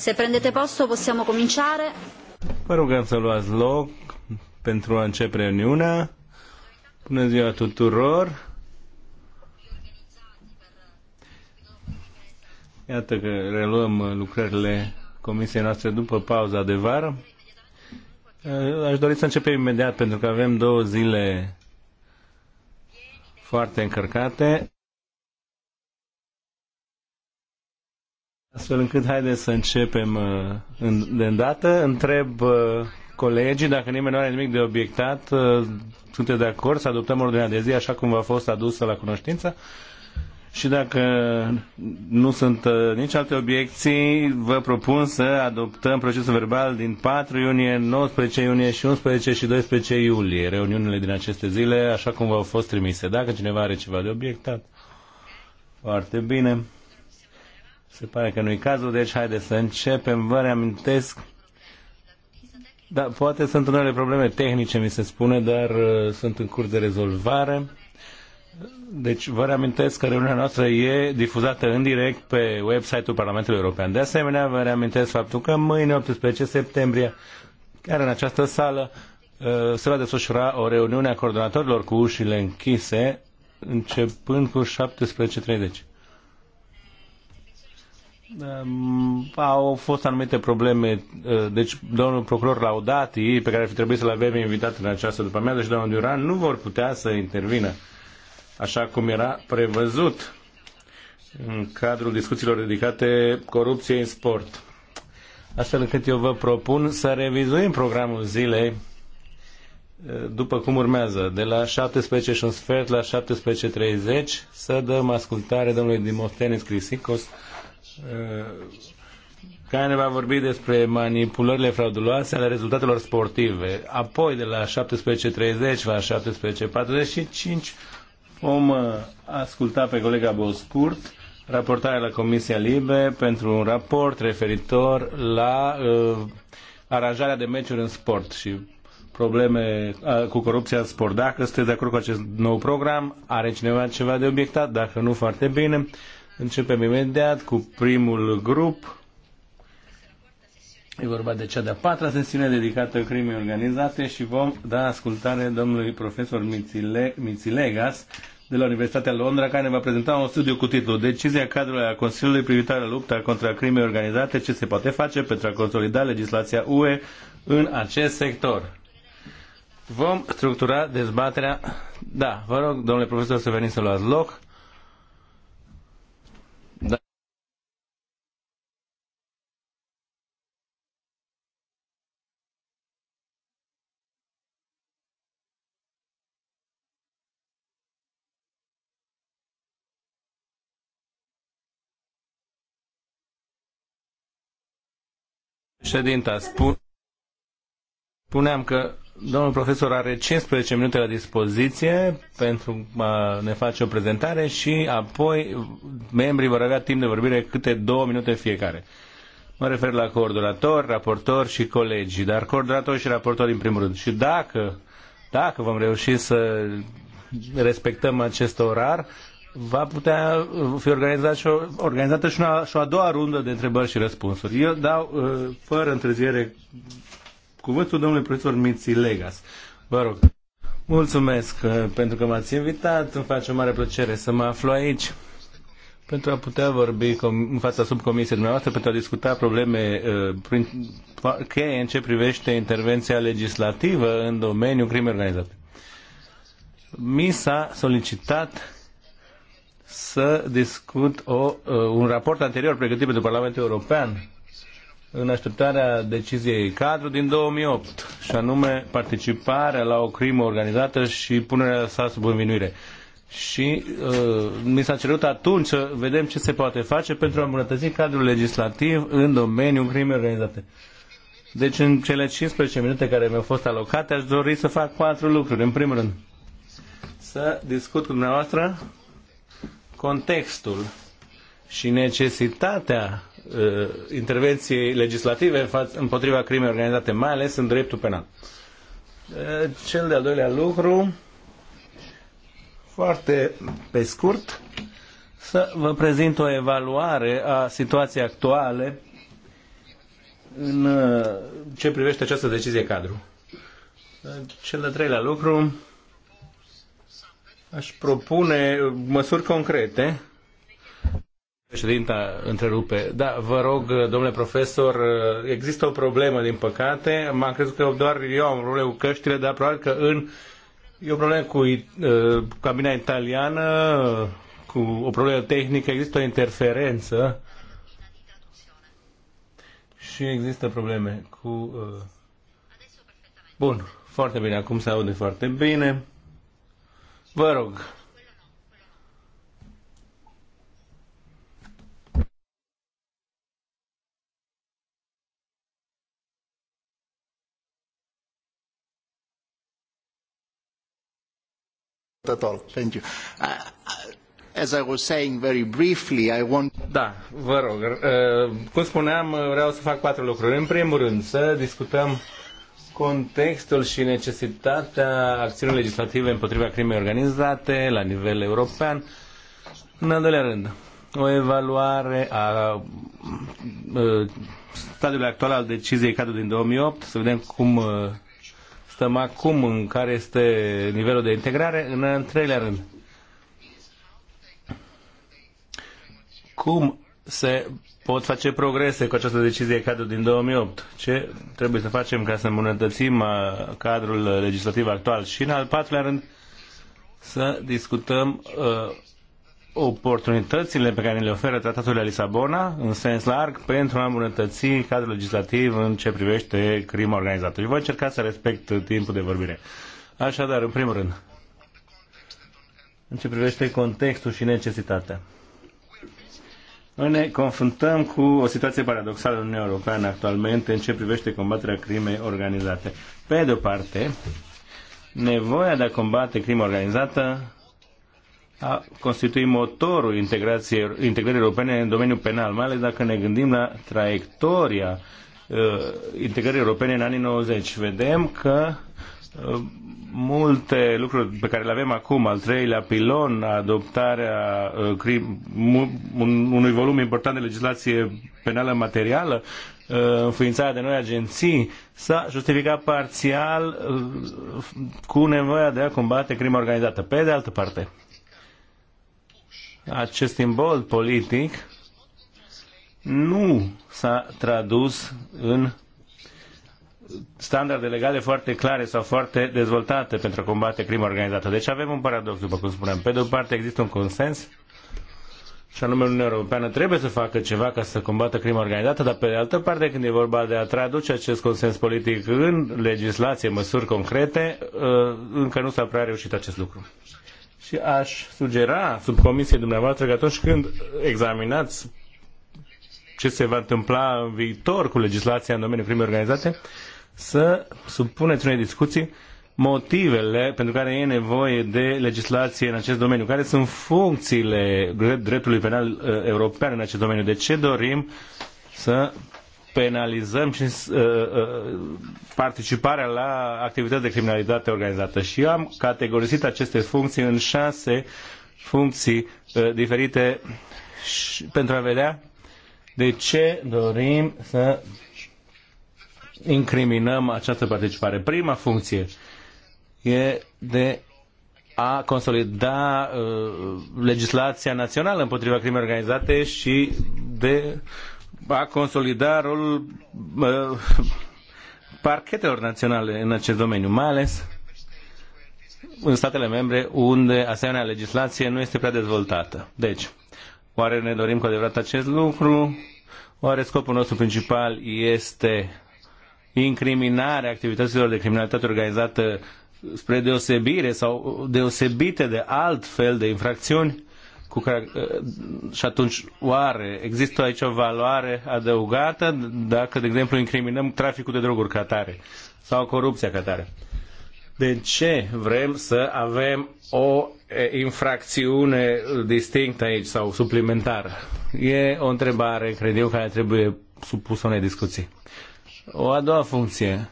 Se prendete posto possiamo cominciare. Vă rugăm să luați loc pentru a începe reuniunea. Bună ziua tuturor! Iată că reluăm lucrările comisiei noastre după pauza de vară. Aș dori să începem imediat pentru că avem două zile foarte încărcate. Astfel încât haideți să începem uh, de îndată. Întreb uh, colegii, dacă nimeni nu are nimic de obiectat, uh, sunteți de acord să adoptăm ordinea de zi așa cum v-a fost adusă la cunoștință? Și dacă nu sunt nici alte obiecții, vă propun să adoptăm procesul verbal din 4 iunie, 19 iunie și 11 și 12 iulie, reuniunile din aceste zile, așa cum v-au fost trimise. Dacă cineva are ceva de obiectat, foarte bine. Se pare că nu-i cazul, deci haide să începem. Vă reamintesc, da, poate sunt unele probleme tehnice, mi se spune, dar uh, sunt în curs de rezolvare. Deci vă reamintesc că reuniunea noastră e difuzată în direct pe website-ul Parlamentului European. De asemenea, vă reamintesc faptul că mâine, 18 septembrie, chiar în această sală, uh, se va desfășura o reuniune a coordonatorilor cu ușile închise, începând cu 17.30 au fost anumite probleme. Ă, deci, domnul procuror Laudati, pe care ar fi trebuit să-l avem invitat în această după amiază, și domnul Duran nu vor putea să intervină așa cum era prevăzut în cadrul discuțiilor dedicate corupției în sport. Astfel încât eu vă propun să revizuim programul zilei ă, după cum urmează, de la 17 și un sfert la 17.30 să dăm ascultare domnului Dimostenis Crisicos, care uh, ne va vorbi despre manipulările frauduloase ale rezultatelor sportive. Apoi, de la 17.30 la 17.45, vom uh, asculta pe colega Boscurt, raportarea la Comisia Libe pentru un raport referitor la uh, aranjarea de meciuri în sport și probleme uh, cu corupția în sport. Dacă sunteți de acord cu acest nou program, are cineva ceva de obiectat? Dacă nu, foarte bine. Începem imediat cu primul grup. E vorba de cea de-a patra sesiune dedicată crimei organizate și vom da ascultare domnului profesor Mițilegas de la Universitatea Londra, care ne va prezenta un studiu cu titlul Decizia cadrului a Consiliului privitoare la lupta contra crimei organizate, ce se poate face pentru a consolida legislația UE în acest sector. Vom structura dezbaterea. Da, vă rog, domnule profesor, să veniți să luați loc. Ședinta, spun... spuneam că domnul profesor are 15 minute la dispoziție pentru a ne face o prezentare și apoi membrii vor avea timp de vorbire câte două minute fiecare. Mă refer la coordonator, raportor și colegii, dar coordonator și raportor în primul rând. Și dacă, dacă vom reuși să respectăm acest orar, va putea uh, fi organizat și o, organizată și, una, și o a doua rundă de întrebări și răspunsuri. Eu dau, uh, fără întârziere, cuvântul domnului profesor Miții Legas. Vă rog. Mulțumesc uh, pentru că m-ați invitat. Îmi face o mare plăcere să mă aflu aici pentru a putea vorbi în fața subcomisiei dumneavoastră, pentru a discuta probleme prin, cheie în ce privește intervenția legislativă în domeniul crimei organizate. Mi s-a solicitat să discut o, uh, un raport anterior pregătit pentru Parlamentul European în așteptarea deciziei cadru din 2008, și anume participarea la o crimă organizată și punerea sa sub învinuire. Și uh, mi s-a cerut atunci să vedem ce se poate face pentru a îmbunătăți cadrul legislativ în domeniul crimei organizate. Deci în cele 15 minute care mi-au fost alocate aș dori să fac patru lucruri. În primul rând, să discut cu dumneavoastră contextul și necesitatea uh, intervenției legislative împotriva crimei organizate, mai ales în dreptul penal. Uh, cel de-al doilea lucru, foarte pe scurt, să vă prezint o evaluare a situației actuale în uh, ce privește această decizie cadru. Uh, cel de-al treilea lucru, Aș propune măsuri concrete. Președinta întrerupe. Da, vă rog, domnule profesor, există o problemă, din păcate. M-am crezut că doar eu am probleme cu căștile, dar probabil că în... E o problemă cu uh, cabina italiană, cu o problemă tehnică, există o interferență și există probleme cu... Uh... Bun, foarte bine, acum se aude foarte bine. Vă rog. at all. Thank you. Uh, as I was saying very briefly, I want... Da, vă rog. Uh, cum spuneam, vreau să fac patru lucruri. În primul rând, să discutăm contextul și necesitatea acțiunii legislative împotriva crimei organizate la nivel european. În al doilea rând, o evaluare a, a uh, stadiului actual al deciziei cadru din 2008, să vedem cum uh, stăm acum, în care este nivelul de integrare. În al treilea rând, cum se pot face progrese cu această decizie cadru din 2008. Ce trebuie să facem ca să îmbunătățim uh, cadrul legislativ actual? Și în al patrulea rând, să discutăm uh, oportunitățile pe care le oferă Tratatul de Lisabona, în sens larg, pentru a îmbunătăți cadrul legislativ în ce privește crima organizată. Și voi încerca să respect timpul de vorbire. Așadar, în primul rând, în ce privește contextul și necesitatea. Noi ne confruntăm cu o situație paradoxală în Uniunea Europeană actualmente în ce privește combaterea crimei organizate. Pe de o parte, nevoia de a combate crima organizată a constituit motorul integrării europene în domeniul penal, mai ales dacă ne gândim la traiectoria uh, integrării europene în anii 90. Vedem că multe lucruri pe care le avem acum, al treilea pilon, adoptarea uh, unui volum important de legislație penală materială, uh, înființarea de noi agenții, s-a justificat parțial uh, cu nevoia de a combate crima organizată. Pe de altă parte, acest simbol politic nu s-a tradus în standarde legale foarte clare sau foarte dezvoltate pentru a combate crima organizată. Deci avem un paradox, după cum spuneam. Pe de o parte există un consens și anume Uniunea Europeană trebuie să facă ceva ca să combată crima organizată, dar pe de altă parte când e vorba de a traduce acest consens politic în legislație, măsuri concrete, uh, încă nu s-a prea reușit acest lucru. Și aș sugera comisie dumneavoastră că atunci când examinați ce se va întâmpla în viitor cu legislația în domeniul crimei organizate, să supuneți unei discuții motivele pentru care e nevoie de legislație în acest domeniu, care sunt funcțiile dreptului penal uh, european în acest domeniu, de ce dorim să penalizăm și uh, uh, participarea la activități de criminalitate organizată. Și eu am categorisit aceste funcții în șase funcții diferite pentru a vedea de ce dorim să incriminăm această participare. Prima funcție e de a consolida uh, legislația națională împotriva crimei organizate și de a consolida rolul uh, parchetelor naționale în acest domeniu, mai ales în statele membre unde asemenea legislație nu este prea dezvoltată. Deci, oare ne dorim cu adevărat acest lucru? Oare scopul nostru principal este incriminare a activităților de criminalitate organizată spre deosebire sau deosebite de alt fel de infracțiuni cu care, uh, și atunci oare există aici o valoare adăugată dacă, de exemplu, incriminăm traficul de droguri ca tare sau corupția ca tare? De ce vrem să avem o infracțiune distinctă aici sau suplimentară? E o întrebare, cred eu, care trebuie supusă unei discuții. O a doua funcție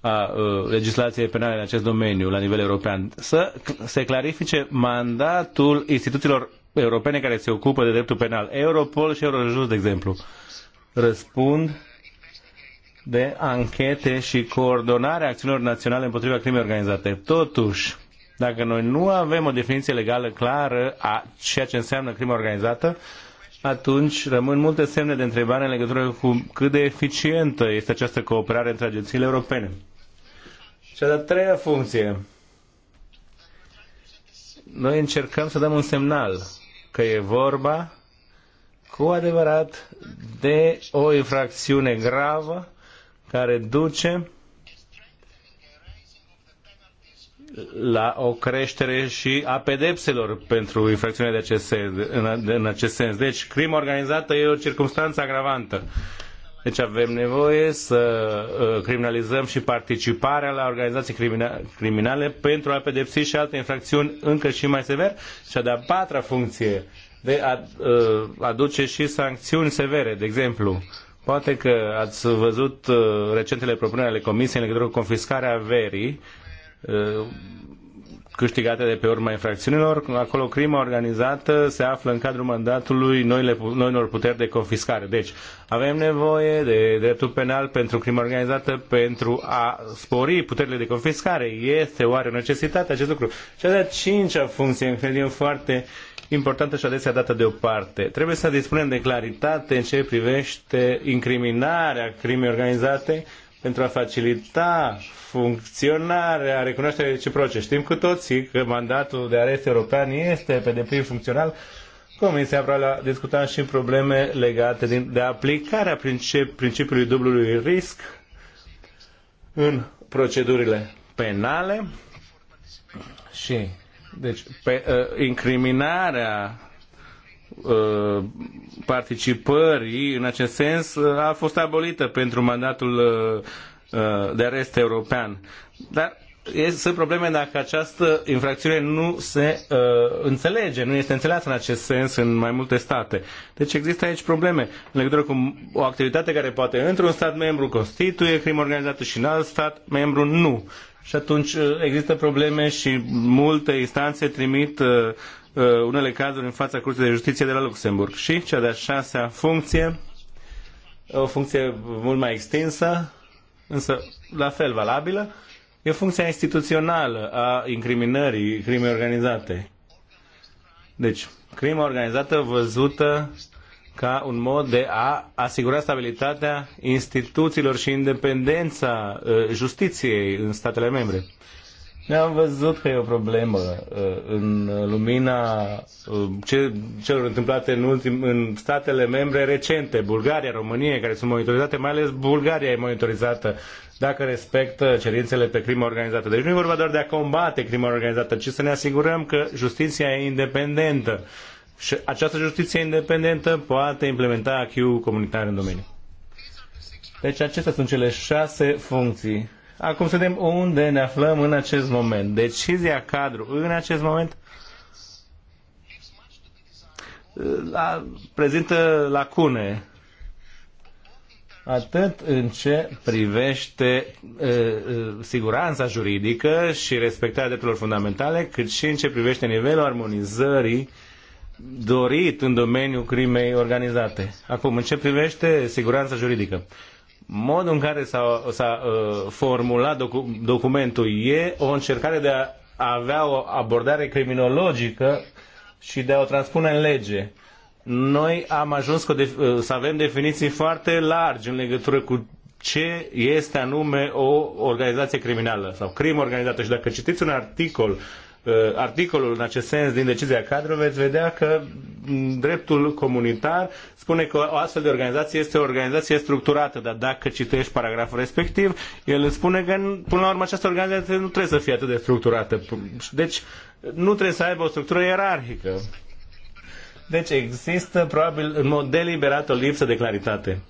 a uh, legislației penale în acest domeniu la nivel european, să se clarifice mandatul instituțiilor europene care se ocupă de dreptul penal, Europol și Eurojust, de exemplu, răspund de anchete și coordonare acțiunilor naționale împotriva crimei organizate. Totuși, dacă noi nu avem o definiție legală clară a ceea ce înseamnă crimă organizată, uh, atunci rămân multe semne de întrebare în legătură cu cât de eficientă este această cooperare între agențiile europene. Și a treia funcție. Noi încercăm să dăm un semnal că e vorba cu adevărat de o infracțiune gravă care duce la o creștere și a pedepselor pentru infracțiunile de acest sens, în, în acest sens. Deci, crima organizată e o circunstanță agravantă. Deci avem nevoie să uh, criminalizăm și participarea la organizații criminale, criminale pentru a pedepsi și alte infracțiuni încă și mai sever. Și a de-a patra funcție de a uh, aduce și sancțiuni severe, de exemplu. Poate că ați văzut uh, recentele propuneri ale Comisiei în legătură cu confiscarea verii, Uh, câștigate de pe urma infracțiunilor. Acolo crima organizată se află în cadrul mandatului noile, noilor puteri de confiscare. Deci avem nevoie de dreptul penal pentru crima organizată pentru a spori puterile de confiscare. Este oare o necesitate acest lucru? Și a de-a cincea funcție, cred eu, foarte importantă și adesea dată deoparte. Trebuie să dispunem de claritate în ce privește incriminarea crimei organizate pentru a facilita funcționarea recunoașterii reciproce. Știm cu toții că mandatul de arest european este pe deplin funcțional. Comisia probabil a discutat și probleme legate din, de aplicarea princip, principiului dublului risc în procedurile penale și deci pe, uh, incriminarea Uh, participării în acest sens uh, a fost abolită pentru mandatul uh, de arest european. Dar sunt probleme dacă această infracțiune nu se uh, înțelege, nu este înțeleasă în acest sens în mai multe state. Deci există aici probleme în legătură cu o activitate care poate într-un stat membru constituie crimă organizată și în alt stat membru nu. Și atunci există probleme și multe instanțe trimit uh, Uh, unele cazuri în fața Curții de Justiție de la Luxemburg. Și cea de-a șasea funcție, o funcție mult mai extinsă, însă la fel valabilă, e funcția instituțională a incriminării crimei organizate. Deci, crima organizată văzută ca un mod de a asigura stabilitatea instituțiilor și independența uh, justiției în statele membre. Ne-am văzut că e o problemă uh, în lumina uh, celor întâmplate în, ultim, în statele membre recente, Bulgaria, România, care sunt monitorizate, mai ales Bulgaria e monitorizată dacă respectă cerințele pe crimă organizată. Deci nu e vorba doar de a combate crima organizată, ci să ne asigurăm că justiția e independentă. Și această justiție independentă poate implementa acquis comunitar în domeniu. Deci acestea sunt cele șase funcții Acum să vedem unde ne aflăm în acest moment. Decizia cadru în acest moment la, prezintă lacune atât în ce privește uh, siguranța juridică și respectarea drepturilor fundamentale, cât și în ce privește nivelul armonizării dorit în domeniul crimei organizate. Acum, în ce privește siguranța juridică modul în care s-a, uh, formulat docu documentul e o încercare de a avea o abordare criminologică și de a o transpune în lege. Noi am ajuns cu uh, să avem definiții foarte largi în legătură cu ce este anume o organizație criminală sau crimă organizată. Și dacă citiți un articol Uh, articolul în acest sens din decizia cadru, veți vedea că dreptul comunitar spune că o astfel de organizație este o organizație structurată, dar dacă citești paragraful respectiv, el spune că, până la urmă, această organizație nu trebuie să fie atât de structurată. Deci, nu trebuie să aibă o structură ierarhică. Deci există probabil în mod deliberat o lipsă de claritate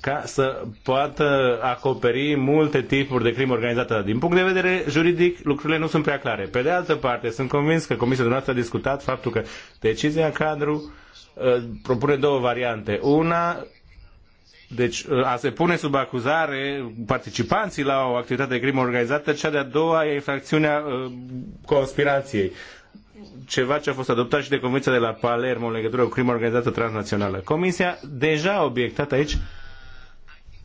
ca să poată acoperi multe tipuri de crimă organizată. Din punct de vedere juridic, lucrurile nu sunt prea clare. Pe de altă parte, sunt convins că Comisia dumneavoastră a discutat faptul că decizia cadru uh, propune două variante. Una, deci uh, a se pune sub acuzare participanții la o activitate de crimă organizată, cea de-a doua e infracțiunea uh, conspirației ceva ce a fost adoptat și de Convenția de la Palermo în legătură cu crimă organizată transnațională. Comisia deja a obiectat aici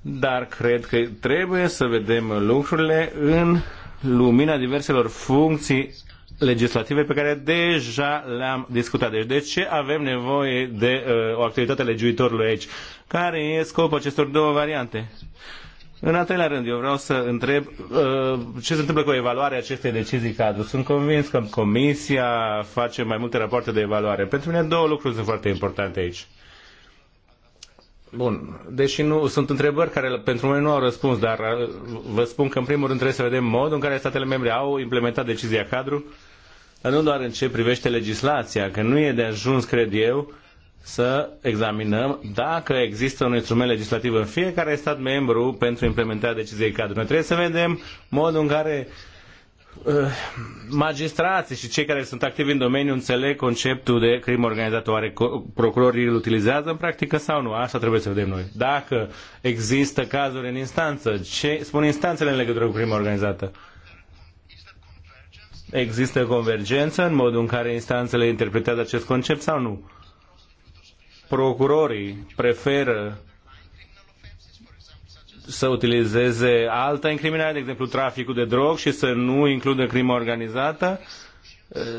dar cred că trebuie să vedem lucrurile în lumina diverselor funcții legislative pe care deja le-am discutat. Deci de ce avem nevoie de uh, o activitate legiuitorului aici? Care e scopul acestor două variante? În al treilea rând, eu vreau să întreb uh, ce se întâmplă cu evaluarea acestei decizii cadru. Sunt convins că Comisia face mai multe rapoarte de evaluare. Pentru mine două lucruri sunt foarte importante aici. Bun, deși nu sunt întrebări care pentru mine nu au răspuns, dar uh, vă spun că în primul rând trebuie să vedem modul în care statele membre au implementat decizia cadru, dar nu doar în ce privește legislația, că nu e de ajuns, cred eu, să examinăm dacă există un instrument legislativ în fiecare stat membru pentru implementarea deciziei cadru. Noi trebuie să vedem modul în care uh, Eh, magistrații și cei care sunt activi în domeniu înțeleg conceptul de crimă organizată. Oare procurorii îl utilizează în practică sau nu? Asta trebuie să vedem noi. Dacă există cazuri în instanță, ce spun instanțele în legătură cu crima organizată? Există convergență în modul în care instanțele interpretează acest concept sau nu? Procurorii preferă să utilizeze alta incriminare, de exemplu traficul de drog și să nu includă crimă organizată?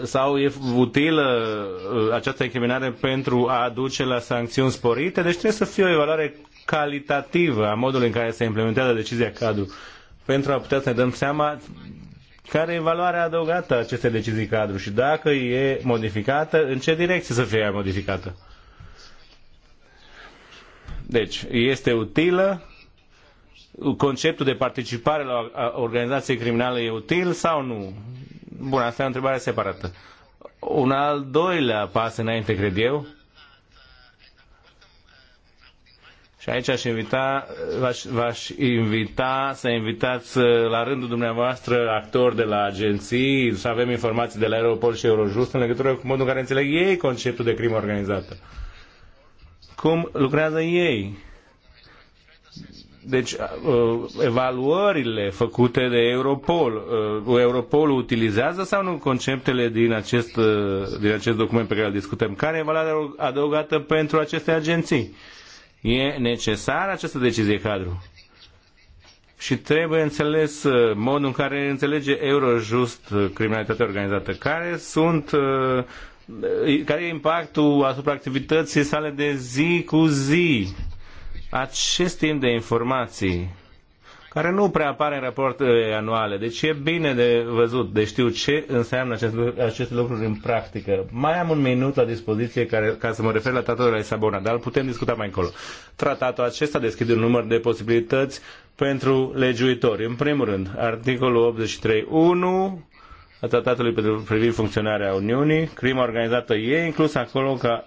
Sau e utilă uh, această incriminare pentru a duce la sancțiuni sporite? Deci trebuie să fie o evaluare calitativă a modului în care se implementează decizia cadru pentru a putea să ne dăm seama care e valoarea adăugată a acestei decizii cadru și dacă e modificată, în ce direcție să fie modificată. Deci, este utilă conceptul de participare la organizație criminală e util sau nu? Bun, asta e o întrebare separată. Un al doilea pas înainte, cred eu, și aici aș invita, v-aș, v-aș invita să invitați uh, la rândul dumneavoastră actori de la agenții, să avem informații de la Europol și Eurojust în legătură cu modul în care înțeleg ei conceptul de crimă organizată. Cum lucrează ei? Deci, uh, evaluările făcute de Europol, uh, Europol utilizează sau nu conceptele din acest, uh, din acest document pe care îl discutăm? Care e valoarea adăugată pentru aceste agenții? E necesară această decizie cadru? Și trebuie înțeles modul în care înțelege Eurojust criminalitatea organizată. Care sunt care e impactul asupra activității sale de zi cu zi? acest timp de informații care nu prea apare în raportele eh, anuale. Deci e bine de văzut, de știu ce înseamnă acest, aceste lucruri în practică. Mai am un minut la dispoziție care, ca să mă refer la tratatul de Lisabona, dar putem discuta mai încolo. Tratatul acesta deschide un număr de posibilități pentru legiuitori. În primul rând, articolul 83.1 a tratatului privind funcționarea Uniunii, crima organizată e inclusă acolo ca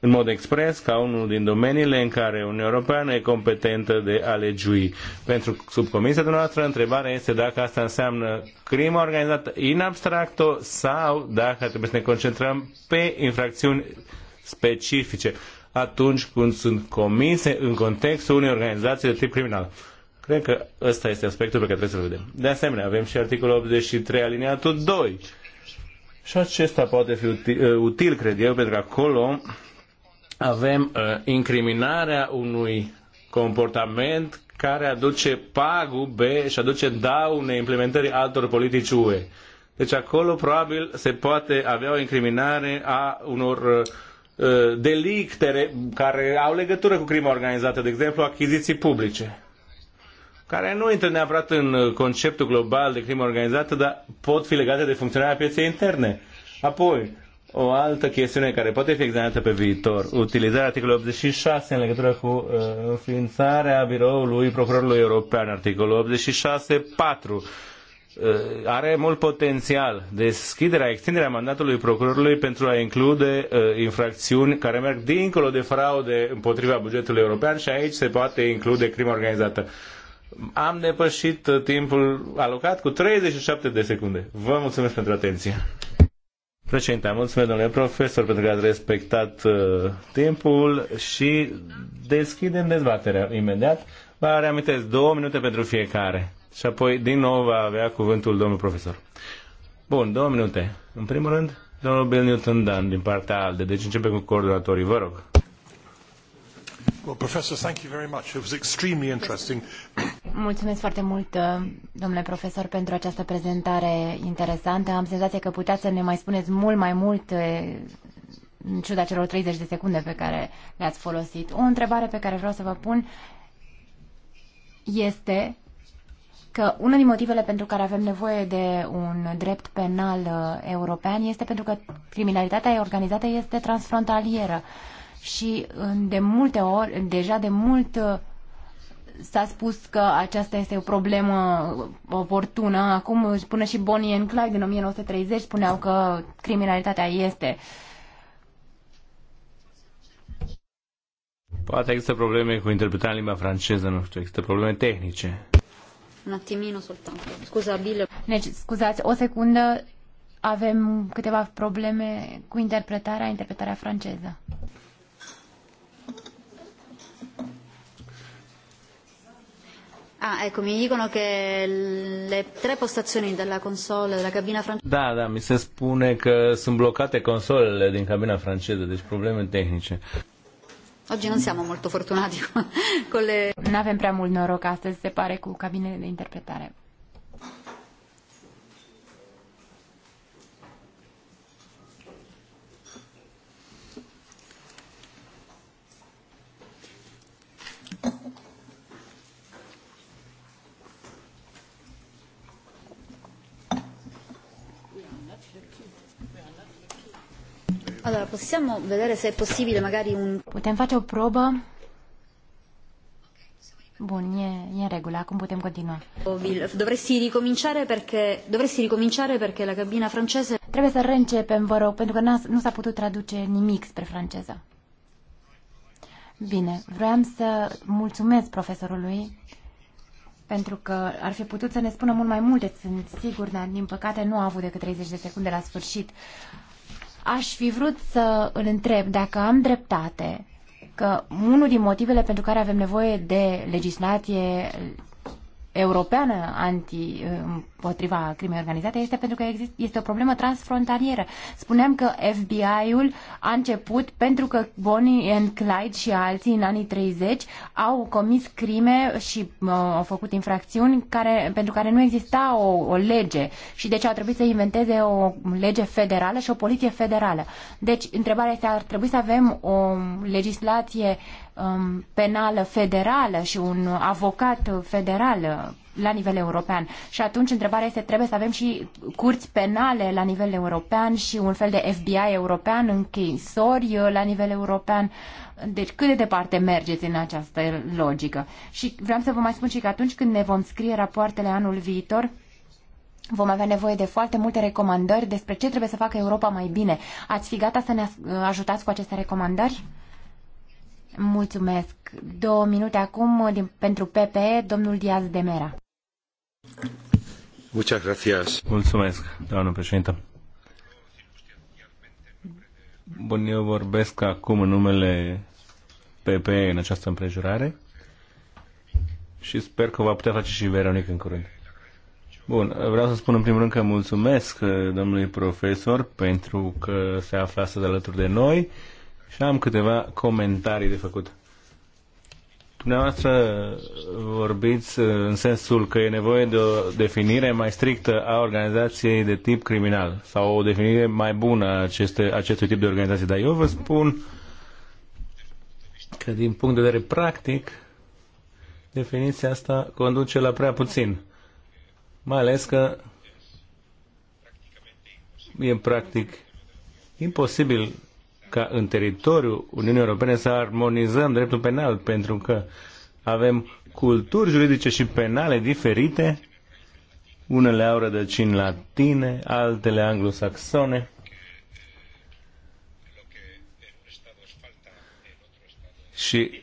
în mod expres ca unul din domeniile în care Uniunea Europeană e competentă de a legiui. Pentru subcomisia dumneavoastră, întrebarea este dacă asta înseamnă crimă organizată in abstracto sau dacă trebuie să ne concentrăm pe infracțiuni specifice atunci când sunt comise în contextul unei organizații de tip criminal. Cred că ăsta este aspectul pe care trebuie să-l vedem. De asemenea, avem și articolul 83 aliniatul 2. Și acesta poate fi util, uh, util, cred eu, pentru că acolo avem uh, incriminarea unui comportament care aduce pagube și aduce daune implementării altor politici UE. Deci acolo probabil se poate avea o incriminare a unor uh, uh delicte care au legătură cu crima organizată, de exemplu achiziții publice, care nu intră neapărat în uh, conceptul global de crimă organizată, dar pot fi legate de funcționarea pieței interne. Apoi, o altă chestiune care poate fi examinată pe viitor, utilizarea articolului 86 în legătură cu uh, înființarea biroului procurorului european, articolul 86.4 uh, are mult potențial. Deschiderea, extinderea mandatului procurorului pentru a include uh, infracțiuni care merg dincolo de fraude împotriva bugetului european și aici se poate include crimă organizată. Am depășit uh, timpul alocat cu 37 de secunde. Vă mulțumesc pentru atenție. Președinte, mulțumesc, domnule profesor, pentru că ați respectat uh, timpul și deschidem dezbaterea imediat. Vă reamintesc două minute pentru fiecare și apoi din nou va avea cuvântul domnul profesor. Bun, două minute. În primul rând, domnul Bill Newton Dan din partea ALDE. Deci începem cu coordonatorii, vă rog. Mulțumesc foarte mult, uh, domnule profesor, pentru această prezentare interesantă. Am senzația că puteți să ne mai spuneți mult mai mult uh, în ciuda celor 30 de secunde pe care le-ați folosit. O întrebare pe care vreau să vă pun este că unul din motivele pentru care avem nevoie de un drept penal uh, european este pentru că criminalitatea organizată este transfrontalieră și de multe ori, deja de mult uh, s-a spus că aceasta este o problemă oportună. Acum, spune și Bonnie and Clyde din 1930 spuneau că criminalitatea este Poate există probleme cu interpretarea în limba franceză, nu știu, există probleme tehnice. Un attimino soltanto, scuzabile. Deci, scuzați, o secundă, avem câteva probleme cu interpretarea, interpretarea franceză. Ah, ecco, mi dicono che le tre postazioni della console, della cabina francese... Da, da, mi si spune că sunt blocate console in cabina francese, dei problemi tehnice. Oggi non siamo molto fortunati con le... Nu avem prea mult noroc astăzi, se pare, cu cabinele de interpretare. Allora, possiamo vedere se è possibile magari un... Potem face o probă? Bun, e, e în regulă, acum putem continua. Dovresti ricominciare perché, dovresti ricominciare perché la cabina francese... Trebuie să reîncepem, vă rog, pentru că nu s-a putut traduce nimic spre franceză. Bine, vreau să mulțumesc profesorului pentru că ar fi putut să ne spună mult mai multe, sunt sigur, dar din păcate nu a avut decât 30 de secunde la sfârșit. Aș fi vrut să îl întreb dacă am dreptate că unul din motivele pentru care avem nevoie de legislație europeană anti, împotriva crimei organizate este pentru că exist, este o problemă transfrontalieră. Spuneam că FBI-ul a început pentru că Bonnie and Clyde și alții în anii 30 au comis crime și uh, au făcut infracțiuni care, pentru care nu exista o, o lege și deci au trebuit să inventeze o lege federală și o poliție federală. Deci întrebarea este ar trebui să avem o legislație um, penală federală și un avocat federal la nivel european. Și atunci întrebarea este, trebuie să avem și curți penale la nivel european și un fel de FBI european, închisori uh, la nivel european. Deci cât de departe mergeți în această logică? Și vreau să vă mai spun și că atunci când ne vom scrie rapoartele anul viitor, Vom avea nevoie de foarte multe recomandări despre ce trebuie să facă Europa mai bine. Ați fi gata să ne ajutați cu aceste recomandări? Mulțumesc. Două minute acum din, pentru PPE, domnul Diaz de Mera. Muchas gracias. Mulțumesc, doamnă președintă. Bun, eu vorbesc acum în numele PPE în această împrejurare și sper că va putea face și Veronic în curând. Bun, vreau să spun în primul rând că mulțumesc domnului profesor pentru că se află astăzi alături de noi și am câteva comentarii de făcut. Dumneavoastră vorbiți uh, în sensul că e nevoie de o definire mai strictă a organizației de tip criminal sau o definire mai bună a aceste, acestui tip de organizație. Dar eu vă spun că din punct de vedere practic, definiția asta conduce la prea puțin. Mai ales că e practic imposibil ca în teritoriul Uniunii Europene să armonizăm dreptul penal, pentru că avem culturi juridice și penale diferite, unele au rădăcini latine, altele anglosaxone. Și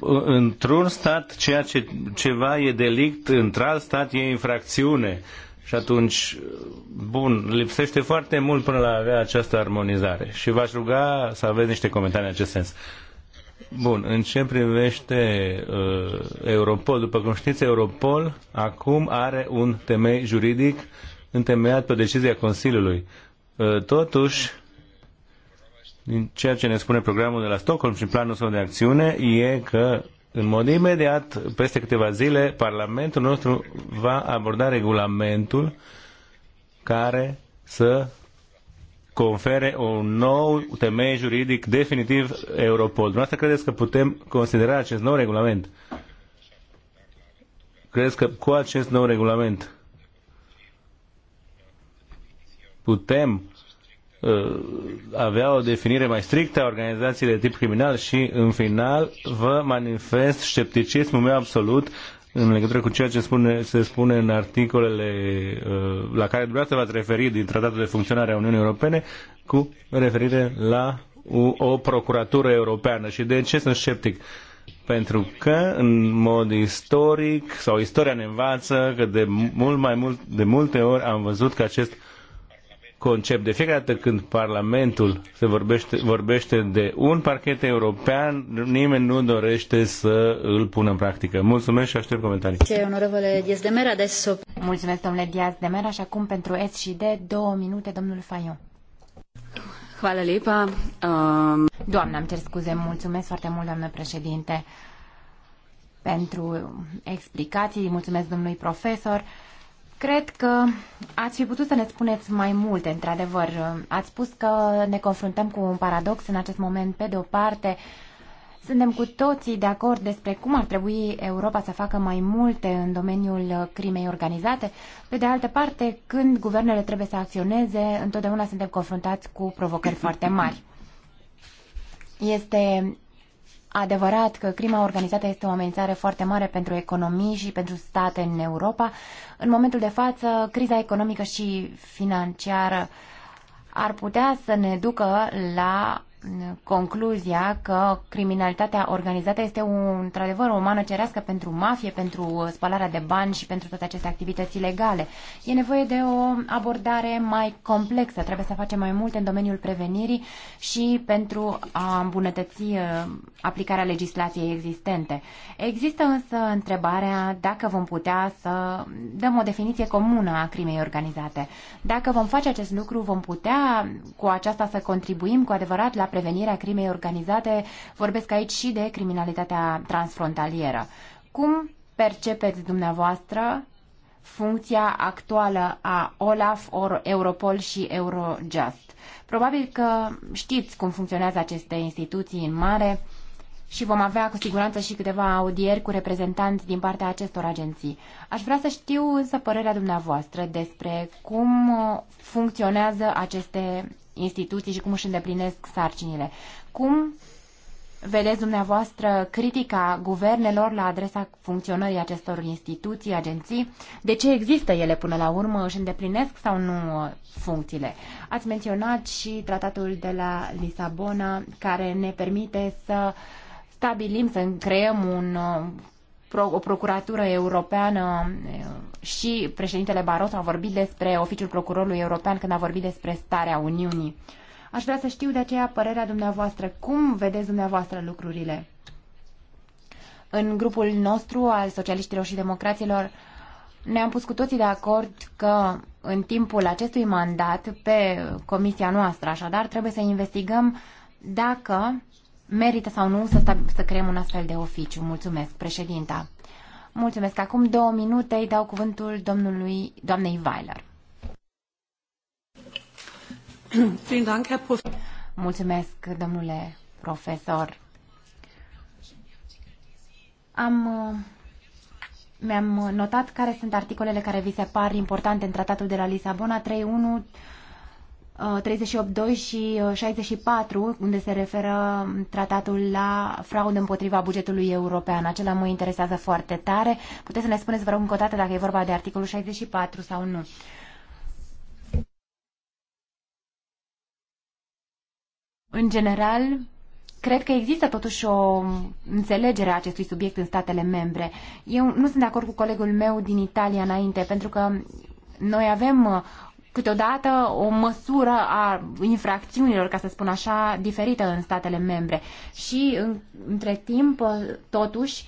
uh, într-un stat ceea ce ceva e delict, într-alt stat e infracțiune. Și atunci, bun, lipsește foarte mult până la avea această armonizare și v-aș ruga să aveți niște comentarii în acest sens. Bun, în ce privește uh, Europol, după cum știți, Europol acum are un temei juridic întemeiat pe decizia Consiliului. Uh, totuși, din ceea ce ne spune programul de la Stockholm și planul său de acțiune, e că în mod imediat, peste câteva zile, Parlamentul nostru va aborda regulamentul care să confere un nou temei juridic definitiv Europol. Dumneavoastră credeți că putem considera acest nou regulament? Credeți că cu acest nou regulament putem Uh, avea o definire mai strictă a organizației de tip criminal și, în final, vă manifest scepticismul meu absolut în legătură cu ceea ce spune, se spune în articolele uh, la care dumneavoastră v-ați referit din Tratatul de Funcționare a Uniunii Europene cu referire la o procuratură europeană. Și de ce sunt sceptic? pentru că în mod istoric sau istoria ne învață că de mult mai mult de multe ori am văzut că acest concept. De fiecare dată când Parlamentul se vorbește, vorbește de un parchet european, nimeni nu dorește să îl pună în practică. Mulțumesc și aștept comentarii. Ce onorevole Diaz de Mera, adesso. Mulțumesc, domnule Diaz de Mera, și acum pentru S și D, două minute, domnul Faion. Hvala lepa. Um... Doamna, îmi cer scuze, mulțumesc foarte mult, doamnă președinte, pentru explicații. Mulțumesc domnului profesor. Cred că ați fi putut să ne spuneți mai multe, într-adevăr. Ați spus că ne confruntăm cu un paradox în acest moment. Pe de o parte, suntem cu toții de acord despre cum ar trebui Europa să facă mai multe în domeniul crimei organizate. Pe de altă parte, când guvernele trebuie să acționeze, întotdeauna suntem confruntați cu provocări foarte mari. Este adevărat că crima organizată este o amenințare foarte mare pentru economii și pentru state în Europa. În momentul de față, criza economică și financiară ar putea să ne ducă la concluzia că criminalitatea organizată este un, într-adevăr o mană cerească pentru mafie, pentru spălarea de bani și pentru toate aceste activități ilegale. E nevoie de o abordare mai complexă, trebuie să facem mai mult în domeniul prevenirii și pentru a îmbunătăți uh, aplicarea legislației existente. Există însă întrebarea dacă vom putea să dăm o definiție comună a crimei organizate. Dacă vom face acest lucru, vom putea cu aceasta să contribuim cu adevărat la prevenirea crimei organizate, vorbesc aici și de criminalitatea transfrontalieră. Cum percepeți dumneavoastră funcția actuală a OLAF, or Europol și Eurojust? Probabil că știți cum funcționează aceste instituții în mare și vom avea cu siguranță și câteva audieri cu reprezentanți din partea acestor agenții. Aș vrea să știu însă părerea dumneavoastră despre cum funcționează aceste instituții și cum își îndeplinesc sarcinile. Cum vedeți dumneavoastră critica guvernelor la adresa funcționării acestor instituții, agenții? De ce există ele până la urmă? Își îndeplinesc sau nu uh, funcțiile? Ați menționat și tratatul de la Lisabona care ne permite să stabilim, să creăm un uh, o procuratură europeană eh, și președintele Barroso a vorbit despre oficiul procurorului european când a vorbit despre starea Uniunii. Aș vrea să știu de aceea părerea dumneavoastră. Cum vedeți dumneavoastră lucrurile? În grupul nostru al socialiștilor și democraților ne-am pus cu toții de acord că în timpul acestui mandat pe comisia noastră, așadar, trebuie să investigăm dacă merită sau nu să, stab- să creăm un astfel de oficiu. Mulțumesc, președinta. Mulțumesc. Acum două minute îi dau cuvântul domnului, doamnei Weiler. Mulțumesc, domnule profesor. Am, mi-am notat care sunt articolele care vi se par importante în tratatul de la Lisabona 3.1 38.2 uh, și 64, uh, unde se referă um, tratatul la fraudă împotriva bugetului european. Acela mă interesează foarte tare. Puteți să ne spuneți, vă rog, încă o dată dacă e vorba de articolul 64 sau nu. În general, cred că există totuși o înțelegere a acestui subiect în statele membre. Eu nu sunt de acord cu colegul meu din Italia înainte, pentru că noi avem uh, câteodată o măsură a infracțiunilor, ca să spun așa, diferită în statele membre. Și între timp, totuși,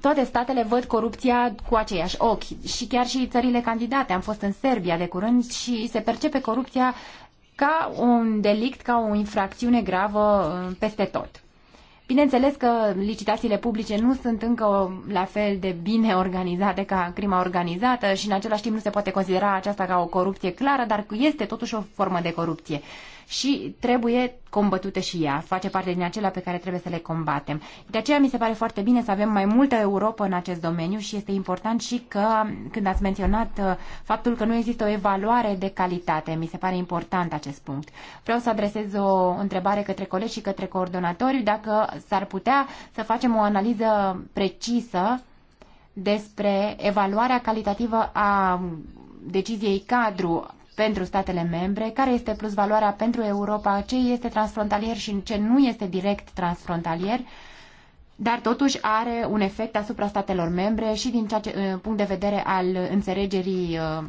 toate statele văd corupția cu aceiași ochi și chiar și țările candidate. Am fost în Serbia de curând și se percepe corupția ca un delict, ca o infracțiune gravă peste tot. Bineînțeles că licitațiile publice nu sunt încă la fel de bine organizate ca crima organizată și în același timp nu se poate considera aceasta ca o corupție clară, dar este totuși o formă de corupție și trebuie combătută și ea, face parte din acelea pe care trebuie să le combatem. De aceea mi se pare foarte bine să avem mai multă Europa în acest domeniu și este important și că, când ați menționat uh, faptul că nu există o evaluare de calitate, mi se pare important acest punct. Vreau să adresez o întrebare către colegi și către coordonatori, dacă s-ar putea să facem o analiză precisă despre evaluarea calitativă a deciziei cadru pentru statele membre, care este plus valoarea pentru Europa, ce este transfrontalier și ce nu este direct transfrontalier, dar totuși are un efect asupra statelor membre și din ceea ce, uh, punct de vedere al înțelegerii uh,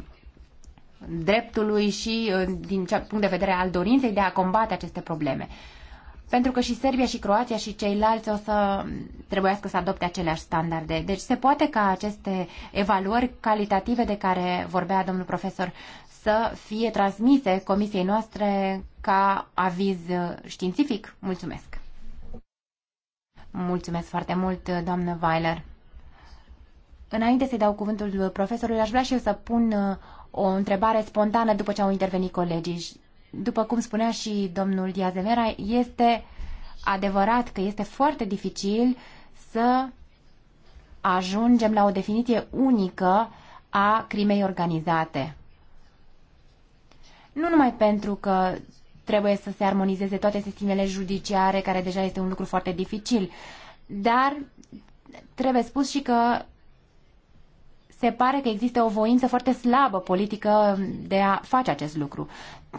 dreptului și uh, din ce, punct de vedere al dorinței de a combate aceste probleme. Pentru că și Serbia și Croația și ceilalți o să trebuiască să adopte aceleași standarde. Deci se poate ca aceste evaluări calitative de care vorbea domnul profesor să fie transmise comisiei noastre ca aviz științific. Mulțumesc! Mulțumesc foarte mult, doamnă Weiler. Înainte să-i dau cuvântul profesorului, aș vrea și eu să pun uh, o întrebare spontană după ce au intervenit colegii. După cum spunea și domnul Diazemera, este adevărat că este foarte dificil să ajungem la o definiție unică a crimei organizate. Nu numai pentru că trebuie să se armonizeze toate sistemele judiciare, care deja este un lucru foarte dificil, dar trebuie spus și că se pare că există o voință foarte slabă politică de a face acest lucru.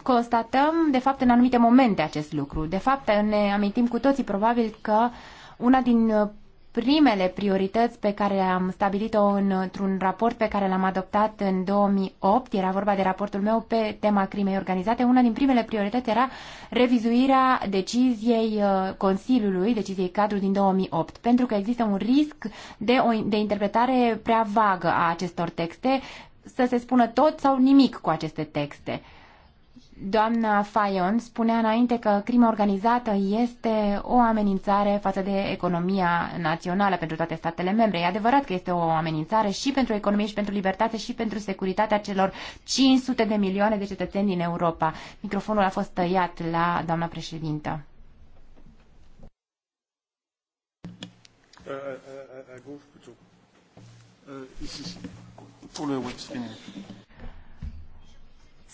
Constatăm, de fapt, în anumite momente acest lucru. De fapt, ne amintim cu toții probabil că una din primele priorități pe care am stabilit-o într-un raport pe care l-am adoptat în 2008, era vorba de raportul meu pe tema crimei organizate, una din primele priorități era revizuirea deciziei uh, Consiliului, deciziei cadru din 2008, pentru că există un risc de, o, de interpretare prea vagă a acestor texte, să se spună tot sau nimic cu aceste texte. Doamna Fayon spunea înainte că crima organizată este o amenințare față de economia națională pentru toate statele membre. E adevărat că este o amenințare și pentru economie, și pentru libertate, și pentru securitatea celor 500 de milioane de cetățeni din Europa. Microfonul a fost tăiat la doamna președintă. Uh, uh, uh,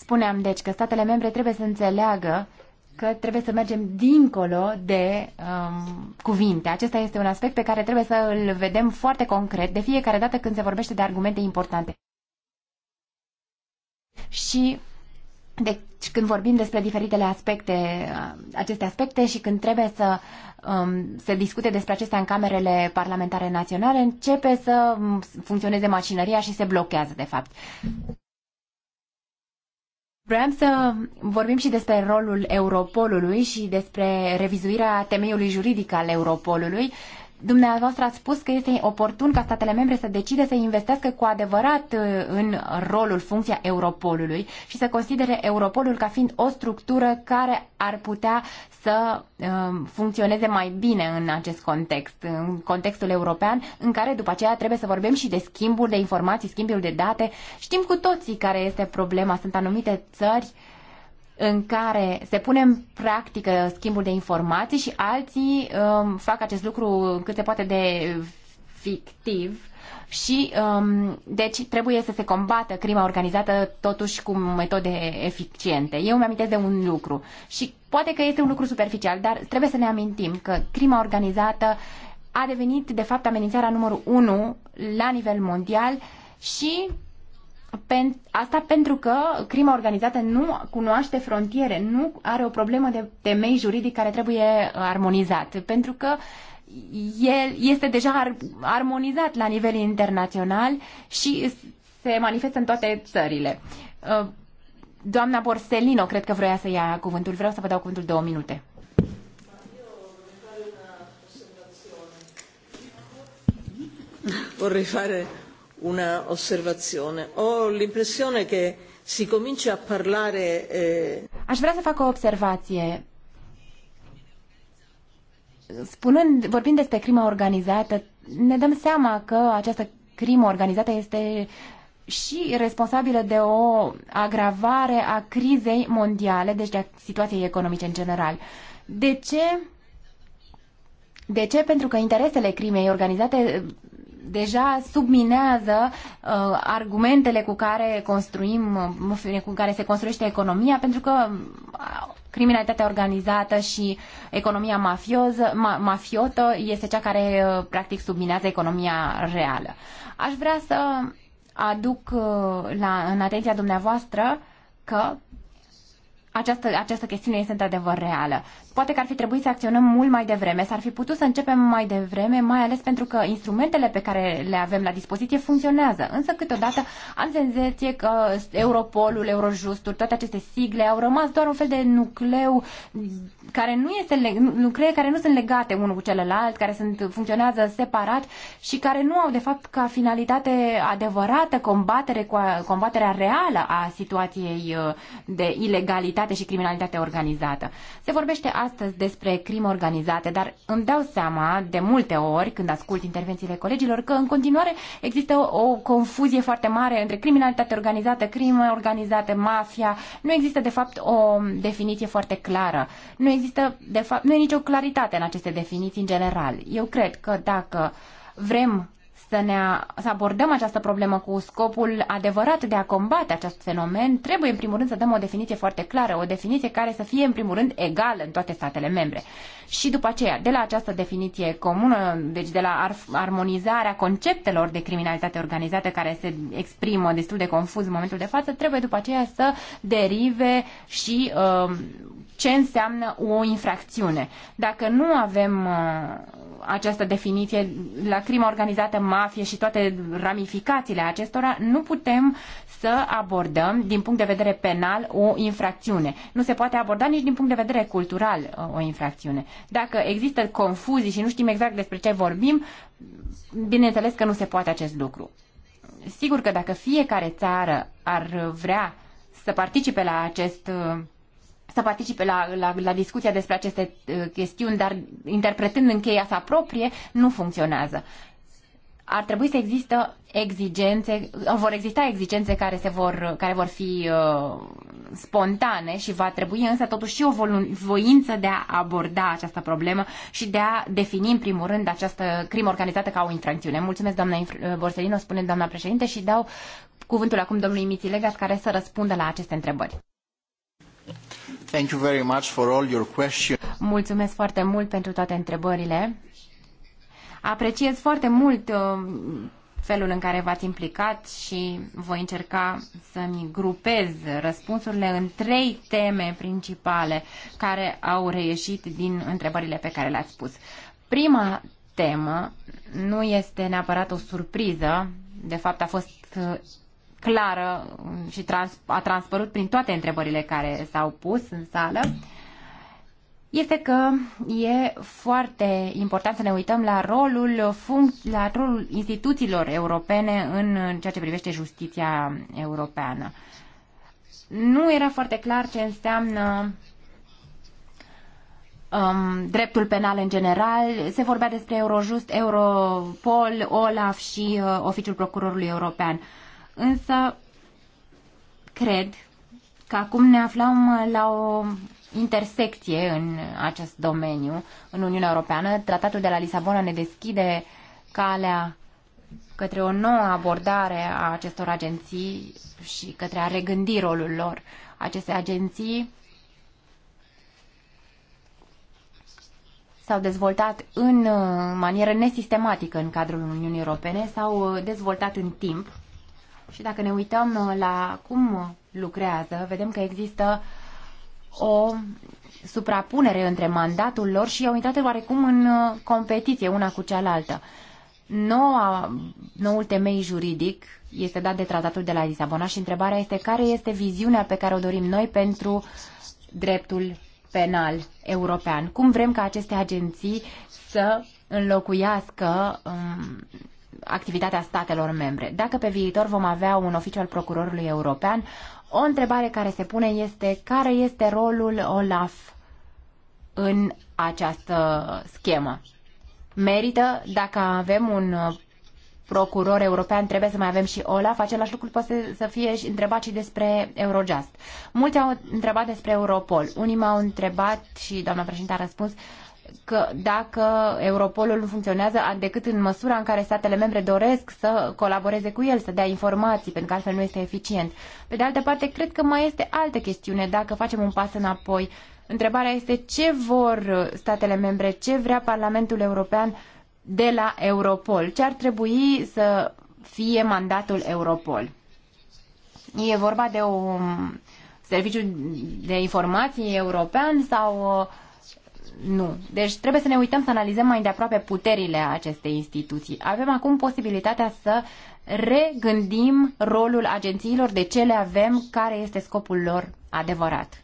Spuneam deci că statele membre trebuie să înțeleagă că trebuie să mergem dincolo de um, cuvinte. Acesta este un aspect pe care trebuie să îl vedem foarte concret de fiecare dată când se vorbește de argumente importante. Și deci când vorbim despre diferitele aspecte, uh, aceste aspecte și când trebuie să um, se discute despre acestea în camerele parlamentare naționale, începe să um, funcționeze mașinăria și se blochează, de fapt. Vreau să vorbim și despre rolul Europolului și despre revizuirea temeiului juridic al Europolului. Dumneavoastră ați spus că este oportun ca statele membre să decide să investească cu adevărat uh, în rolul, funcția Europolului și să considere Europolul ca fiind o structură care ar putea să um, funcționeze mai bine în acest context, în contextul european, în care după aceea trebuie să vorbim și de schimbul de informații, schimbul de date. Știm cu toții care este problema. Sunt anumite țări în care se pune în practică schimbul de informații și alții um, fac acest lucru cât se poate de fictiv și um, deci trebuie să se combată crima organizată totuși cu metode eficiente. Eu îmi amintesc de un lucru și poate că este un lucru superficial, dar trebuie să ne amintim că crima organizată a devenit de fapt amenințarea numărul 1 la nivel mondial și Pen, asta pentru că crima organizată nu cunoaște frontiere, nu are o problemă de temei juridic care trebuie uh, armonizat, pentru că el este deja ar, armonizat la nivel internațional și se manifestă în toate țările. Uh, doamna Borsellino, cred că vroia să ia cuvântul. Vreau să vă dau cuvântul două minute. Vorrei fare una osservazione. Ho l'impressione che si comincia a parlare... Eh... Aș vrea să fac o observație. Spunând, vorbind despre crimă organizată, ne dăm seama că această crimă organizată este și responsabilă de o agravare a crizei mondiale, deci de a situației economice în general. De ce? De ce? Pentru că interesele crimei organizate deja subminează uh, argumentele cu care construim, uh, cu care se construiește economia, pentru că uh, criminalitatea organizată și economia mafioză, ma, mafiotă este cea care uh, practic subminează economia reală. Aș vrea să aduc uh, la, în atenția dumneavoastră că această, această chestiune este într-adevăr reală poate că ar fi trebuit să acționăm mult mai devreme. S-ar fi putut să începem mai devreme, mai ales pentru că instrumentele pe care le avem la dispoziție funcționează. Însă câteodată am senzație că Europolul, Eurojustul, toate aceste sigle au rămas doar un fel de nucleu care nu este nuclee care nu sunt legate unul cu celălalt, care sunt, funcționează separat și care nu au de fapt ca finalitate adevărată combatere cu, combaterea reală a situației uh, de ilegalitate și criminalitate organizată. Se vorbește astăzi despre crimă organizată, dar îmi dau seama de multe ori când ascult intervențiile colegilor că în continuare există o, o confuzie foarte mare între criminalitate organizată, crimă organizată, mafia. Nu există de fapt o definiție foarte clară. Nu există de fapt, nu e nicio claritate în aceste definiții în general. Eu cred că dacă vrem să, ne, să abordăm această problemă cu scopul adevărat de a combate acest fenomen, trebuie în primul rând să dăm o definiție foarte clară, o definiție care să fie în primul rând egală în toate statele membre. Și după aceea, de la această definiție comună, deci de la armonizarea conceptelor de criminalitate organizată care se exprimă destul de confuz în momentul de față, trebuie după aceea să derive și uh, ce înseamnă o infracțiune. Dacă nu avem uh, această definiție la crimă organizată, mafie și toate ramificațiile acestora, nu putem să abordăm din punct de vedere penal o infracțiune. Nu se poate aborda nici din punct de vedere cultural uh, o infracțiune. Dacă există confuzii și nu știm exact despre ce vorbim, bineînțeles că nu se poate acest lucru. Sigur că dacă fiecare țară ar vrea să participe la acest uh, să participe la, la, la discuția despre aceste uh, chestiuni, dar interpretând în cheia sa proprie, nu funcționează. Ar trebui să există exigențe, uh, vor exista exigențe care, se vor, uh, care vor fi uh, spontane și va trebui însă totuși și o voință de a aborda această problemă și de a defini în primul rând această crimă organizată ca o infracțiune. Mulțumesc doamna Borselino, spune doamna președinte și dau cuvântul acum domnului Mițilegas care să răspundă la aceste întrebări. Thank you very much for all your questions. Mulțumesc foarte mult pentru toate întrebările. Apreciez foarte mult uh, felul în care v-ați implicat și voi încerca să-mi grupez răspunsurile în trei teme principale care au reieșit din întrebările pe care le-ați pus. Prima temă nu este neapărat o surpriză, de fapt a fost uh, clară și trans- a transpărut prin toate întrebările care s-au pus în sală, este că e foarte important să ne uităm la rolul, func- la rolul instituțiilor europene în ceea ce privește justiția europeană. Nu era foarte clar ce înseamnă um, dreptul penal în general. Se vorbea despre Eurojust, Europol, OLAF și uh, Oficiul Procurorului European. Uh, Însă, cred că acum ne aflăm la o intersecție în acest domeniu, în Uniunea Europeană. Tratatul de la Lisabona ne deschide calea către o nouă abordare a acestor agenții și către a regândi rolul lor. Aceste agenții s-au dezvoltat în uh, manieră nesistematică în cadrul Uniunii Europene, s-au uh, dezvoltat în timp și dacă ne uităm uh, la cum lucrează, vedem că există o suprapunere între mandatul lor și au intrat oarecum în uh, competiție una cu cealaltă. Noua, noul temei juridic este dat de tratatul de la Lisabona și întrebarea este care este viziunea pe care o dorim noi pentru dreptul penal european. Cum vrem ca aceste agenții să înlocuiască um, activitatea statelor membre. Dacă pe viitor vom avea un oficiu al procurorului european, o întrebare care se pune este care este rolul OLAF în această schemă. Merită, dacă avem un procuror european, trebuie să mai avem și Olaf. Același lucru poate să fie și întrebat și despre Eurojust. Mulți au întrebat despre Europol. Unii m-au întrebat și doamna președinte a răspuns că dacă Europolul nu funcționează decât în măsura în care statele membre doresc să colaboreze cu el, să dea informații, pentru că altfel nu este eficient. Pe de altă parte, cred că mai este altă chestiune dacă facem un pas înapoi. Întrebarea este ce vor statele membre, ce vrea Parlamentul European de la Europol, ce ar trebui să fie mandatul Europol. E vorba de un serviciu de informații european sau uh, nu. Deci trebuie să ne uităm să analizăm mai de aproape puterile acestei instituții. Avem acum posibilitatea să regândim rolul agențiilor, de ce le avem, care este scopul lor adevărat.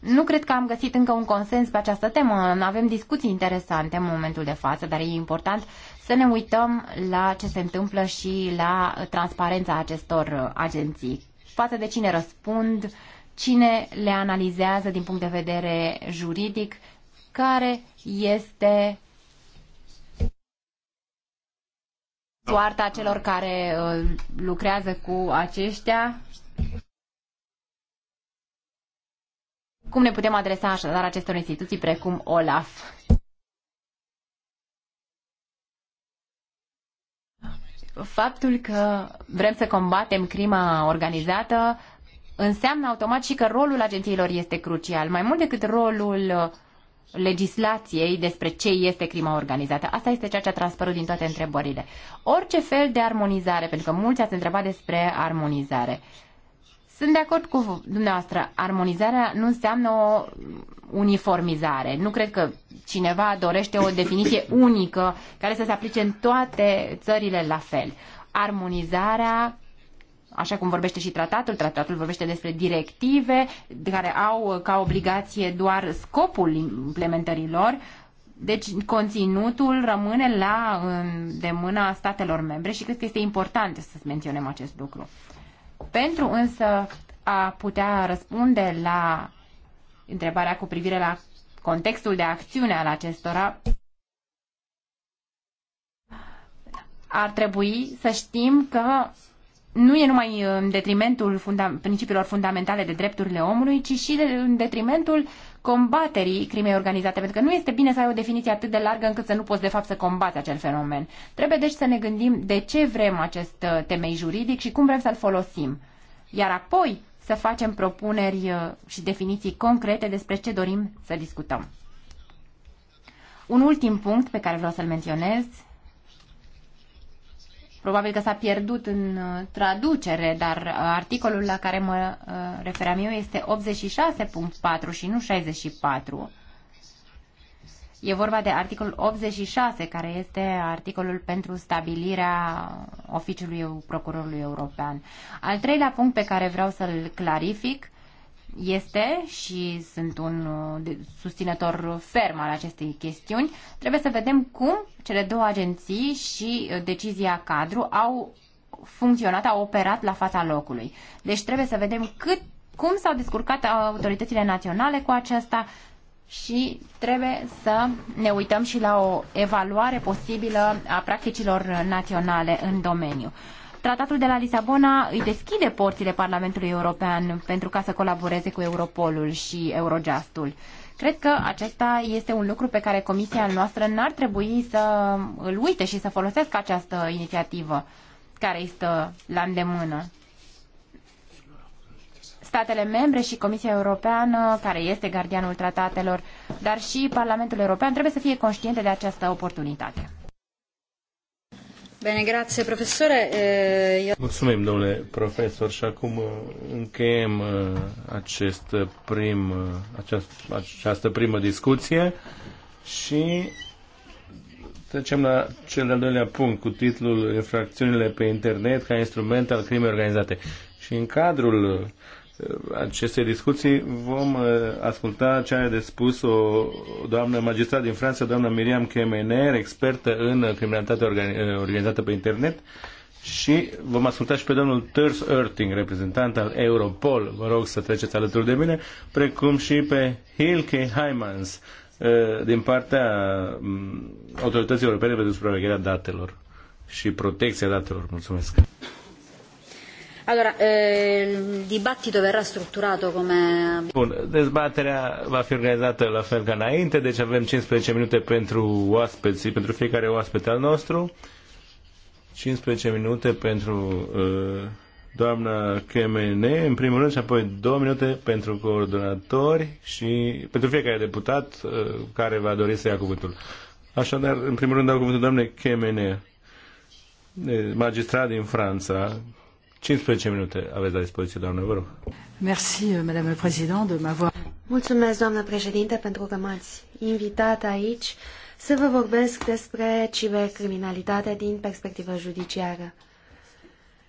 Nu cred că am găsit încă un consens pe această temă. Avem discuții interesante în momentul de față, dar e important să ne uităm la ce se întâmplă și la transparența acestor agenții. Față de cine răspund, cine le analizează din punct de vedere juridic, care este soarta celor care uh, lucrează cu aceștia. Cum ne putem adresa așadar acestor instituții precum OLAF? Faptul că vrem să combatem crima organizată înseamnă automat și că rolul agențiilor este crucial, mai mult decât rolul uh, legislației despre ce este crima organizată. Asta este ceea ce a transpărut din toate întrebările. Orice fel de armonizare, pentru că mulți ați întrebat despre armonizare. Sunt de acord cu dumneavoastră. Armonizarea nu înseamnă o uniformizare. Nu cred că cineva dorește o definiție unică care să se aplice în toate țările la fel. Armonizarea așa cum vorbește și tratatul, tratatul vorbește despre directive care au ca obligație doar scopul implementărilor, deci conținutul rămâne la de mâna statelor membre și cred că este important să menționăm acest lucru. Pentru însă a putea răspunde la întrebarea cu privire la contextul de acțiune al acestora, ar trebui să știm că nu e numai uh, în detrimentul funda- principiilor fundamentale de drepturile omului, ci și în detrimentul combaterii crimei organizate, pentru că nu este bine să ai o definiție atât de largă încât să nu poți de fapt să combați acel fenomen. Trebuie deci să ne gândim de ce vrem acest uh, temei juridic și cum vrem să-l folosim. Iar apoi să facem propuneri uh, și definiții concrete despre ce dorim să discutăm. Un ultim punct pe care vreau să-l menționez Probabil că s-a pierdut în uh, traducere, dar uh, articolul la care mă uh, referam eu este 86.4 și nu 64. E vorba de articolul 86, care este articolul pentru stabilirea oficiului procurorului european. Al treilea punct pe care vreau să-l clarific este și sunt un uh, susținător ferm al acestei chestiuni, trebuie să vedem cum cele două agenții și uh, decizia cadru au funcționat, au operat la fața locului. Deci trebuie să vedem cât, cum s-au descurcat uh, autoritățile naționale cu aceasta și trebuie să ne uităm și la o evaluare posibilă a practicilor naționale în domeniu. Tratatul de la Lisabona îi deschide porțile Parlamentului European pentru ca să colaboreze cu Europolul și Eurojustul. Cred că acesta este un lucru pe care comisia noastră n-ar trebui să îl uite și să folosească această inițiativă care este la îndemână. Statele membre și Comisia Europeană, care este gardianul tratatelor, dar și Parlamentul European trebuie să fie conștiente de această oportunitate. Bine, grație, profesore. Eu... Mulțumim, domnule profesor, și acum uh, încheiem uh, acest prim, uh, aceast, această primă discuție și trecem la cel de-al doilea punct cu titlul Infracțiunile pe internet ca instrument al crimei organizate. Și în cadrul acestei discuții vom uh, asculta ce are de spus o doamnă magistrat din Franța, doamna Miriam Kemener, expertă în criminalitate uh, organizată pe internet și vom asculta și pe domnul Turs Erting, reprezentant al Europol, vă rog să treceți alături de mine, precum și pe Hilke Heimans uh, din partea mm, Autorității Europene pentru Supravegherea Datelor și Protecția Datelor. Mulțumesc! Allora, eh, il dibattito verrà strutturato come... Bun, dezbaterea va fi organizată la fel ca înainte, deci avem 15 minute pentru oaspeții, pentru fiecare oaspete al nostru, 15 minute pentru uh, doamna KMN, în primul rând, și apoi 2 minute pentru coordonatori și pentru fiecare deputat uh, care va dori să ia cuvântul. Așadar, în primul rând dau cuvântul doamnei KMN magistrat din Franța, 15 minute aveți la dispoziție, doamnă, vă rog. Merci, euh, madame président, de m'avoir... Mulțumesc, doamnă președinte, pentru că m-ați invitat aici să vă vorbesc despre cibercriminalitate din perspectivă judiciară.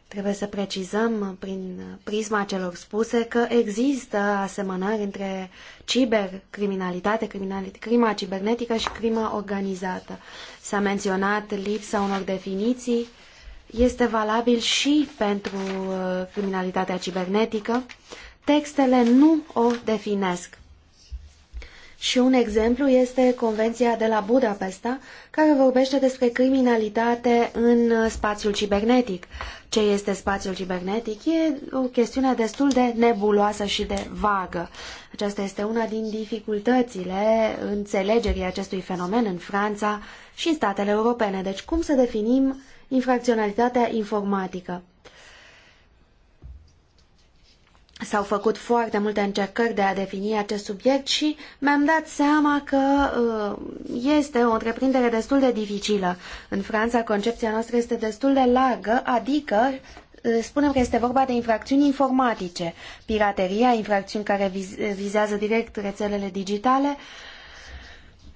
Trebuie să precizăm prin prisma celor spuse că există asemănări între cibercriminalitate, crima cibernetică și crima organizată. S-a menționat lipsa unor definiții este valabil și pentru uh, criminalitatea cibernetică. Textele nu o definesc. Și un exemplu este Convenția de la Budapesta, care vorbește despre criminalitate în spațiul cibernetic. Ce este spațiul cibernetic? E o chestiune destul de nebuloasă și de vagă. Aceasta este una din dificultățile înțelegerii acestui fenomen în Franța și în statele europene. Deci cum să definim infracționalitatea informatică. S-au făcut foarte multe încercări de a defini acest subiect și mi-am dat seama că uh, este o întreprindere destul de dificilă. În Franța, concepția noastră este destul de largă, adică uh, spunem că este vorba de infracțiuni informatice, pirateria, infracțiuni care vizează direct rețelele digitale, uh,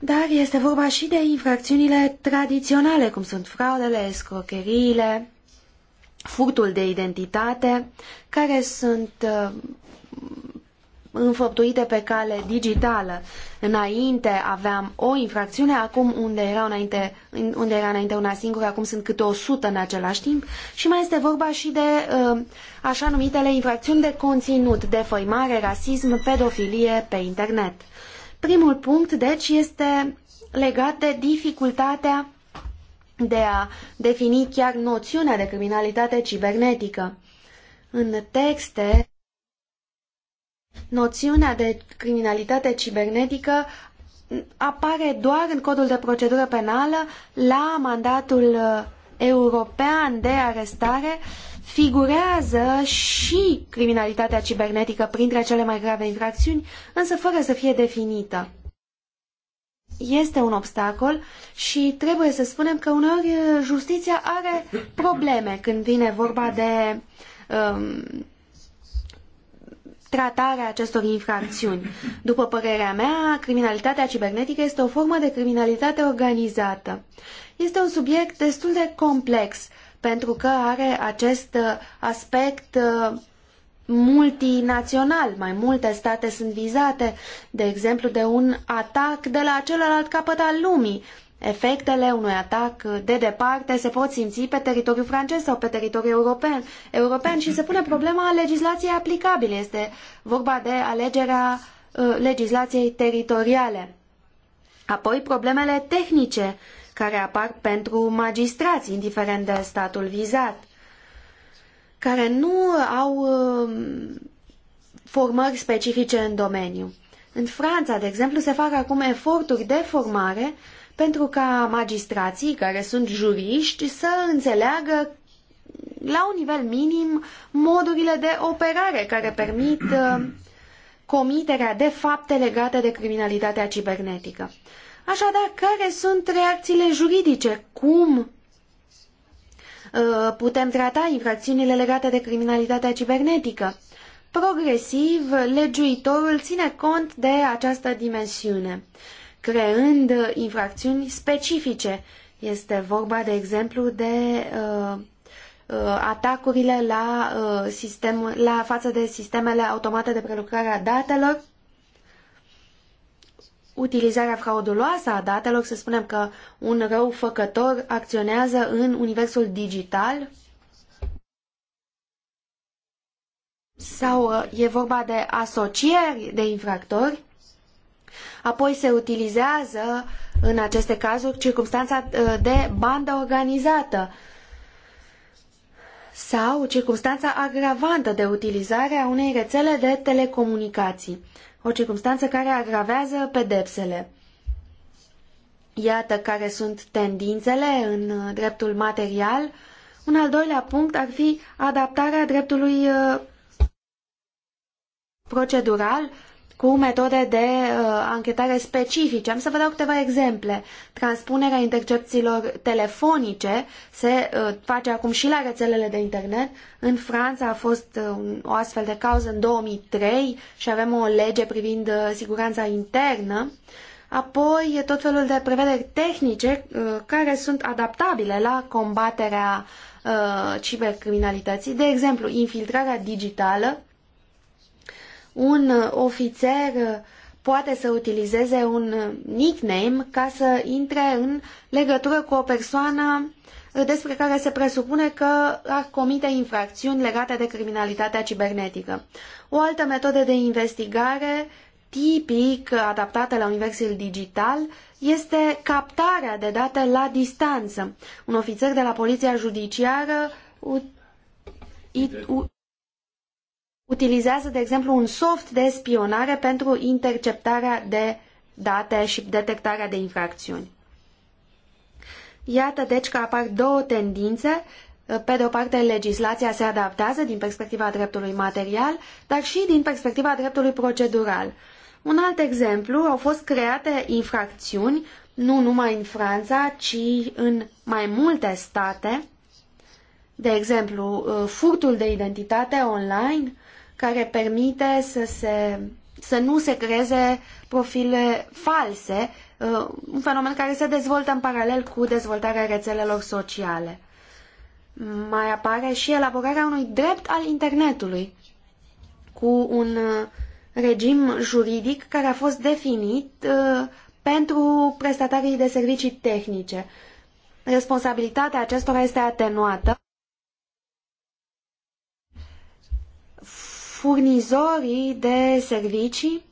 dar este vorba și de infracțiunile tradiționale, cum sunt fraudele, escrocheriile, furtul de identitate, care sunt uh, înfăptuite pe cale digitală. Înainte aveam o infracțiune, acum unde era înainte, unde era înainte una singură, acum sunt câte o sută în același timp și mai este vorba și de uh, așa numitele infracțiuni de conținut, defăimare, rasism, pedofilie pe internet. Primul punct, deci, este legat de dificultatea de a defini chiar noțiunea de criminalitate cibernetică. În texte, noțiunea de criminalitate cibernetică apare doar în codul de procedură penală la mandatul uh, european de arestare uh, figurează și criminalitatea cibernetică printre cele mai grave infracțiuni, însă fără să fie definită. Este un obstacol și trebuie să spunem că uneori justiția are probleme când vine vorba de um, tratarea acestor infracțiuni. După părerea mea, criminalitatea cibernetică este o formă de criminalitate organizată. Este un subiect destul de complex pentru că are acest uh, aspect uh, multinațional. Mai multe state sunt vizate, de exemplu, de un atac de la celălalt capăt al lumii. Efectele unui atac de departe se pot simți pe teritoriul francez sau pe teritoriul european, european și se pune problema legislației aplicabile. Este vorba de alegerea uh, legislației teritoriale. Apoi problemele tehnice uh, care apar pentru magistrați, indiferent de statul vizat, care nu au um, formări specifice în domeniu. În Franța, de exemplu, se fac acum eforturi de formare pentru ca magistrații care sunt juriști să înțeleagă la un nivel minim modurile de operare care permit um, comiterea de fapte legate de criminalitatea cibernetică. Așadar, care sunt reacțiile juridice? Cum uh, putem trata infracțiunile legate de criminalitatea cibernetică? Progresiv, legiuitorul ține cont de această dimensiune, creând infracțiuni specifice. Este vorba, de exemplu, de uh, uh atacurile la, uh, sistem, la față de sistemele automate de prelucrare a datelor utilizarea frauduloasă a datelor, să spunem că un răufăcător acționează în universul digital sau uh, e vorba de asocieri de infractori, apoi se utilizează în aceste cazuri circumstanța uh, de bandă organizată sau circumstanța agravantă de utilizare a unei rețele de telecomunicații o circunstanță care agravează pedepsele. Iată care sunt tendințele în uh, dreptul material. Un al doilea punct ar fi adaptarea dreptului uh, procedural cu metode de uh, anchetare specifice. Am să vă dau câteva exemple. Transpunerea intercepțiilor telefonice se uh, face acum și la rețelele de internet. În Franța a fost uh, o astfel de cauză în 2003 și avem o lege privind uh, siguranța internă. Apoi, tot felul de prevederi tehnice uh, care sunt adaptabile la combaterea uh, cibercriminalității, de exemplu, infiltrarea digitală, un ofițer poate să utilizeze un nickname ca să intre în legătură cu o persoană despre care se presupune că ar comite infracțiuni legate de criminalitatea cibernetică. O altă metodă de investigare tipic adaptată la universul digital este captarea de date la distanță. Un ofițer de la poliția judiciară utilizează, de exemplu, un soft de spionare pentru interceptarea de date și detectarea de infracțiuni. Iată deci că apar două tendințe. Pe de o parte, legislația se adaptează din perspectiva dreptului material, dar și din perspectiva dreptului procedural. Un alt exemplu, au fost create infracțiuni, nu numai în Franța, ci în mai multe state, de exemplu, furtul de identitate online care permite să, se, să nu se creeze profile false, uh, un fenomen care se dezvoltă în paralel cu dezvoltarea rețelelor sociale. Mai apare și elaborarea unui drept al internetului cu un uh, regim juridic care a fost definit uh, pentru prestatarii de servicii tehnice. Responsabilitatea acestora este atenuată furnizorii de servicii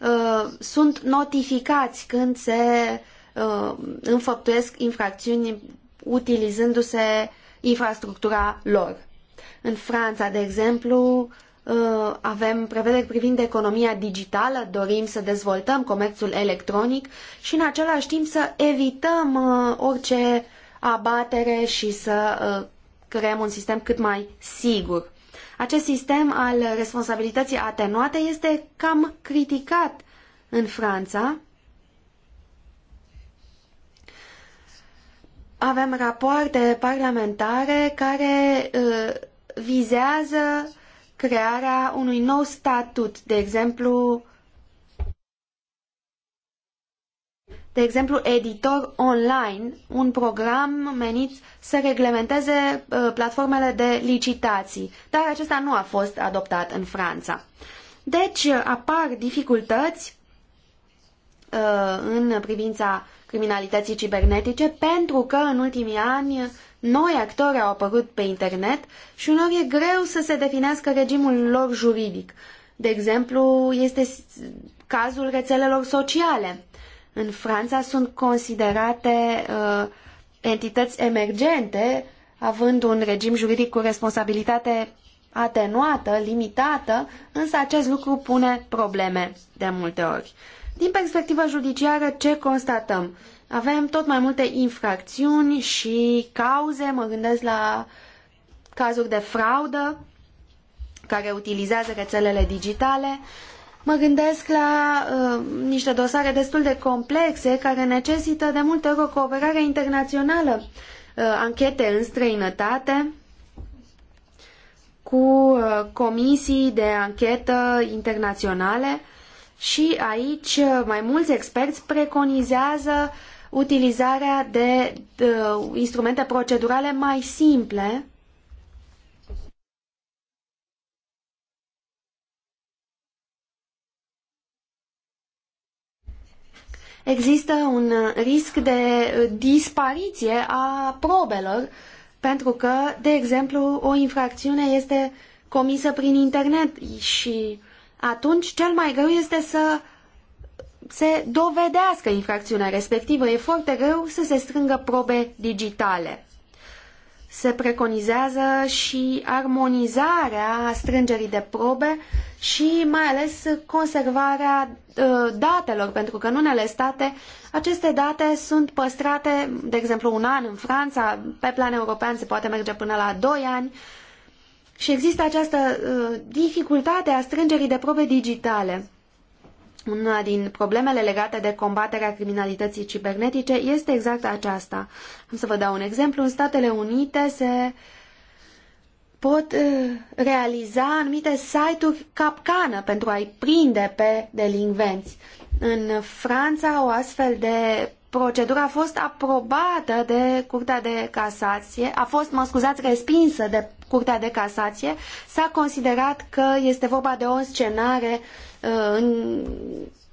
uh, sunt notificați când se uh, înfăptuiesc infracțiuni utilizându-se infrastructura lor. În Franța, de exemplu, uh, avem prevederi privind economia digitală, dorim să dezvoltăm comerțul electronic și în același timp să evităm uh, orice abatere și să uh, creăm un sistem cât mai sigur. Acest sistem al responsabilității atenuate este cam criticat în Franța. Avem rapoarte parlamentare care uh, vizează crearea unui nou statut, de exemplu de exemplu, Editor Online, un program menit să reglementeze uh, platformele de licitații, dar acesta nu a fost adoptat în Franța. Deci uh, apar dificultăți uh, în privința criminalității cibernetice pentru că în ultimii ani noi actori au apărut pe internet și unor e greu să se definească regimul lor juridic. De exemplu, este cazul rețelelor sociale în Franța sunt considerate uh, entități emergente, având un regim juridic cu responsabilitate atenuată, limitată, însă acest lucru pune probleme de multe ori. Din perspectiva judiciară, ce constatăm? Avem tot mai multe infracțiuni și cauze, mă gândesc la cazuri de fraudă care utilizează rețelele digitale, Mă gândesc la uh, niște dosare destul de complexe care necesită de multe ori o cooperare internațională, uh, anchete în străinătate cu uh, comisii de anchetă internaționale și aici uh, mai mulți experți preconizează utilizarea de, de uh, instrumente procedurale mai simple există un uh, risc de uh, dispariție a probelor, pentru că, de exemplu, o infracțiune este comisă prin internet și atunci cel mai greu este să se dovedească infracțiunea respectivă. E foarte greu să se strângă probe digitale se preconizează și armonizarea strângerii de probe și mai ales conservarea ă, datelor, pentru că în unele state aceste date sunt păstrate, de exemplu, un an în Franța, pe plan european se poate merge până la doi ani și există această ă, dificultate a strângerii de probe digitale. Una din problemele legate de combaterea criminalității cibernetice este exact aceasta. Am să vă dau un exemplu. În Statele Unite se pot uh, realiza anumite site-uri capcană pentru a-i prinde pe delinvenți. În Franța o astfel de procedură a fost aprobată de Curtea de Casație, a fost, mă scuzați, respinsă de Curtea de Casație, s-a considerat că este vorba de o scenare uh, în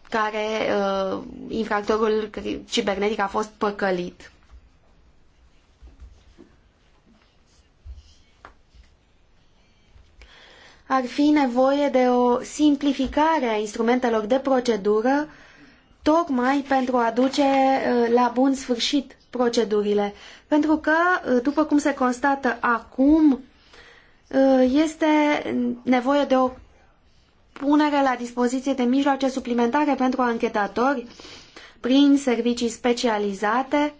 care uh, infractorul cibernetic a fost păcălit. ar fi nevoie de o simplificare a instrumentelor de procedură tocmai pentru a duce uh, la bun sfârșit procedurile. Pentru că, după cum se constată acum, Uh, este nevoie de o punere la dispoziție de mijloace suplimentare pentru anchetatori prin servicii specializate.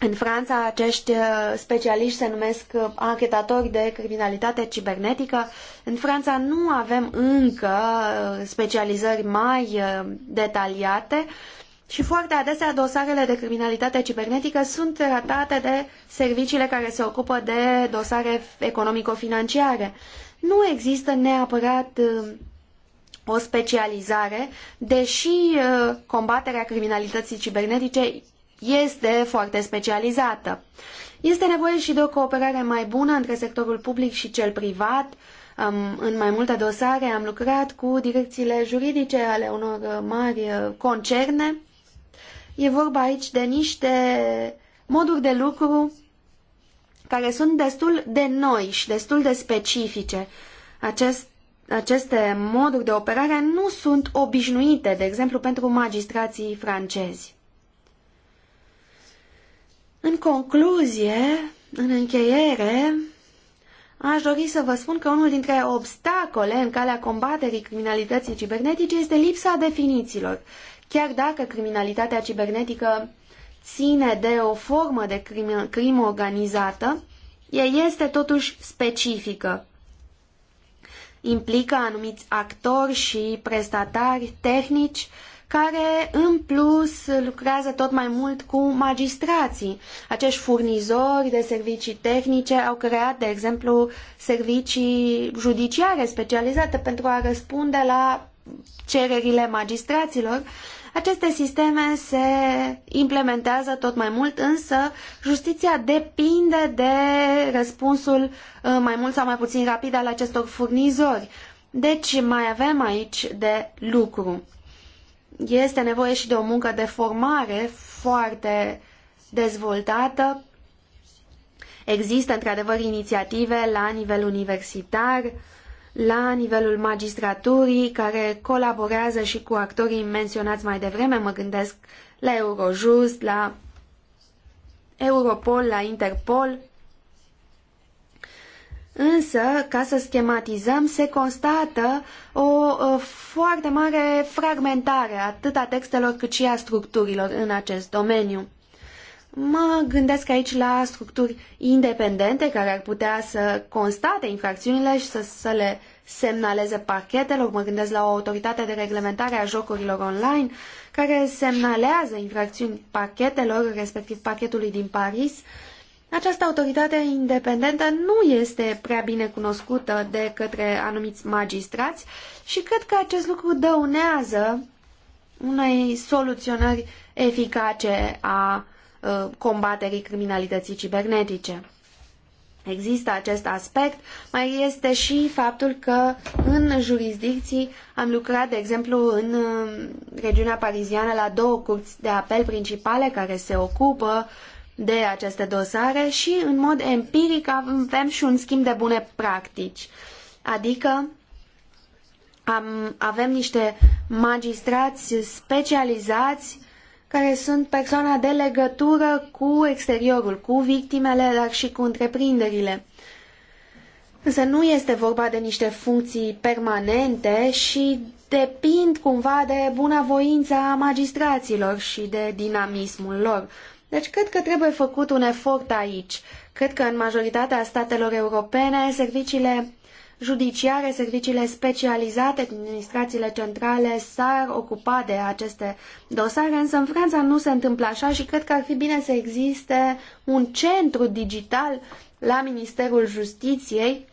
În Franța, acești uh, specialiști se numesc uh, anchetatori de criminalitate cibernetică. În Franța nu avem încă specializări mai detaliate, și foarte adesea dosarele de criminalitate cibernetică sunt tratate de serviciile care se ocupă de dosare economico-financiare. Nu există neapărat uh, o specializare, deși uh, combaterea criminalității cibernetice este foarte specializată. Este nevoie și de o cooperare mai bună între sectorul public și cel privat. În mai multe dosare am lucrat cu direcțiile juridice ale unor uh, mari concerne E vorba aici de niște moduri de lucru care sunt destul de noi și destul de specifice. Acest, aceste moduri de operare nu sunt obișnuite, de exemplu, pentru magistrații francezi. În concluzie, în încheiere, aș dori să vă spun că unul dintre obstacole în calea combaterii criminalității cibernetice este lipsa definițiilor. Chiar dacă criminalitatea cibernetică ține de o formă de crimă, crimă organizată, ea este totuși specifică. Implică anumiți actori și prestatari tehnici care, în plus, lucrează tot mai mult cu magistrații. Acești furnizori de servicii tehnice au creat, de exemplu, servicii judiciare specializate pentru a răspunde la cererile magistraților, aceste sisteme se implementează tot mai mult, însă justiția depinde de răspunsul uh, mai mult sau mai puțin rapid al acestor furnizori. Deci mai avem aici de lucru. Este nevoie și de o muncă de formare foarte dezvoltată. Există într-adevăr inițiative la nivel universitar, uh, la nivelul magistraturii, care colaborează și cu actorii menționați mai devreme, mă gândesc la Eurojust, la Europol, la Interpol. Însă, ca să schematizăm, se constată o, o foarte mare fragmentare atât a textelor cât și a structurilor în acest domeniu. Mă gândesc aici la structuri independente care ar putea să constate infracțiunile și să, să le semnaleze parchetelor. Mă gândesc la o autoritate de reglementare a jocurilor online care semnalează infracțiuni parchetelor, respectiv pachetului din Paris. Această autoritate independentă nu este prea bine cunoscută de către anumiți magistrați și cred că acest lucru dăunează unei soluționări eficace a Uh, combaterii criminalității cibernetice. Există acest aspect, mai este și faptul că în jurisdicții am lucrat, de exemplu, în uh, regiunea pariziană la două curți de apel principale care se ocupă de aceste dosare și, în mod empiric, avem și un schimb de bune practici. Adică am, avem niște magistrați specializați care sunt persoana de legătură cu exteriorul, cu victimele, dar și cu întreprinderile. Însă nu este vorba de niște funcții permanente și depind cumva de bunăvoința magistraților și de dinamismul lor. Deci cred că trebuie făcut un efort aici. Cred că în majoritatea statelor europene serviciile judiciare, serviciile specializate, administrațiile centrale s-ar ocupa de aceste dosare, însă în Franța nu se întâmplă așa și cred că ar fi bine să existe un centru digital la Ministerul Justiției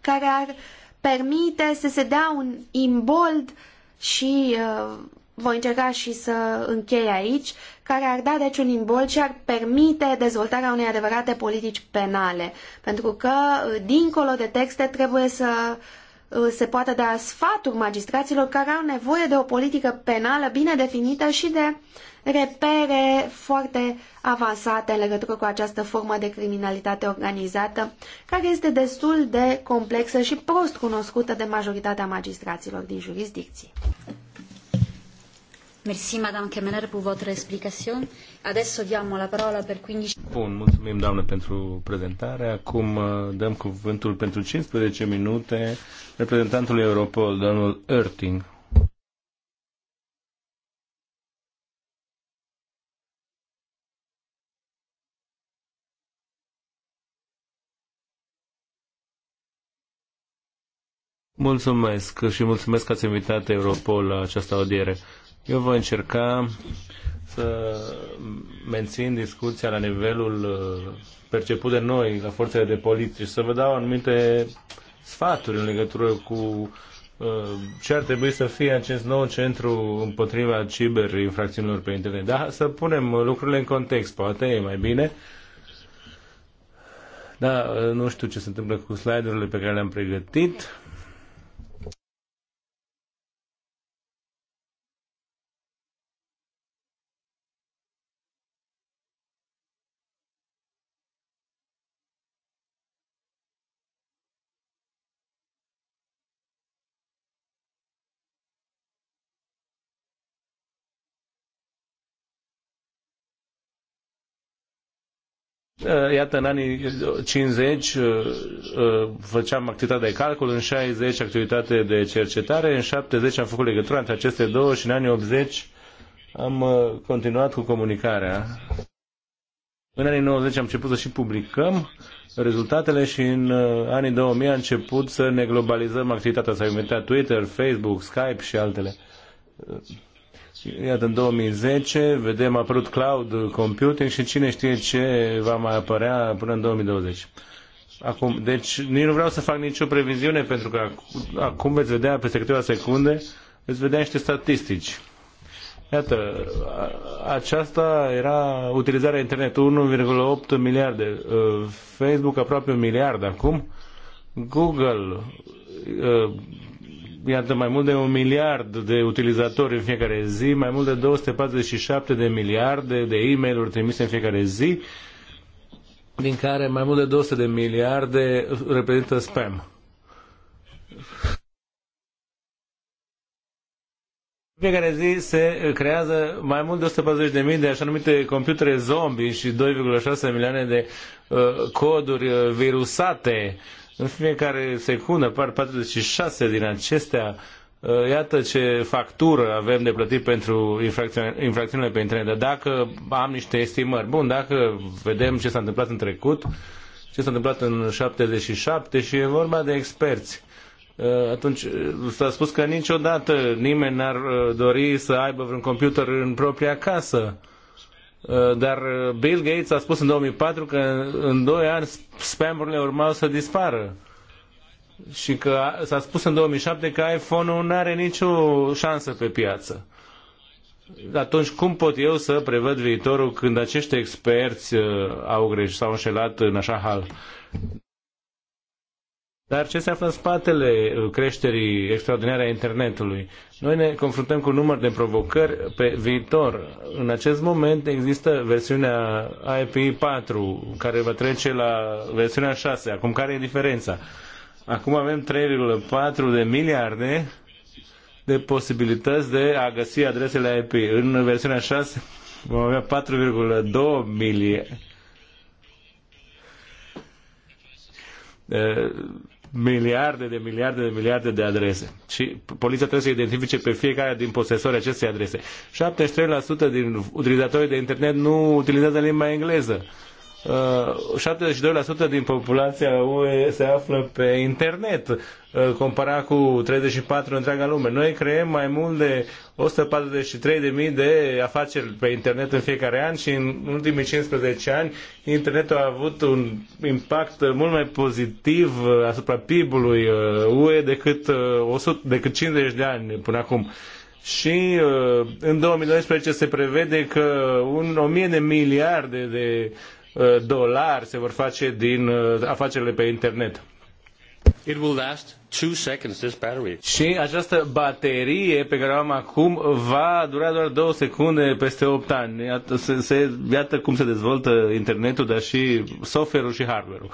care ar permite să se dea un imbold și uh, voi încerca și să închei aici, care ar da deci un imbol și ar permite dezvoltarea unei adevărate politici penale. Pentru că, uh, dincolo de texte, trebuie să uh, se poată da sfaturi magistraților care au nevoie de o politică penală bine definită și de repere foarte avansate în legătură cu această formă de criminalitate organizată, care este destul de complexă și prost cunoscută de majoritatea magistraților din jurisdicții. Mersi, Madame Kemener, pentru votre Adesso diamo la parola per 15... Bun, mulțumim, doamnă, pentru prezentare. Acum uh, dăm cuvântul pentru 15 minute reprezentantului Europol, domnul Erting. Mulțumesc și mulțumesc că ați invitat Europol la această audiere. Eu voi încerca să mențin discuția la nivelul uh, perceput de noi, la forțele de poliție și să vă dau anumite sfaturi în legătură cu uh, ce ar trebui să fie acest nou centru împotriva ciberinfracțiunilor pe internet. Dar să punem lucrurile în context, poate e mai bine. Da, uh, nu știu ce se întâmplă cu slide-urile pe care le-am pregătit. Uh, iată, în anii 50 uh, uh, făceam activitate de calcul, în 60 activitate de cercetare, în 70 am făcut legătura între aceste două și în anii 80 am continuat cu comunicarea. În anii 90 am început să și publicăm rezultatele și în anii 2000 am început să ne globalizăm activitatea, s-a inventat Twitter, Facebook, Skype și altele. Și iată, în 2010 vedem a apărut cloud computing și cine știe ce va mai apărea până în 2020. Acum, deci nici nu vreau să fac nicio previziune pentru că acum veți vedea peste câteva secunde, veți vedea niște statistici. Iată, aceasta era utilizarea internetului 1,8 miliarde, ă, Facebook aproape un miliard acum, Google ă, iată, mai mult de un miliard de utilizatori în fiecare zi, mai mult de 247 de miliarde de e mail trimise în fiecare zi, din care mai mult de 200 de miliarde reprezintă spam. În fiecare zi se creează mai mult de 140.000 de de așa numite computere zombie și 2,6 milioane de uh, coduri uh, virusate uh, în fiecare secundă apar 46 din acestea. Uh, iată ce factură avem de plătit pentru infracțiunile pe internet. Dar dacă am niște estimări, bun, dacă vedem ce s-a întâmplat în trecut, ce s-a întâmplat în 77 și e vorba de experți uh, atunci uh, s-a spus că niciodată nimeni n-ar dori să aibă vreun computer în propria casă. Uh, dar uh, Bill Gates a spus în 2004 că în 2 ani spamurile urmau să dispară. Și că s-a spus în 2007 că iPhone-ul nu are nicio șansă pe piață. Atunci cum pot eu să prevăd viitorul când acești experți uh, au greșit, s-au înșelat în așa hal? Dar ce se află în spatele uh, creșterii extraordinare a internetului? Noi ne confruntăm cu un număr de provocări pe viitor. În acest moment există versiunea IP4 care va trece la versiunea 6. Acum care e diferența? Acum avem 3,4 de miliarde de posibilități de a găsi adresele IP. În versiunea 6 vom avea 4,2 miliarde uh, miliarde de miliarde de miliarde de adrese. Și poliția trebuie să identifice pe fiecare din posesorii acestei adrese. 73% din utilizatorii de internet nu utilizează limba engleză. 72% din populația UE se află pe internet, uh, comparat cu 34% în întreaga lume. Noi creăm mai mult de 143.000 de afaceri pe internet în fiecare an și în ultimii 15 ani internetul a avut un impact mult mai pozitiv uh, asupra PIB-ului UE uh, decât, 100, decât 50 de ani până acum și în 2012 se prevede că un, 1000 de miliarde de Uh, dolari se vor face din uh, afacerile pe internet. It will last two seconds, this battery. Și această baterie pe care o am acum va dura doar două secunde peste opt ani. Iată, se, se, iată cum se dezvoltă internetul, dar și software-ul și hardware-ul.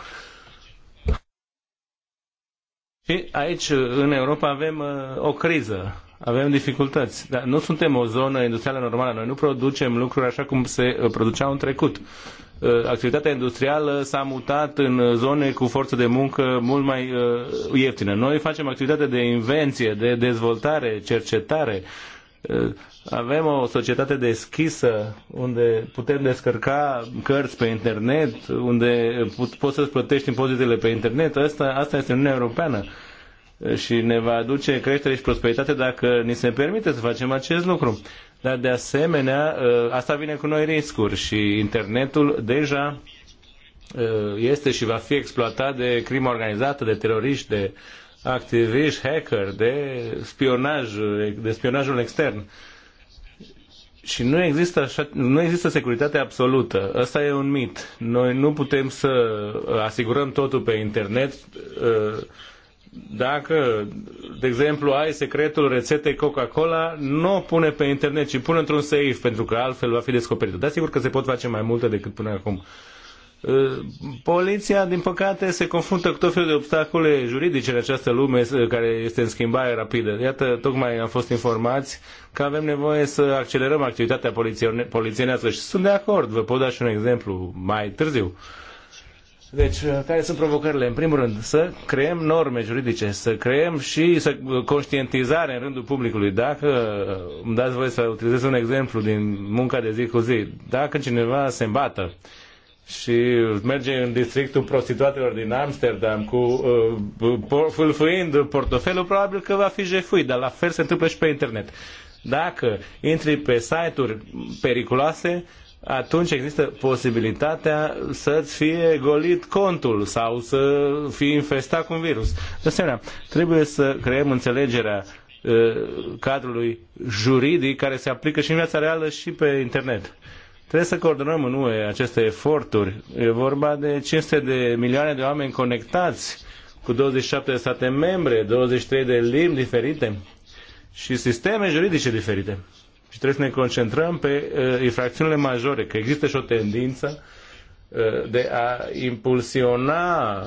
Și aici, în Europa, avem uh, o criză. Avem dificultăți, dar nu suntem o zonă industrială normală. Noi nu producem lucruri așa cum se produceau în trecut. Uh, activitatea industrială s-a mutat în zone cu forță de muncă mult mai uh, ieftină. Noi facem activitate de invenție, de dezvoltare, cercetare. Uh, avem o societate deschisă unde putem descărca cărți pe internet, unde poți să-ți plătești impozitele pe internet. Asta, asta este Uniunea Europeană și ne va aduce creștere și prosperitate dacă ni se permite să facem acest lucru dar de asemenea ă, asta vine cu noi riscuri și internetul deja ă, este și va fi exploatat de crimă organizată, de teroriști, de activiști, hacker, de spionaj, de spionajul extern. Și nu există, așa, nu există securitate absolută. Asta e un mit. Noi nu putem să asigurăm totul pe internet ă, dacă, de exemplu, ai secretul rețetei Coca-Cola, nu o pune pe internet, ci pune într-un safe, pentru că altfel va fi descoperită. Dar sigur că se pot face mai multe decât până acum. Uh, poliția, din păcate, se confruntă cu tot felul de obstacole juridice în această lume uh, care este în schimbare rapidă. Iată, tocmai am fost informați că avem nevoie să accelerăm activitatea polițienească și sunt de acord, vă pot da și un exemplu mai târziu. Uh, deci, uh, care sunt provocările? În primul rând, să creăm norme juridice, să creăm și să uh, conștientizare în rândul publicului. Dacă uh, îmi dați voie să utilizez un exemplu din munca de zi cu zi, dacă cineva se îmbată și merge în districtul prostituatelor din Amsterdam cu uh, fâlfâind portofelul, probabil că va fi jefuit, dar la fel se întâmplă și pe internet. Dacă intri pe site-uri periculoase, atunci există posibilitatea să-ți fie golit contul sau să fii infestat cu un virus. De asemenea, trebuie să creăm înțelegerea uh, cadrului juridic care se aplică și în viața reală și pe internet. Trebuie să coordonăm în UE aceste eforturi. E vorba de 500 de milioane de oameni conectați cu 27 de state membre, 23 de limbi diferite și sisteme juridice diferite. Și trebuie să ne concentrăm pe uh, infracțiunile majore, că există și o tendință uh, de a impulsiona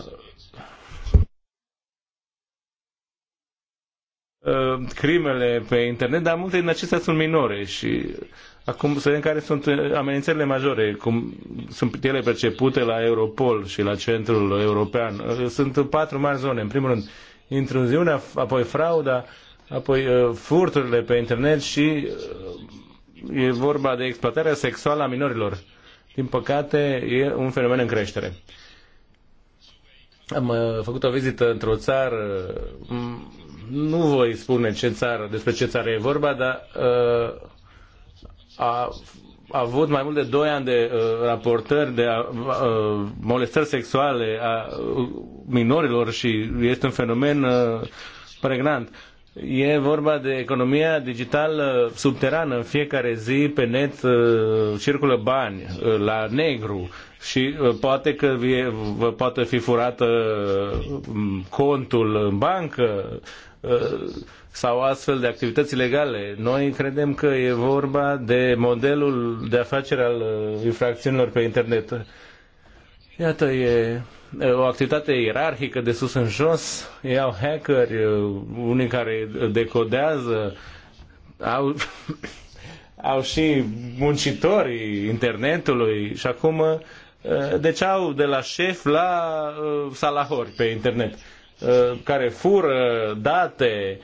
uh, crimele pe internet, dar multe din acestea sunt minore și acum să vedem care sunt uh, amenințările majore, cum sunt ele percepute la Europol și la Centrul European. Uh, sunt patru mari zone. În primul rând, intruziunea, apoi frauda, Apoi uh, furturile pe internet și uh, e vorba de exploatarea sexuală a minorilor. Din păcate, e un fenomen în creștere. Am uh, făcut o vizită într-o țară, mm, nu voi spune ce țară, despre ce țară e vorba, dar a a avut mai mult de 2 ani de uh, raportări de uh, molestări sexuale a uh, minorilor și este un fenomen uh, pregnant. E vorba de economia digitală subterană. În fiecare zi pe net uh, circulă bani uh, la negru și uh, poate că vă poate fi furată um, contul în bancă sau astfel de activități ilegale. Noi credem că e vorba de modelul de afacere al infracțiunilor pe internet Iată, e o activitate ierarhică de sus în jos, iau hackeri, unii care decodează, au, au și muncitorii internetului și acum deci au de la șef la salahori pe internet care fură date,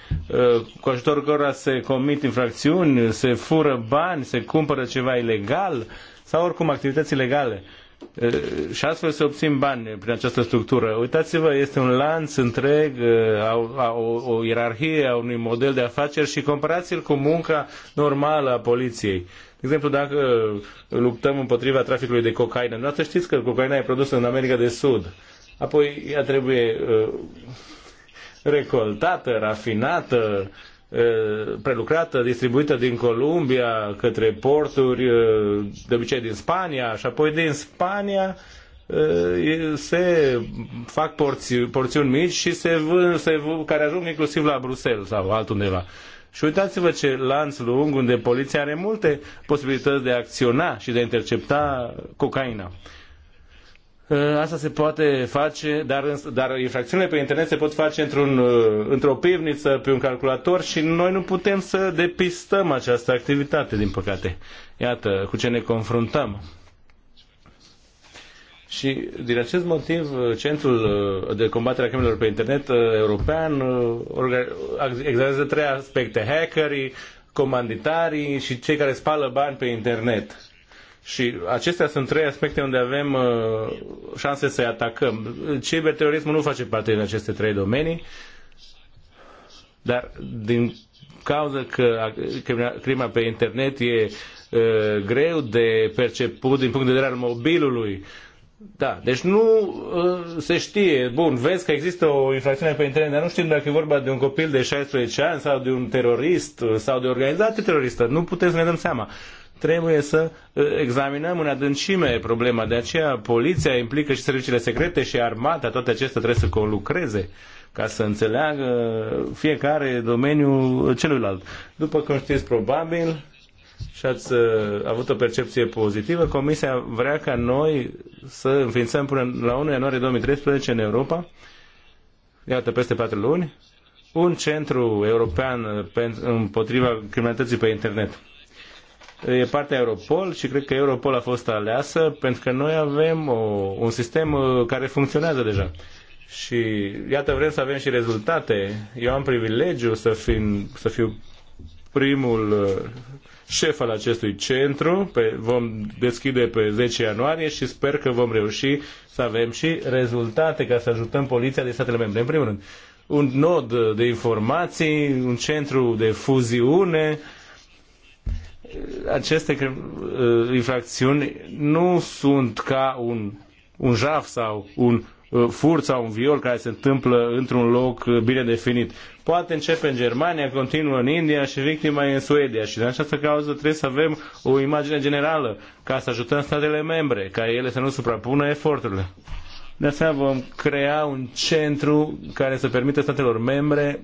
cu ajutorul cărora se comit infracțiuni, se fură bani, se cumpără ceva ilegal sau oricum activități ilegale și astfel se obțin bani prin această structură. Uitați-vă, este un lanț întreg, o, uh, o ierarhie a unui model de afaceri și comparați-l cu munca normală a poliției. De exemplu, dacă luptăm împotriva traficului de cocaină, noastră știți că cocaina e produsă în America de Sud. Apoi ea trebuie uh, recoltată, rafinată, prelucrată, distribuită din Columbia către porturi, de obicei din Spania și apoi din Spania se fac porțiuni, porțiuni mici și se vând, se vând, care ajung inclusiv la Bruxelles sau altundeva. Și uitați-vă ce lanț lung unde poliția are multe posibilități de a acționa și de a intercepta cocaina. Asta se poate face, dar, dar infracțiunile pe internet se pot face într-un, uh, într-o pivniță, pe un calculator și noi nu putem să depistăm această activitate, din păcate. Iată cu ce ne confruntăm. Și din acest motiv, uh, Centrul uh, de combatere a crimelor pe internet european examinează trei aspecte. Hackerii, comanditarii și cei care spală bani pe internet. Și acestea sunt trei aspecte unde avem uh, șanse să-i atacăm. Ciberterorismul nu face parte din aceste trei domenii, dar din cauza că crima pe internet e uh, greu de perceput din punct de vedere al mobilului, da, deci nu uh, se știe. Bun, vezi că există o infracțiune pe internet, dar nu știm dacă e vorba de un copil de 16 ani sau de un terorist uh, sau de o organizație teroristă. Nu putem să ne dăm seama. Uh, trebuie să uh, examinăm în adâncime problema. De aceea poliția implică și serviciile secrete și armata, toate acestea trebuie să conlucreze ca să înțeleagă fiecare domeniu celuilalt. După cum știți, probabil, și ați uh, avut o percepție pozitivă, Comisia vrea ca noi să înființăm până la 1 ianuarie 2013 în Europa, iată, peste patru luni, un centru european împotriva criminalității pe internet e partea Europol și cred că Europol a fost aleasă pentru că noi avem o, un sistem uh, care funcționează deja. Și iată, vrem să avem și rezultate. Eu am privilegiu să, fiu să fiu primul uh, șef al acestui centru. Pe, vom deschide pe 10 ianuarie și sper că vom reuși să avem și rezultate ca să ajutăm poliția de statele membre. În primul rând, un nod de informații, un centru de fuziune, aceste uh, infracțiuni nu sunt ca un, un jaf sau un uh, furt sau un viol care se întâmplă într-un loc uh, bine definit. Poate începe în Germania, continuă în India și victima e în Suedia. Și din această cauză trebuie să avem o imagine generală ca să ajutăm statele membre, ca ele să nu suprapună eforturile. De asemenea, vom crea un centru care să permită statelor membre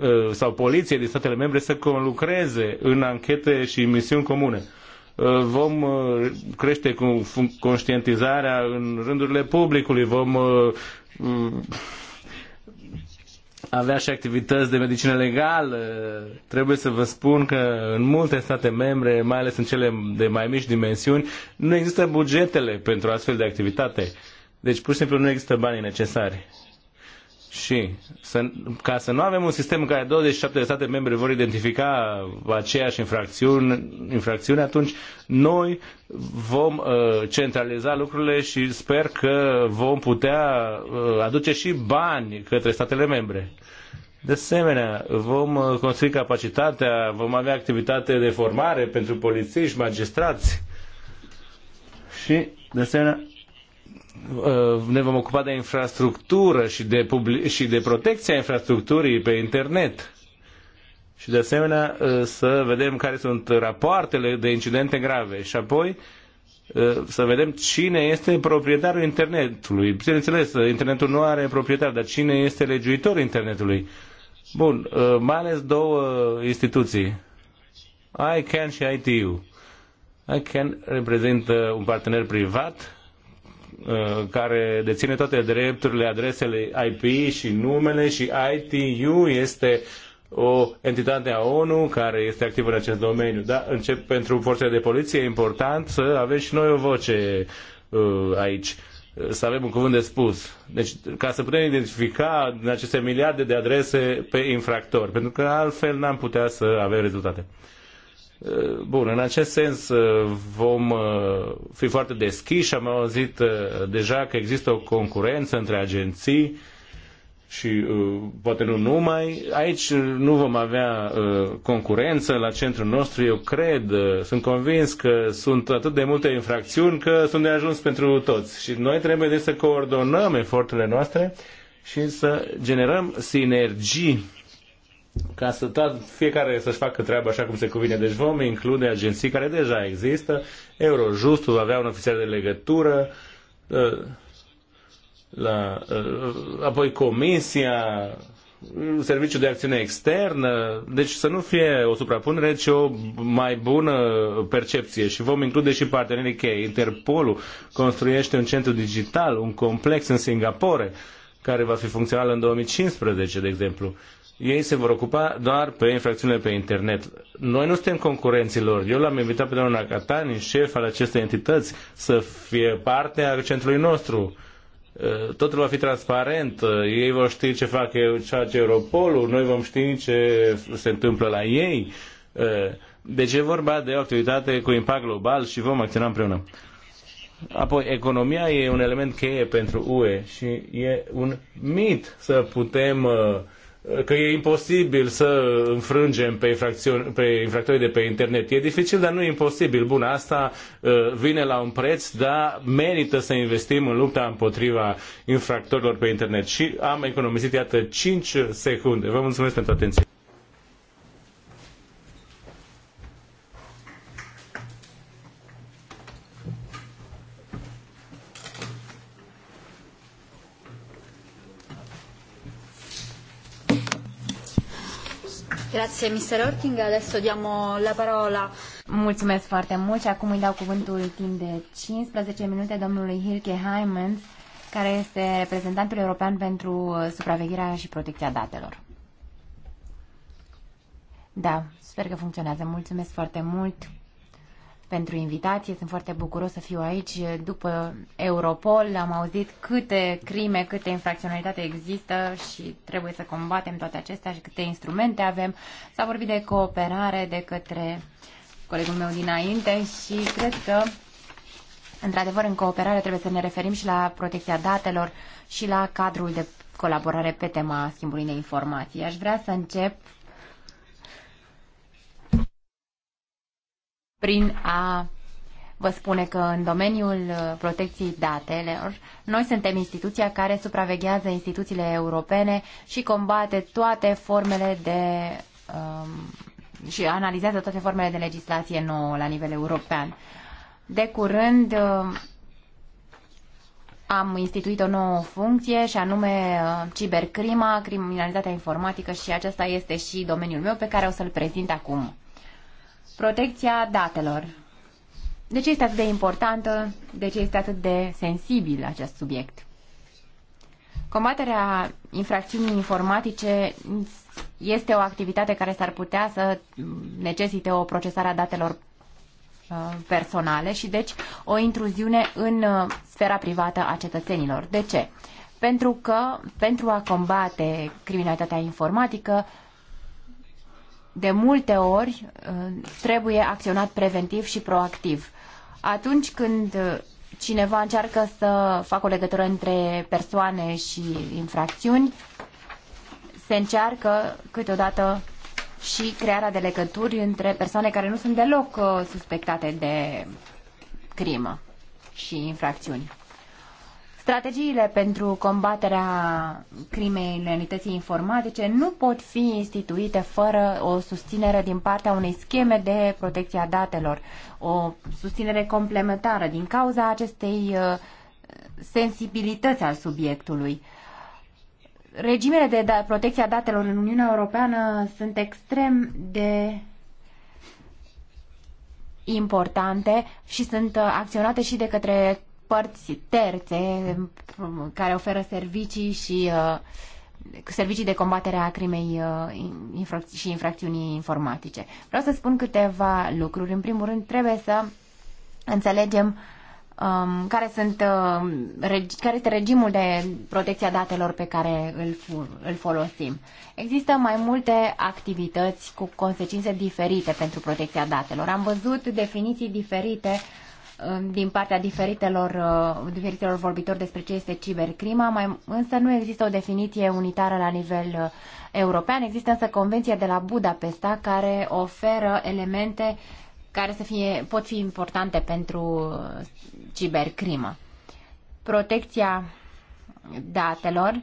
Uh, sau poliție din statele membre să conlucreze în anchete și misiuni comune. Uh, vom uh, crește cu conștientizarea în rândurile publicului, vom mm, avea și activități de medicină legală. Trebuie să vă spun că în multe state membre, mai ales în cele de mai mici dimensiuni, nu există bugetele pentru astfel de activitate. Deci pur și simplu nu există banii necesari. Și să, ca să nu avem un sistem în care 27 de state membre vor identifica aceeași infracțiune, infracțiune atunci noi vom uh, centraliza lucrurile și sper că vom putea uh, aduce și bani către statele membre. De asemenea, vom uh, construi capacitatea, vom avea activitate de formare pentru polițiști, magistrați și, de asemenea, Uh, ne vom ocupa de infrastructură și de, public, și de protecția infrastructurii pe internet. Și de asemenea uh, să vedem care sunt rapoartele de incidente grave și apoi uh, să vedem cine este proprietarul internetului. Bineînțeles, internetul nu are proprietar, dar cine este legiuitor internetului. Bun, mai ales două instituții, ICANN și ITU. ICANN reprezintă un partener privat Uh, care deține toate drepturile, adresele IP și numele și ITU este o entitate a ONU care este activă în acest domeniu. Da, încep pentru forțele de poliție, e important să avem și noi o voce uh, aici să avem un cuvânt de spus. Deci, ca să putem identifica aceste miliarde de adrese pe infractori, pentru că altfel n-am putea să avem rezultate. Eh, bun, în acest sens eh, vom eh, fi foarte deschiși. Am auzit deja că există o concurență între agenții și poate nu numai. Aici nu vom avea concurență la centrul nostru, eu cred, sunt convins că sunt atât de multe infracțiuni că sunt de ajuns pentru toți. Și noi trebuie de să coordonăm eforturile noastre și să generăm sinergii ca să tot fiecare să-și facă treaba așa cum se cuvine. Deci vom include agenții care deja există, Eurojust va avea un ofițer de legătură, uh, la, uh, apoi Comisia, Serviciul de Acțiune Externă, deci să nu fie o suprapunere, ci o mai bună percepție și vom include și partenerii cheie. Interpolul construiește un centru digital, un complex în Singapore, care va fi funcțional în 2015, de exemplu ei se vor ocupa doar pe infracțiunile pe internet. Noi nu suntem concurenții lor. Eu l-am invitat pe doamna Catani, șef al acestei entități, să fie parte a centrului nostru. Totul va fi transparent, ei vor ști ce fac eu, ce face Europolul, noi vom ști ce se întâmplă la ei. Deci e vorba de o activitate cu impact global și vom acționa împreună. Apoi, economia e un element cheie pentru UE și e un mit să putem uh, că e imposibil să înfrângem pe, pe infractorii de pe internet. E dificil, dar nu e imposibil. Bun, asta uh, vine la un preț, dar merită să investim în lupta împotriva infractorilor pe internet. Și am economisit, iată, cinci secunde. Vă mulțumesc pentru atenție. Grazie, Mr. Orting. Adesso diamo la parola. Mulțumesc foarte mult și acum îi dau cuvântul timp de 15 minute domnului Hilke Hymans, care este reprezentantul european pentru uh, supravegherea și protecția datelor. Da, sper că funcționează. Mulțumesc foarte mult pentru invitație. Sunt foarte bucuros să fiu aici. După Europol am auzit câte crime, câte infracționalitate există și trebuie să combatem toate acestea și câte instrumente avem. S-a vorbit de cooperare de către colegul meu dinainte și cred că Într-adevăr, în cooperare trebuie să ne referim și la protecția datelor și la cadrul de colaborare pe tema schimbului de informații. Aș vrea să încep prin a vă spune că în domeniul uh, protecției datelor, noi suntem instituția care supraveghează instituțiile europene și combate toate formele de um, și analizează toate formele de legislație nouă la nivel european. De curând uh, am instituit o nouă funcție și anume uh, cibercrima, criminalitatea informatică și acesta este și domeniul meu pe care o să-l prezint acum protecția datelor. De ce este atât de importantă? De ce este atât de sensibil acest subiect? Combaterea infracțiunii informatice este o activitate care s-ar putea să necesite o procesare a datelor uh, personale și deci o intruziune în uh, sfera privată a cetățenilor. De ce? Pentru că pentru a combate criminalitatea informatică de multe ori uh, trebuie acționat preventiv și proactiv. Atunci când uh, cineva încearcă să facă o legătură între persoane și infracțiuni, se încearcă câteodată și crearea de legături între persoane care nu sunt deloc uh, suspectate de crimă și infracțiuni. Strategiile pentru combaterea crimei realității informatice nu pot fi instituite fără o susținere din partea unei scheme de protecție a datelor, o susținere complementară din cauza acestei uh, sensibilități al subiectului. Regimele de da, protecție a datelor în Uniunea Europeană sunt extrem de importante și sunt uh, acționate și de către părți terțe mm, care oferă servicii și uh, servicii de combatere a crimei uh, și infracțiunii informatice. Vreau să spun câteva lucruri. În primul rând, trebuie să înțelegem um, care, sunt, uh, care este regimul de protecție a datelor pe care îl, îl folosim. Există mai multe activități cu consecințe diferite pentru protecția datelor. Am văzut definiții diferite uh, Uh, din partea diferitelor, uh, diferitelor vorbitori despre ce este cibercrima, mai, însă nu există o definiție unitară la nivel uh, european. Există însă convenția de la Budapesta care oferă elemente care să fie, pot fi importante pentru cibercrimă. Protecția datelor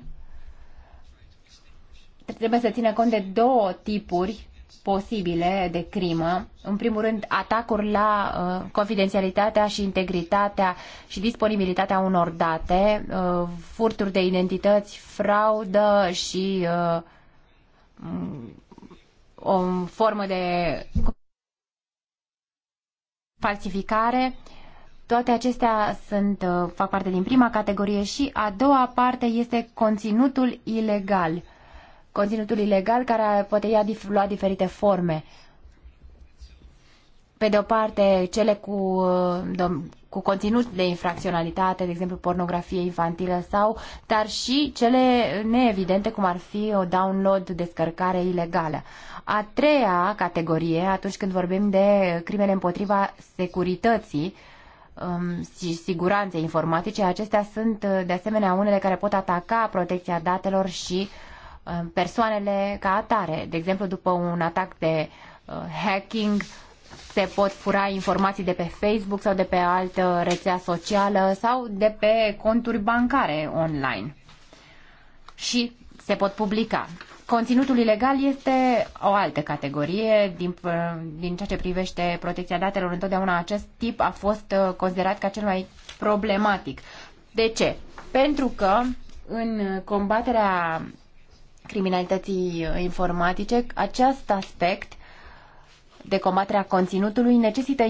trebuie să țină cont de două tipuri posibile de crimă. În primul rând, atacuri la uh, confidențialitatea și integritatea și disponibilitatea unor date, uh, furturi de identități, fraudă și uh, o formă de falsificare. Toate acestea sunt, uh, fac parte din prima categorie și a doua parte este conținutul ilegal conținutul ilegal care poate ia, lua diferite forme. Pe de o parte, cele cu, uh, cu conținut de infracționalitate, de exemplu pornografie infantilă sau, dar și cele neevidente, cum ar fi o download, descărcare ilegală. A treia categorie, atunci când vorbim de crimele împotriva securității, um, și siguranței informatice. Acestea sunt, uh, de asemenea, unele care pot ataca protecția datelor și uh, Um, persoanele ca atare. De exemplu, după un atac de uh, hacking, se pot fura informații de pe Facebook sau de pe altă rețea socială sau de pe conturi bancare online. Și se pot publica. Conținutul ilegal este o altă categorie. Din, uh, din ceea ce privește protecția datelor, întotdeauna acest tip a fost uh, considerat ca cel mai problematic. De ce? Pentru că în combaterea criminalității informatice, acest aspect de combaterea conținutului necesită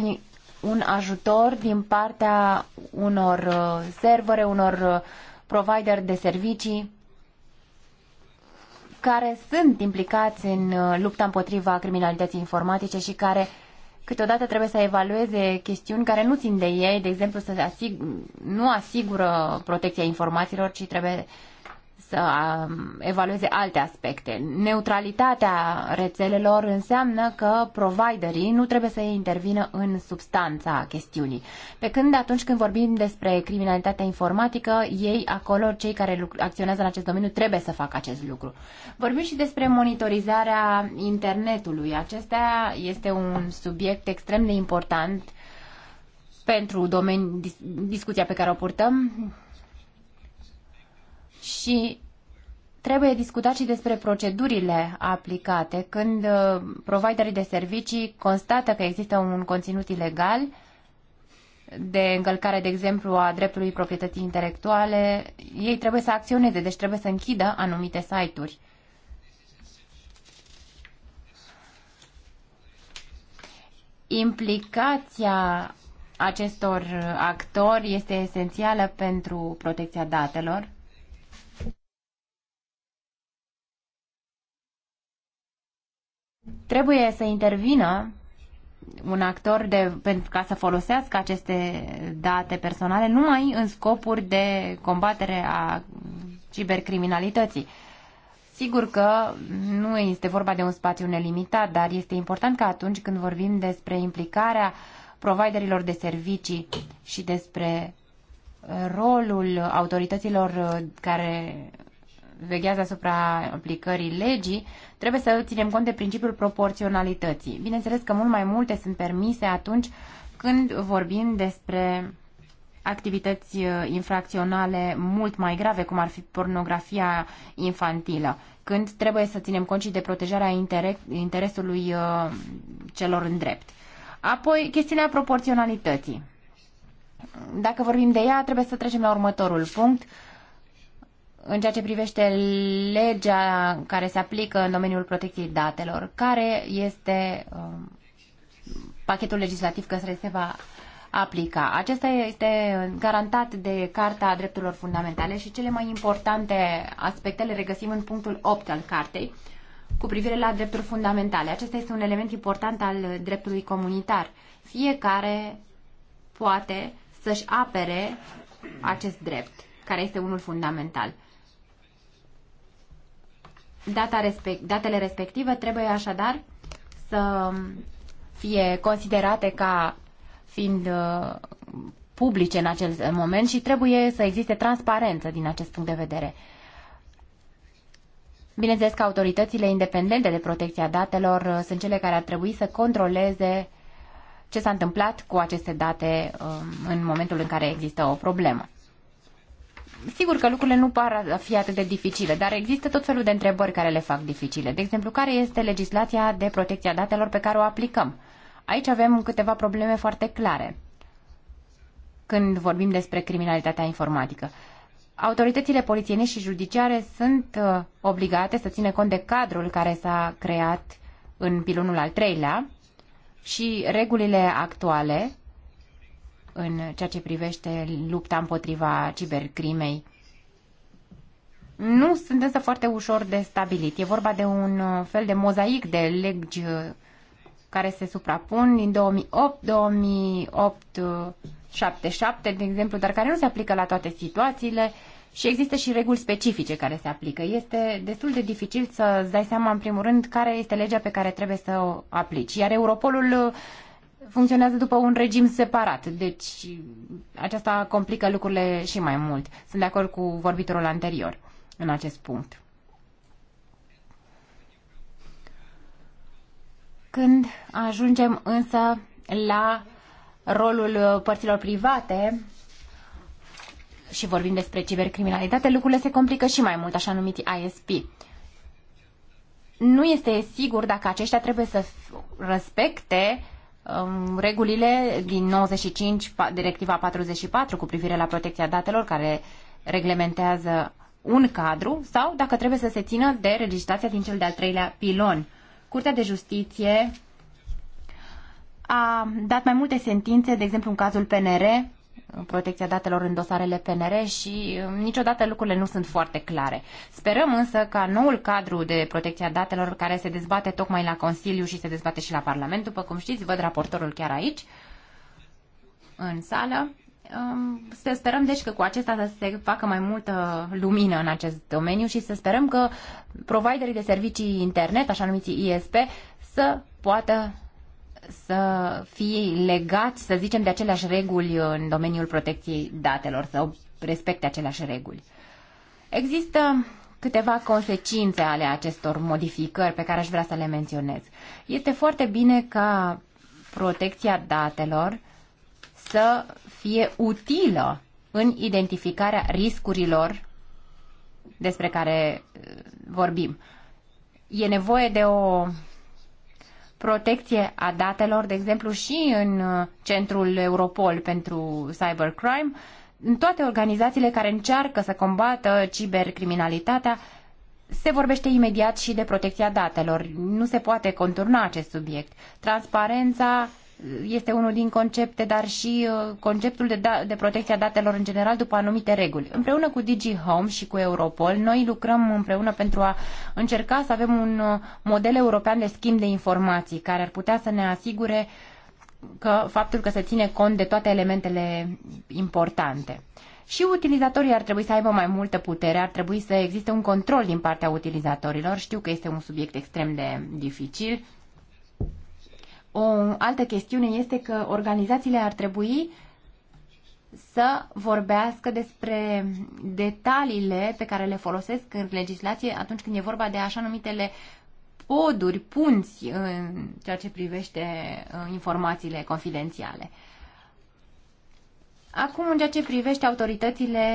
un ajutor din partea unor uh, servere, unor uh, provider de servicii care sunt implicați în uh, lupta împotriva criminalității informatice și care câteodată trebuie să evalueze chestiuni care nu țin de ei, de exemplu să asig- nu asigură protecția informațiilor, ci trebuie să um, evalueze alte aspecte. Neutralitatea rețelelor înseamnă că providerii nu trebuie să intervină în substanța chestiunii. Pe când atunci când vorbim despre criminalitatea informatică, ei acolo, cei care acționează în acest domeniu, trebuie să facă acest lucru. Vorbim și despre monitorizarea internetului. Acesta este un subiect extrem de important pentru domeni, discuția pe care o purtăm și trebuie discutat și despre procedurile aplicate când uh, providerii de servicii constată că există un conținut ilegal de încălcare, de exemplu, a dreptului proprietății intelectuale, ei trebuie să acționeze, deci trebuie să închidă anumite site-uri. Implicația acestor actori este esențială pentru protecția datelor Trebuie să intervină un actor de, pentru ca să folosească aceste date personale numai în scopuri de combatere a cibercriminalității. Sigur că nu este vorba de un spațiu nelimitat, dar este important că atunci când vorbim despre implicarea providerilor de servicii și despre rolul autorităților care veghează asupra aplicării legii, trebuie să ținem cont de principiul proporționalității. Bineînțeles că mult mai multe sunt permise atunci când vorbim despre activități uh, infracționale mult mai grave, cum ar fi pornografia infantilă, când trebuie să ținem cont și de protejarea interesului uh, celor în drept. Apoi, chestiunea proporționalității. Dacă vorbim de ea, trebuie să trecem la următorul punct, în ceea ce privește legea care se aplică în domeniul protecției datelor, care este um, pachetul legislativ care se va aplica. Acesta este garantat de Carta Drepturilor Fundamentale și cele mai importante aspecte le regăsim în punctul 8 al cartei cu privire la drepturi fundamentale. Acesta este un element important al dreptului comunitar. Fiecare poate să-și apere acest drept, care este unul fundamental. Data respect, datele respective trebuie așadar să fie considerate ca fiind uh, publice în acel moment și trebuie să existe transparență din acest punct de vedere. Bineînțeles că autoritățile independente de protecția datelor uh, sunt cele care ar trebui să controleze ce s-a întâmplat cu aceste date um, în momentul în care există o problemă. Sigur că lucrurile nu par a fi atât de dificile, dar există tot felul de întrebări care le fac dificile. De exemplu, care este legislația de protecție a datelor pe care o aplicăm? Aici avem câteva probleme foarte clare când vorbim despre criminalitatea informatică. Autoritățile polițienești și judiciare sunt uh, obligate să țină cont de cadrul care s-a creat în pilonul al treilea și regulile actuale în ceea ce privește lupta împotriva cibercrimei. Nu sunt însă foarte ușor de stabilit. E vorba de un uh, fel de mozaic de legi uh, care se suprapun din 2008, 2008 77, de exemplu, dar care nu se aplică la toate situațiile și există și reguli specifice care se aplică. Este destul de dificil să ți dai seama, în primul rând, care este legea pe care trebuie să o aplici. Iar Europolul uh, funcționează după un regim separat, deci aceasta complică lucrurile și mai mult. Sunt de acord cu vorbitorul anterior în acest punct. Când ajungem însă la rolul părților private și vorbim despre cibercriminalitate, lucrurile se complică și mai mult, așa numiti ISP. Nu este sigur dacă aceștia trebuie să respecte regulile din 95, directiva 44 cu privire la protecția datelor care reglementează un cadru sau dacă trebuie să se țină de legislația din cel de-al treilea pilon. Curtea de Justiție a dat mai multe sentințe, de exemplu în cazul PNR, protecția datelor în dosarele PNR și um, niciodată lucrurile nu sunt foarte clare. Sperăm însă ca noul cadru de protecția datelor care se dezbate tocmai la Consiliu și se dezbate și la Parlament, după cum știți, văd raportorul chiar aici, în sală, um, să sperăm deci că cu acesta să se facă mai multă lumină în acest domeniu și să sperăm că providerii de servicii internet, așa numiți ISP, să poată să fie legați, să zicem, de aceleași reguli în domeniul protecției datelor, să respecte aceleași reguli. Există câteva consecințe ale acestor modificări pe care aș vrea să le menționez. Este foarte bine ca protecția datelor să fie utilă în identificarea riscurilor despre care uh, vorbim. E nevoie de o protecție a datelor, de exemplu, și în uh, centrul Europol pentru cybercrime, în toate organizațiile care încearcă să combată cibercriminalitatea, se vorbește imediat și de protecția datelor. Nu se poate conturna acest subiect. Transparența este unul din concepte, dar și uh, conceptul de, da- de protecția datelor în general după anumite reguli. Împreună cu Digi Home și cu Europol, noi lucrăm împreună pentru a încerca să avem un uh, model european de schimb de informații care ar putea să ne asigure că faptul că se ține cont de toate elementele importante. Și utilizatorii ar trebui să aibă mai multă putere, ar trebui să existe un control din partea utilizatorilor. Știu că este un subiect extrem de dificil, o altă chestiune este că organizațiile ar trebui să vorbească despre detaliile pe care le folosesc în legislație atunci când e vorba de așa numitele poduri, punți în ceea ce privește ă, informațiile confidențiale. Acum, în ceea ce privește autoritățile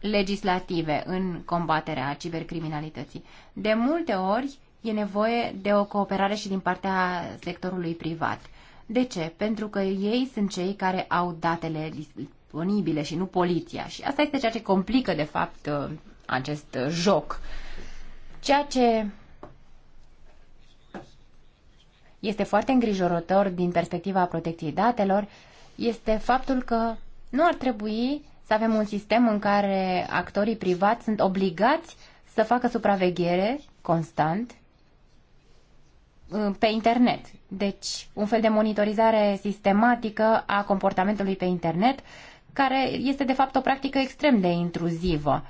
legislative în combaterea cibercriminalității. De multe ori, e nevoie de o cooperare și din partea sectorului privat. De ce? Pentru că ei sunt cei care au datele disponibile și nu poliția. Și asta este ceea ce complică, de fapt, acest joc. Ceea ce este foarte îngrijorător din perspectiva protecției datelor este faptul că nu ar trebui să avem un sistem în care actorii privați sunt obligați să facă supraveghere constant Uh, pe internet. Deci, un fel de monitorizare sistematică a comportamentului pe internet, care este de fapt o practică extrem de intruzivă.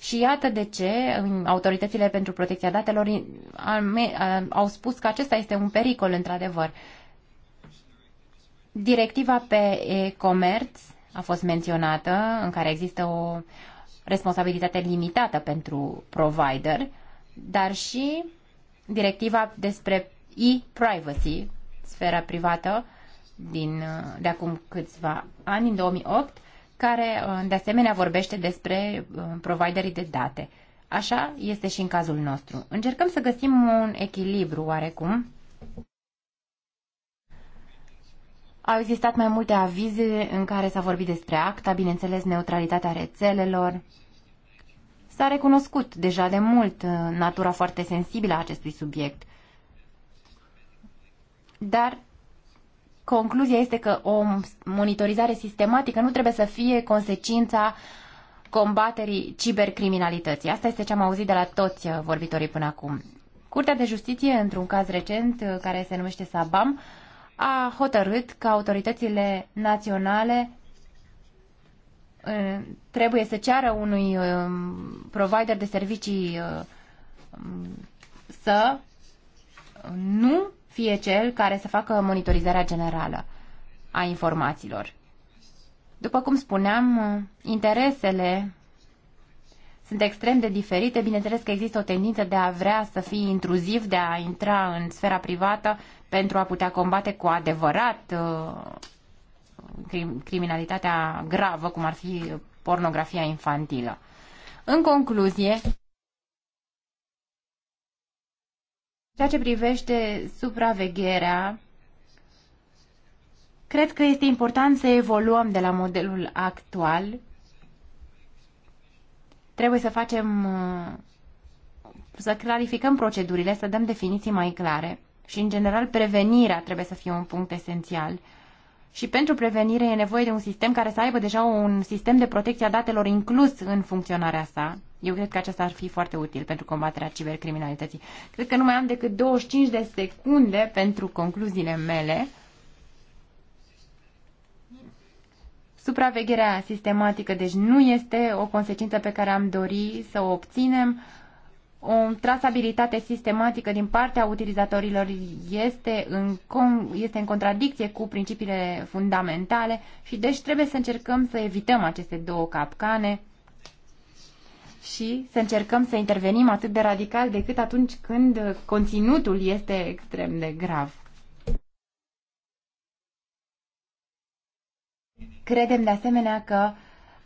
Și iată de ce autoritățile pentru protecția datelor uh, au spus că acesta este un pericol, într-adevăr. Directiva pe e comerț a fost menționată, în care există o responsabilitate limitată pentru provider, dar și directiva despre e-privacy, sfera privată, din, de acum câțiva ani, în 2008, care uh, de asemenea vorbește despre uh, providerii de date. Așa este și în cazul nostru. Încercăm să găsim un echilibru oarecum. Au existat mai multe avize în care s-a vorbit despre acta, bineînțeles neutralitatea rețelelor, S-a recunoscut deja de mult uh, natura foarte sensibilă a acestui subiect. Dar concluzia este că o monitorizare sistematică nu trebuie să fie consecința combaterii cibercriminalității. Asta este ce am auzit de la toți uh, vorbitorii până acum. Curtea de Justiție, într-un caz recent uh, care se numește Sabam, a hotărât că autoritățile naționale trebuie să ceară unui provider de servicii să nu fie cel care să facă monitorizarea generală a informațiilor. După cum spuneam, interesele sunt extrem de diferite. Bineînțeles că există o tendință de a vrea să fii intruziv, de a intra în sfera privată pentru a putea combate cu adevărat criminalitatea gravă, cum ar fi pornografia infantilă. În concluzie, ceea ce privește supravegherea, cred că este important să evoluăm de la modelul actual. Trebuie să facem, să clarificăm procedurile, să dăm definiții mai clare și, în general, prevenirea trebuie să fie un punct esențial și pentru prevenire e nevoie de un sistem care să aibă deja un sistem de protecție a datelor inclus în funcționarea sa. Eu cred că acesta ar fi foarte util pentru combaterea cibercriminalității. Cred că nu mai am decât 25 de secunde pentru concluziile mele. Supravegherea sistematică, deci, nu este o consecință pe care am dori să o obținem o trasabilitate sistematică din partea utilizatorilor este în, este în contradicție cu principiile fundamentale și deci trebuie să încercăm să evităm aceste două capcane și să încercăm să intervenim atât de radical decât atunci când conținutul este extrem de grav. Credem de asemenea că uh,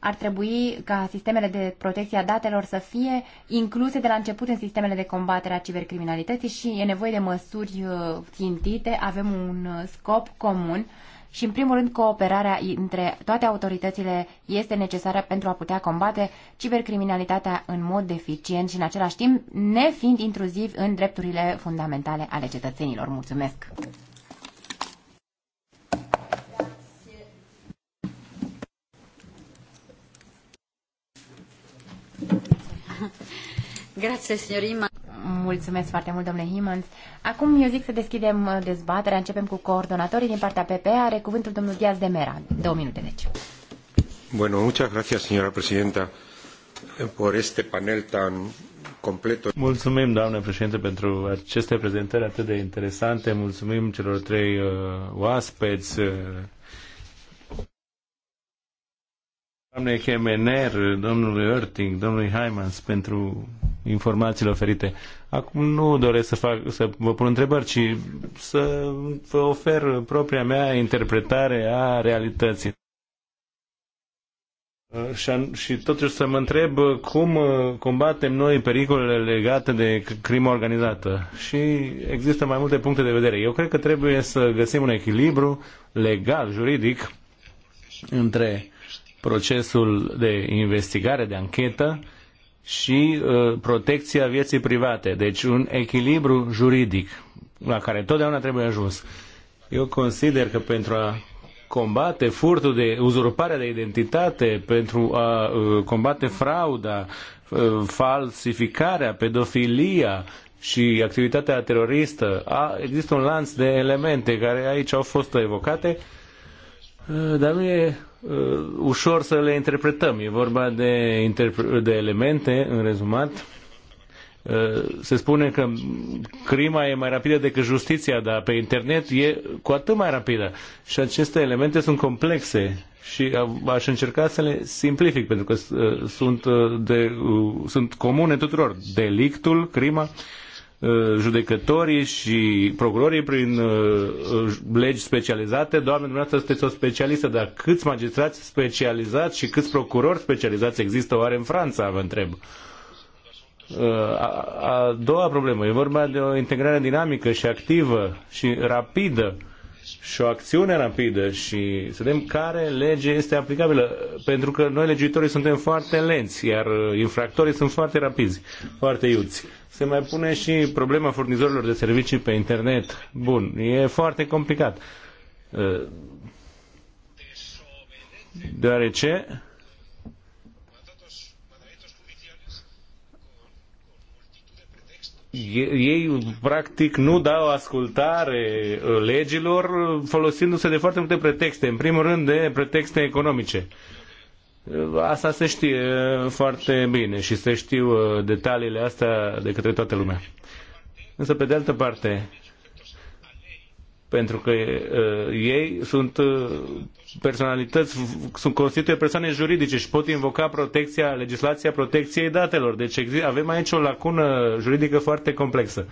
ar trebui ca sistemele de protecție a datelor să fie incluse de la început în sistemele de combatere a cibercriminalității și e nevoie de măsuri uh, țintite, avem un uh, scop comun și, în primul rând, cooperarea între toate autoritățile este necesară pentru a putea combate cibercriminalitatea în mod eficient și, în același timp, nefiind intruziv în drepturile fundamentale ale cetățenilor. Mulțumesc! Grazie, signor Iman. Mulțumesc foarte mult, domnule Himans. Acum eu zic să deschidem uh, dezbaterea. Începem cu coordonatorii din partea PP. Are cuvântul domnul Diaz de Mera. Două minute, deci. Bueno, muchas gracias, señora presidenta, por este panel tan completo. Mulțumim, doamnă președinte, pentru aceste prezentări atât de interesante. Mulțumim celor trei uh, oaspeți. Uh, doamnei Hemener, domnului Örting, domnului Haimans pentru informațiile oferite. Acum nu doresc să, fac, să vă pun întrebări, ci să vă ofer propria mea interpretare a realității. Uh, și, și totuși să mă întreb cum uh, combatem noi pericolele legate de crimă organizată. Și există mai multe puncte de vedere. Eu cred că trebuie să găsim un echilibru legal, juridic, între procesul de investigare, de anchetă și uh, protecția vieții private. Deci un echilibru juridic la care totdeauna trebuie ajuns. Eu consider că pentru a combate furtul de uzurparea de identitate, pentru a uh, combate frauda, uh, falsificarea, pedofilia și activitatea teroristă. A, există un lanț de elemente care aici au fost evocate, dar nu e Uh, ușor să le interpretăm. E vorba de, de elemente, în rezumat. Uh, se spune că crima e mai rapidă decât justiția, dar pe internet e cu atât mai rapidă. Și aceste elemente sunt complexe și aș încerca să le simplific, pentru că uh, sunt, de, sunt comune tuturor. Delictul, crima, Uh, judecătorii și procurorii prin uh, uh, legi specializate. Doamne, dumneavoastră sunteți o specialistă, dar câți magistrați specializați și câți procurori specializați există oare în Franța, vă întreb? A, a doua problemă, e vorba de o integrare dinamică și activă și rapidă și o acțiune rapidă și să vedem care lege este aplicabilă. Pentru că noi legiuitorii suntem foarte lenți, iar infractorii sunt foarte rapizi, foarte iuți. Se mai pune și problema furnizorilor de servicii pe internet. Bun, e foarte complicat. Uh, deoarece ei practic nu dau ascultare uh, legilor folosindu-se de foarte multe pretexte. În primul rând de pretexte economice. Uh, Asta se știe foarte bine și se știu uh, detaliile astea de către toată lumea. Însă, pe de altă parte, pentru că uh, ei sunt uh, personalități, sunt constituie persoane juridice și pot invoca protecția, legislația protecției datelor. Deci avem aici o lacună juridică foarte complexă.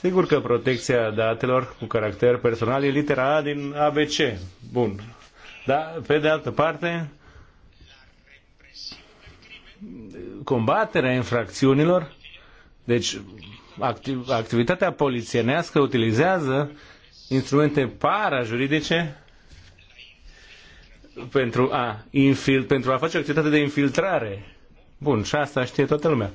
Sigur că protecția datelor cu caracter personal e litera A din ABC. Bun. Dar, pe de altă parte, combaterea infracțiunilor, deci activ, activitatea polițienească utilizează instrumente parajuridice pentru a, infil, pentru a face activitate de infiltrare. Bun, și asta știe toată lumea.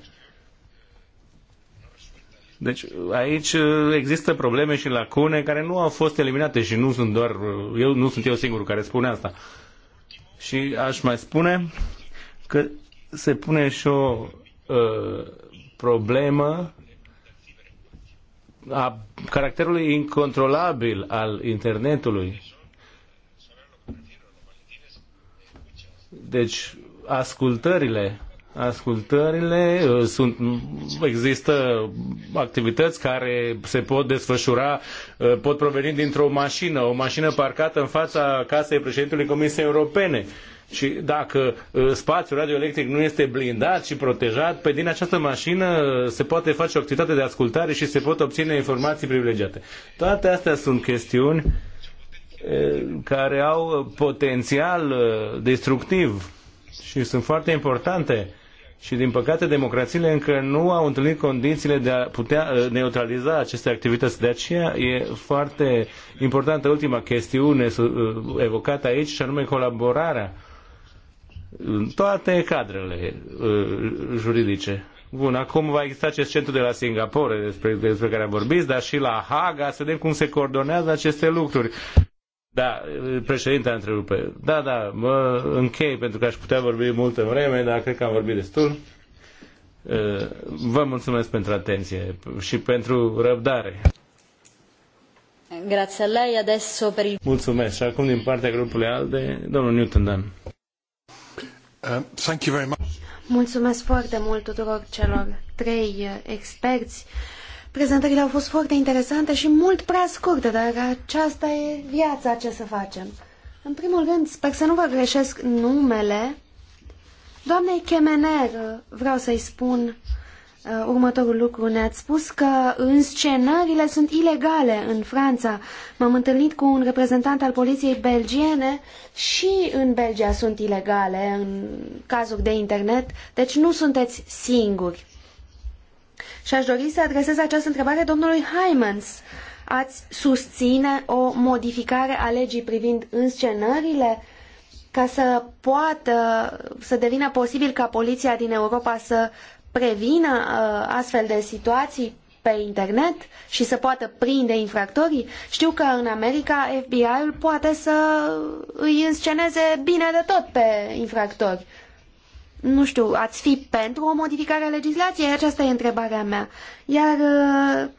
Deci aici uh, există probleme și lacune care nu au fost eliminate și nu sunt doar uh, eu, nu sunt eu singurul care spune asta. Și aș mai spune că se pune și o uh, problemă a caracterului incontrolabil al internetului. Deci, ascultările ascultările, uh, sunt, există activități care se pot desfășura, uh, pot proveni dintr-o mașină, o mașină parcată în fața casei președintelui Comisiei Europene. Și dacă uh, spațiul radioelectric nu este blindat și protejat, pe din această mașină se poate face o activitate de ascultare și se pot obține informații privilegiate. Toate astea sunt chestiuni care au potențial destructiv și sunt foarte importante și din păcate democrațiile încă nu au întâlnit condițiile de a putea uh, neutraliza aceste activități. De aceea e foarte importantă ultima chestiune uh, evocată aici și anume colaborarea în toate cadrele uh, juridice. Bun, acum va exista acest centru de la Singapore despre, despre care am vorbit, dar și la Haga, să vedem cum se coordonează aceste lucruri. Da, președinte a întrerupe. Da, da, mă închei pentru că aș putea vorbi multă vreme, dar cred că am vorbit destul. Uh, vă mulțumesc pentru atenție și pentru răbdare. Grazie a lei adesso per il... Mulțumesc. Și acum din partea grupului ALDE, domnul Newton Dan. Uh, thank you very much. Mulțumesc foarte mult tuturor celor trei uh, experți. Uh, Prezentările au fost foarte interesante și mult prea scurte, dar aceasta e viața ce să facem. În primul rând, sper să nu vă greșesc numele. Doamnei Chemener, vreau să-i spun uh, următorul lucru. Ne-ați spus că înscenările sunt ilegale în Franța. M-am întâlnit cu un reprezentant al poliției belgiene și în Belgia sunt ilegale în cazuri de internet, deci nu sunteți singuri. Și aș dori să adresez această întrebare domnului Hymans. Ați susține o modificare a legii privind înscenările ca să poată să devină posibil ca poliția din Europa să prevină uh, astfel de situații pe internet și să poată prinde infractorii? Știu că în America FBI-ul poate să îi însceneze bine de tot pe infractori nu știu, ați fi pentru o modificare a legislației? Aceasta e întrebarea mea. Iar uh,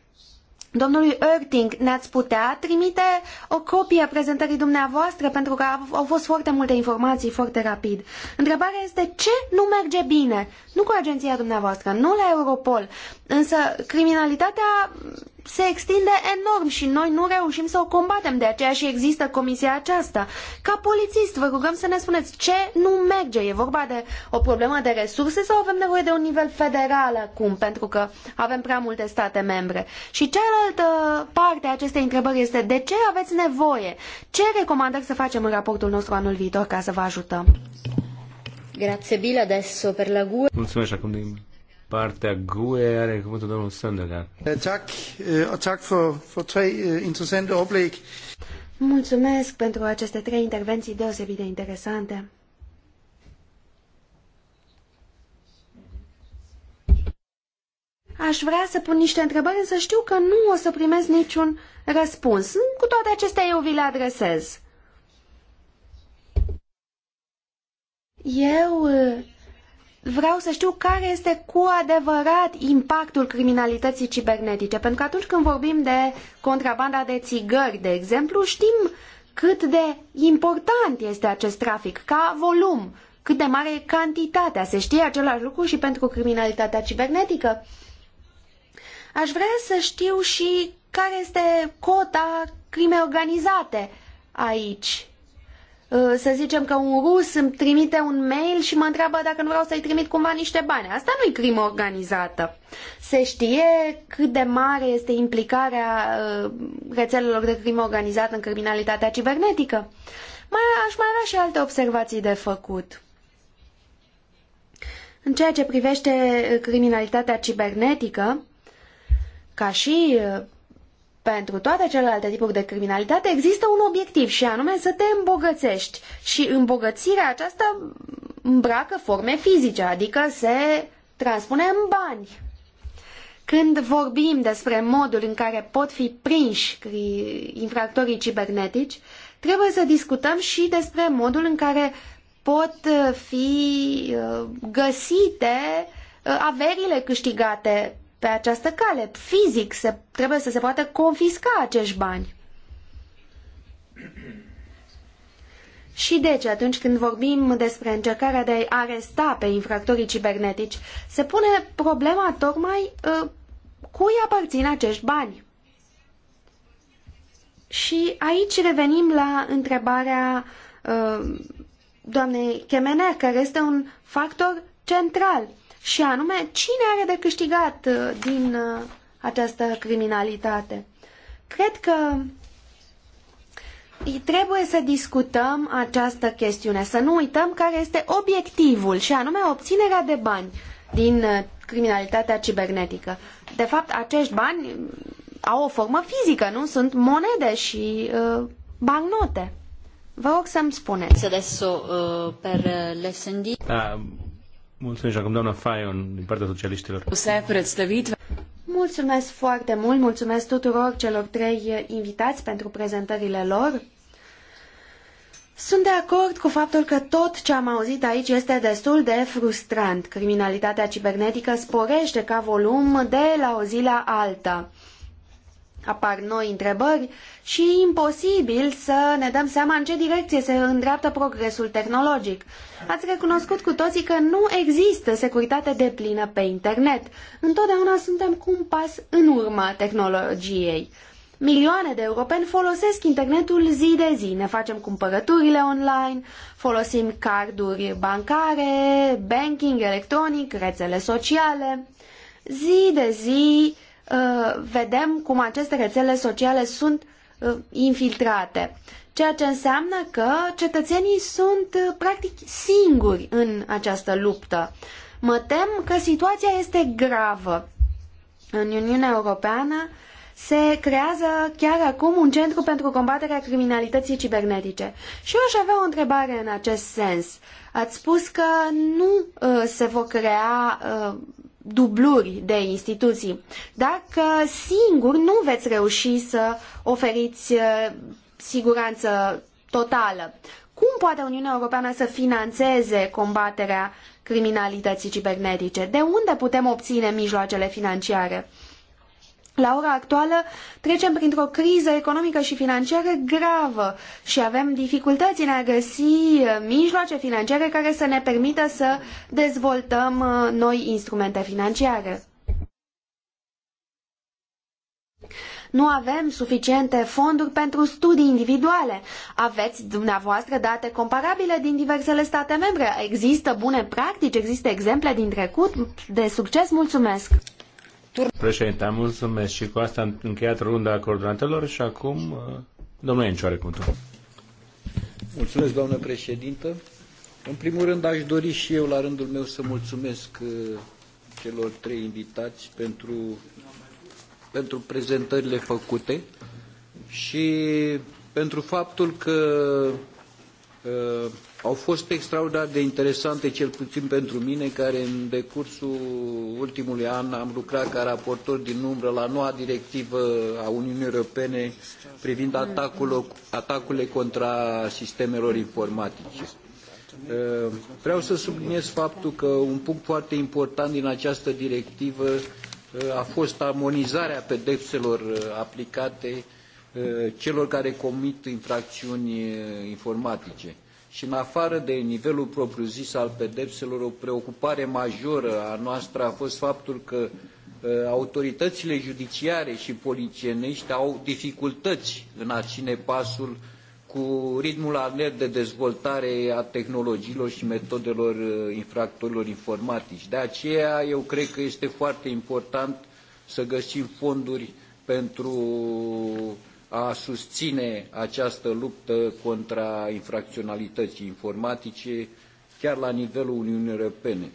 domnului Erting, ne-ați putea trimite o copie a prezentării dumneavoastră, pentru că au fost foarte multe informații foarte rapid. Întrebarea este ce nu merge bine? Nu cu agenția dumneavoastră, nu la Europol, însă criminalitatea se extinde enorm și noi nu reușim să o combatem, de aceea și există comisia aceasta. Ca polițist, vă rugăm să ne spuneți ce nu merge. E vorba de o problemă de resurse sau avem nevoie de un nivel federal acum, pentru că avem prea multe state membre? Și cealaltă parte a acestei întrebări este de ce aveți nevoie? Ce recomandări să facem în raportul nostru anul viitor ca să vă ajutăm? Grazie adesso per la GUE. Mulțumesc acum partea GUE are cuvântul domnul Tak, øh, tak for, for øh, Mulțumesc pentru aceste trei intervenții deosebit de interesante. Aș vrea să pun niște întrebări, însă știu că nu o să primesc niciun răspuns. Cu toate acestea eu vi le adresez. Eu vreau să știu care este cu adevărat impactul criminalității cibernetice, pentru că atunci când vorbim de contrabanda de țigări, de exemplu, știm cât de important este acest trafic ca volum, cât de mare e cantitatea. Se știe același lucru și pentru criminalitatea cibernetică. Aș vrea să știu și care este cota crimei organizate aici. Uh, să zicem că un rus îmi trimite un mail și mă întreabă dacă nu vreau să-i trimit cumva niște bani. Asta nu e crimă organizată. Se știe cât de mare este implicarea uh, rețelelor de crimă organizată în criminalitatea cibernetică. Mai, aș mai avea și alte observații de făcut. În ceea ce privește uh, criminalitatea cibernetică, ca și pentru toate celelalte tipuri de criminalitate există un obiectiv și anume să te îmbogățești și îmbogățirea aceasta îmbracă forme fizice, adică se transpune în bani. Când vorbim despre modul în care pot fi prinși infractorii cibernetici, trebuie să discutăm și despre modul în care pot uh, fi uh, găsite uh, averile câștigate pe această cale. Fizic se, trebuie să se poată confisca acești bani. Și deci, atunci când vorbim despre încercarea de a aresta pe infractorii cibernetici, se pune problema tocmai uh, cui aparțin acești bani. Și aici revenim la întrebarea uh, doamnei Chemener, care este un factor central și anume cine are de câștigat uh, din uh, această criminalitate. Cred că trebuie să discutăm această chestiune, să nu uităm care este obiectivul și anume obținerea de bani din uh, criminalitatea cibernetică. De fapt, acești bani mm, au o formă fizică, nu? Sunt monede și uh, bancnote. Vă rog să-mi spuneți. Adesso, uh, per l'SND. Mulțumesc acum doamna Fayon din partea socialiștilor. Mulțumesc foarte mult, mulțumesc tuturor celor trei invitați pentru prezentările lor. Sunt de acord cu faptul că tot ce am auzit aici este destul de frustrant. Criminalitatea cibernetică sporește ca volum de la o zi la alta apar noi întrebări și imposibil să ne dăm seama în ce direcție se îndreaptă progresul tehnologic. Ați recunoscut cu toții că nu există securitate deplină pe internet. Întotdeauna suntem cu un pas în urma tehnologiei. Milioane de europeni folosesc internetul zi de zi. Ne facem cumpărăturile online, folosim carduri bancare, banking electronic, rețele sociale. Zi de zi Uh, vedem cum aceste rețele sociale sunt uh, infiltrate, ceea ce înseamnă că cetățenii sunt uh, practic singuri în această luptă. Mă tem că situația este gravă. În Uniunea Europeană se creează chiar acum un centru pentru combaterea criminalității cibernetice. Și eu aș avea o întrebare în acest sens. Ați spus că nu uh, se vor crea uh, dubluri de instituții. Dacă singur nu veți reuși să oferiți uh, siguranță totală. Cum poate Uniunea Europeană să financeze combaterea criminalității cibernetice? De unde putem obține mijloacele financiare? La ora actuală trecem printr-o criză economică și financiară gravă și avem dificultăți în a găsi mijloace financiare care să ne permită să dezvoltăm uh, noi instrumente financiare. Nu avem suficiente fonduri pentru studii individuale. Aveți dumneavoastră date comparabile din diversele state membre. Există bune practici, există exemple din trecut de succes. Mulțumesc! tur... Președinte, am mulțumesc și cu asta am încheiat runda coordonatelor și acum uh, domnul Enciu are cuvântul. Mulțumesc, doamnă președintă. În primul rând aș dori și eu la rândul meu să mulțumesc uh, celor trei invitați pentru, pentru prezentările făcute și pentru faptul că uh, au fost extraordinar de interesante, cel puțin pentru mine, care în decursul ultimului an am lucrat ca raportor din umbră la noua directivă a Uniunii Europene privind atacul, atacurile contra sistemelor informatice. Uh, vreau să subliniez faptul că un punct foarte important din această directivă uh, a fost armonizarea pedepselor uh, aplicate celor care comit infracțiuni informatice și în afară de nivelul propriu-zis al pedepselor, o preocupare majoră a noastră a fost faptul că uh, autoritățile judiciare și polițienești au dificultăți în a ține pasul cu ritmul alert de dezvoltare a tehnologiilor și metodelor uh, infractorilor informatici. De aceea, eu cred că este foarte important să găsim fonduri pentru a susține această luptă contra infracționalității informatice chiar la nivelul Uniunii Europene.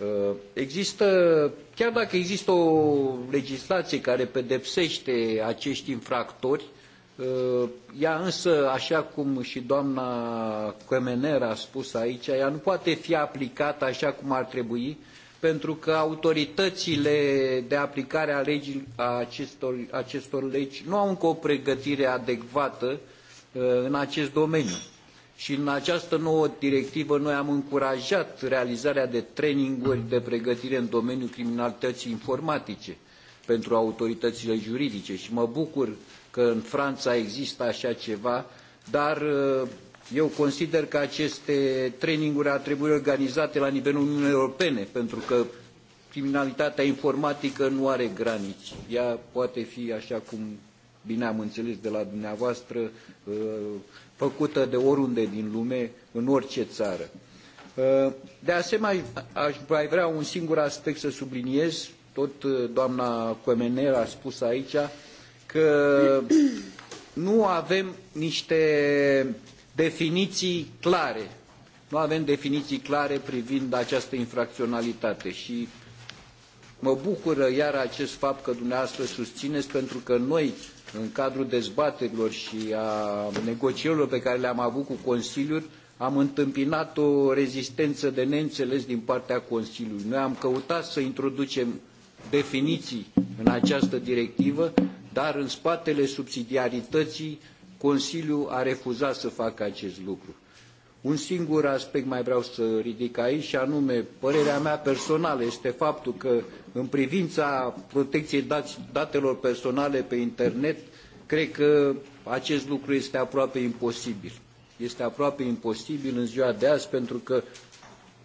Uh, există, chiar dacă există o legislație care pedepsește acești infractori, uh, ea însă, așa cum și doamna Comener a spus aici, ea nu poate fi aplicată așa cum ar trebui, pentru că autoritățile de aplicare a, legii, a acestor, acestor legi nu au încă o pregătire adecvată uh, în acest domeniu. Și în această nouă directivă noi am încurajat realizarea de traininguri de pregătire în domeniul criminalității informatice pentru autoritățile juridice și mă bucur că în Franța există așa ceva, dar uh, eu consider că aceste traininguri ar trebui organizate la nivelul Uniunii Europene, pentru că criminalitatea informatică nu are granici. Ea poate fi, așa cum bine am înțeles de la dumneavoastră, uh, făcută de oriunde din lume, în orice țară. Uh, de asemenea, aș mai vrea un singur aspect să subliniez, tot uh, doamna Comener a spus aici, că nu avem niște definiții clare. Nu avem definiții clare privind această infracționalitate și mă bucură iar acest fapt că dumneavoastră susțineți pentru că noi în cadrul dezbaterilor și a negocierilor pe care le-am avut cu Consiliul, am întâmpinat o rezistență de neînțeles din partea Consiliului. Noi am căutat să introducem definiții în această directivă, dar în spatele subsidiarității Consiliul a refuzat să facă acest lucru. Un singur aspect mai vreau să ridic aici și anume, părerea mea personală este faptul că în privința protecției datelor personale pe internet, cred că acest lucru este aproape imposibil. Este aproape imposibil în ziua de azi pentru că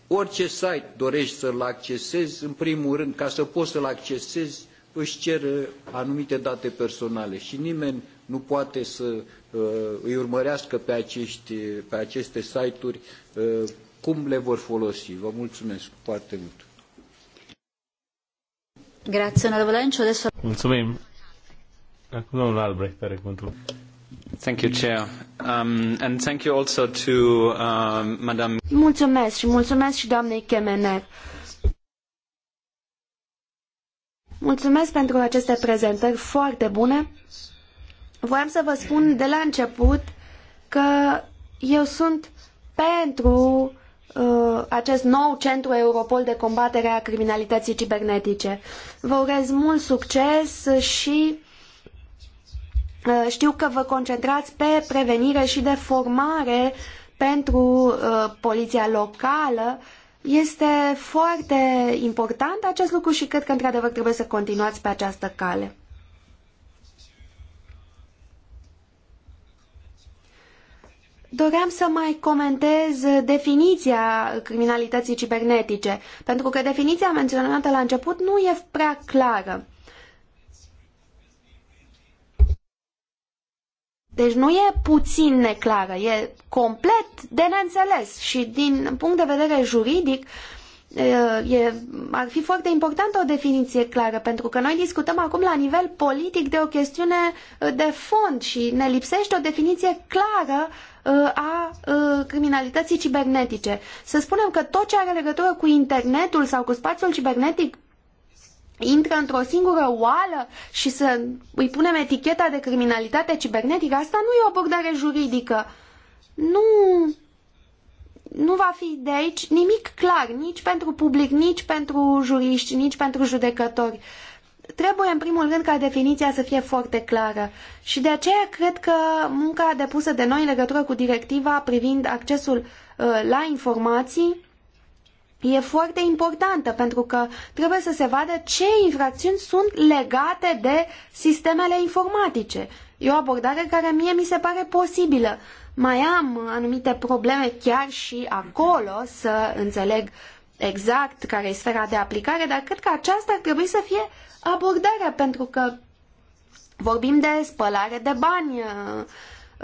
orice site dorești să-l accesezi, în primul rând, ca să poți să-l accesezi, își cer anumite date personale și nimeni nu poate să uh, îi urmărească pe, acești, pe aceste site-uri, uh, cum le vor folosi. Vă mulțumesc foarte mult. Grazie, onorevole Adesso... Mulțumim. Acum domnul Albrecht are cuvântul. Thank you, Chair. Um, and thank you also to uh, Madame... Mulțumesc și mulțumesc și doamnei Kemener. Mulțumesc pentru aceste prezentări foarte bune Voiam să vă spun de la început că eu sunt pentru uh, acest nou centru Europol de combatere a criminalității cibernetice. Vă urez mult succes și uh, știu că vă concentrați pe prevenire și de formare pentru uh, poliția locală. Este foarte important acest lucru și cred că într-adevăr trebuie să continuați pe această cale. Doream să mai comentez definiția criminalității cibernetice, pentru că definiția menționată la început nu e prea clară. Deci nu e puțin neclară, e complet de neînțeles și din punct de vedere juridic e, ar fi foarte importantă o definiție clară, pentru că noi discutăm acum la nivel politic de o chestiune de fond și ne lipsește o definiție clară a criminalității cibernetice. Să spunem că tot ce are legătură cu internetul sau cu spațiul cibernetic intră într-o singură oală și să îi punem eticheta de criminalitate cibernetică, asta nu e o abordare juridică. Nu nu va fi de aici nimic clar, nici pentru public, nici pentru juriști, nici pentru judecători. Trebuie, în primul rând, ca definiția să fie foarte clară și de aceea cred că munca depusă de noi în legătură cu directiva privind accesul uh, la informații e foarte importantă pentru că trebuie să se vadă ce infracțiuni sunt legate de sistemele informatice. E o abordare care mie mi se pare posibilă. Uh, mai am anumite probleme chiar și acolo să înțeleg exact care e sfera de aplicare, dar cred că aceasta ar trebui să fie abordarea, pentru că vorbim de spălare de bani, uh,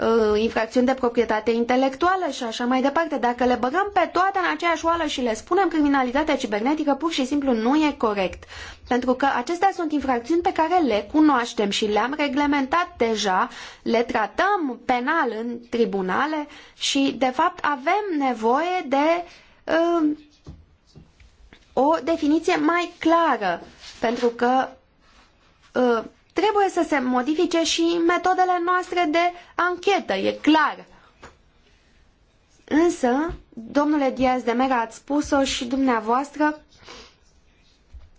uh, infracțiuni de proprietate intelectuală și așa mai departe. Dacă le băgăm pe toate în aceeași oală și le spunem criminalitatea cibernetică, pur și simplu nu e corect. Pentru că acestea sunt infracțiuni pe care le cunoaștem și le-am reglementat deja, le tratăm penal în tribunale și, de fapt, avem nevoie de uh, o definiție mai clară, pentru că uh, trebuie să se modifice și metodele noastre de anchetă, e clar. Însă, domnule Diaz de Mera, ați spus-o și dumneavoastră,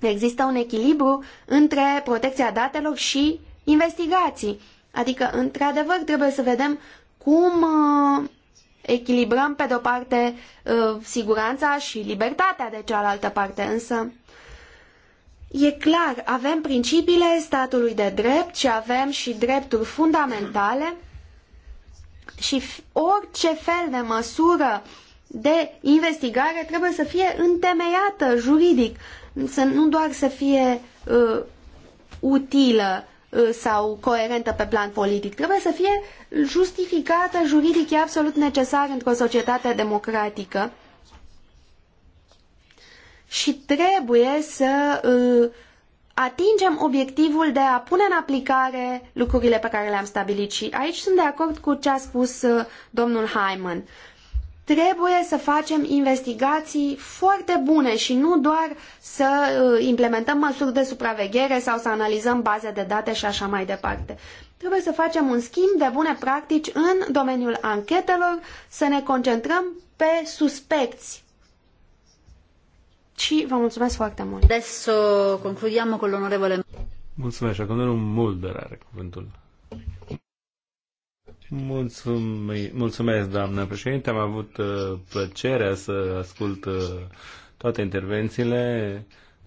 Există un echilibru între protecția datelor și investigații. Adică, într-adevăr, trebuie să vedem cum uh, echilibrăm, pe de-o parte, uh, siguranța și libertatea de cealaltă parte. Însă, e clar, avem principiile statului de drept și avem și drepturi fundamentale și orice fel de măsură de investigare trebuie să fie întemeiată juridic să nu doar să fie uh, utilă uh, sau coerentă pe plan politic, trebuie să fie justificată juridic, e absolut necesar într-o societate democratică și trebuie să uh, atingem obiectivul de a pune în aplicare lucrurile pe care le-am stabilit și aici sunt de acord cu ce a spus uh, domnul Hyman. Trebuie să facem investigații foarte bune și nu doar să uh, implementăm măsuri de supraveghere sau să analizăm baze de date și așa mai departe. Trebuie să facem un schimb de bune practici în domeniul anchetelor, să ne concentrăm pe suspecți. Și vă mulțumesc foarte mult. Adesso concludiamo cu l'onorevole. Mulțumesc. Acum domnul Mulder are cuvântul. Mulțumim, mulțumesc, doamnă președinte. Am avut uh, plăcerea să ascult uh, toate intervențiile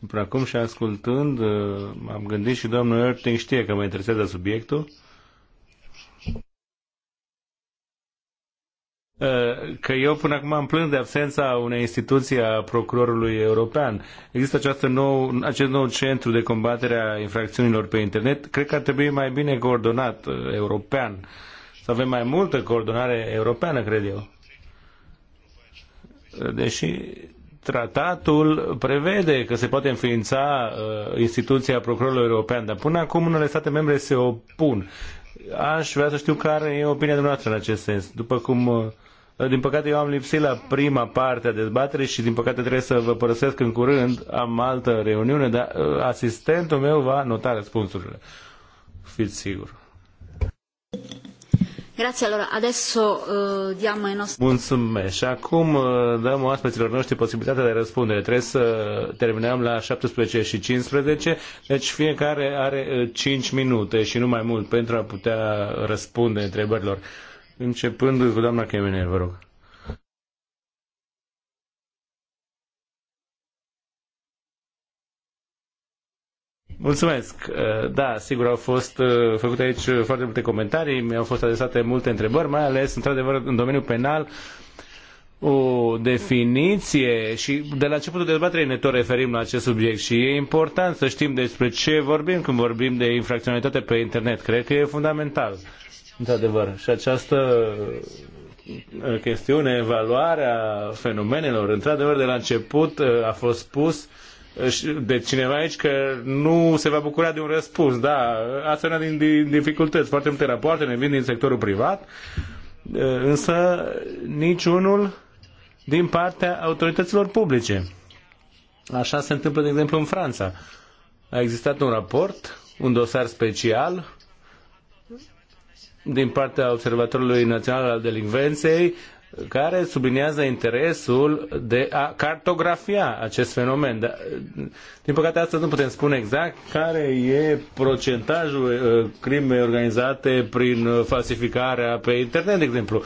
până acum și ascultând, uh, am gândit și domnul Erting știe că mă interesează subiectul. că eu până acum am plâns de absența unei instituții a procurorului european. Există această nou, acest nou centru de combatere a infracțiunilor pe internet. Cred că ar trebui mai bine coordonat european să avem mai multă coordonare europeană, cred eu. Deși tratatul prevede că se poate înființa uh, instituția procurorului european, dar până acum unele state membre se opun. Aș vrea să știu care e opinia dumneavoastră în acest sens. După cum uh, din păcate eu am lipsit la prima parte a dezbaterii și din păcate trebuie să vă părăsesc în curând. Am altă reuniune, dar uh, asistentul meu va nota răspunsurile. Fiți sigur. Grazie, allora adesso uh, diamo ai nostri... Mulțumesc. Și acum uh, dăm oaspeților noștri posibilitatea de răspundere. Trebuie să terminăm la 17 și 15, deci fiecare are 5 eh, minute și nu mai mult pentru a putea răspunde întrebărilor. Începând cu doamna Chemene, vă rog. Uh, Mulțumesc! Uh, da, sigur, au fost uh, făcute aici foarte multe comentarii, mi-au fost adresate multe întrebări, mai ales, într-adevăr, în domeniul penal, o definiție și de la începutul dezbaterii ne tot referim la acest subiect și e important să știm despre ce vorbim când vorbim de infracționalitate pe internet. Cred că e fundamental, într-adevăr. Și această uh, chestiune, evaluarea fenomenelor, într-adevăr, de la început a fost pus. uh, de cineva aici că nu se va bucura de un răspuns. Da, asta e una din, din dificultăți. Foarte multe rapoarte ne vin din sectorul privat, eh, însă niciunul din partea autorităților publice. Așa se întâmplă, de exemplu, în Franța. A existat un raport, un dosar special din partea Observatorului Național al Delinvenței care subliniază interesul de a cartografia acest fenomen. Dar, din păcate, astăzi nu putem spune exact care e procentajul uh, crimei organizate prin falsificarea pe internet, de exemplu.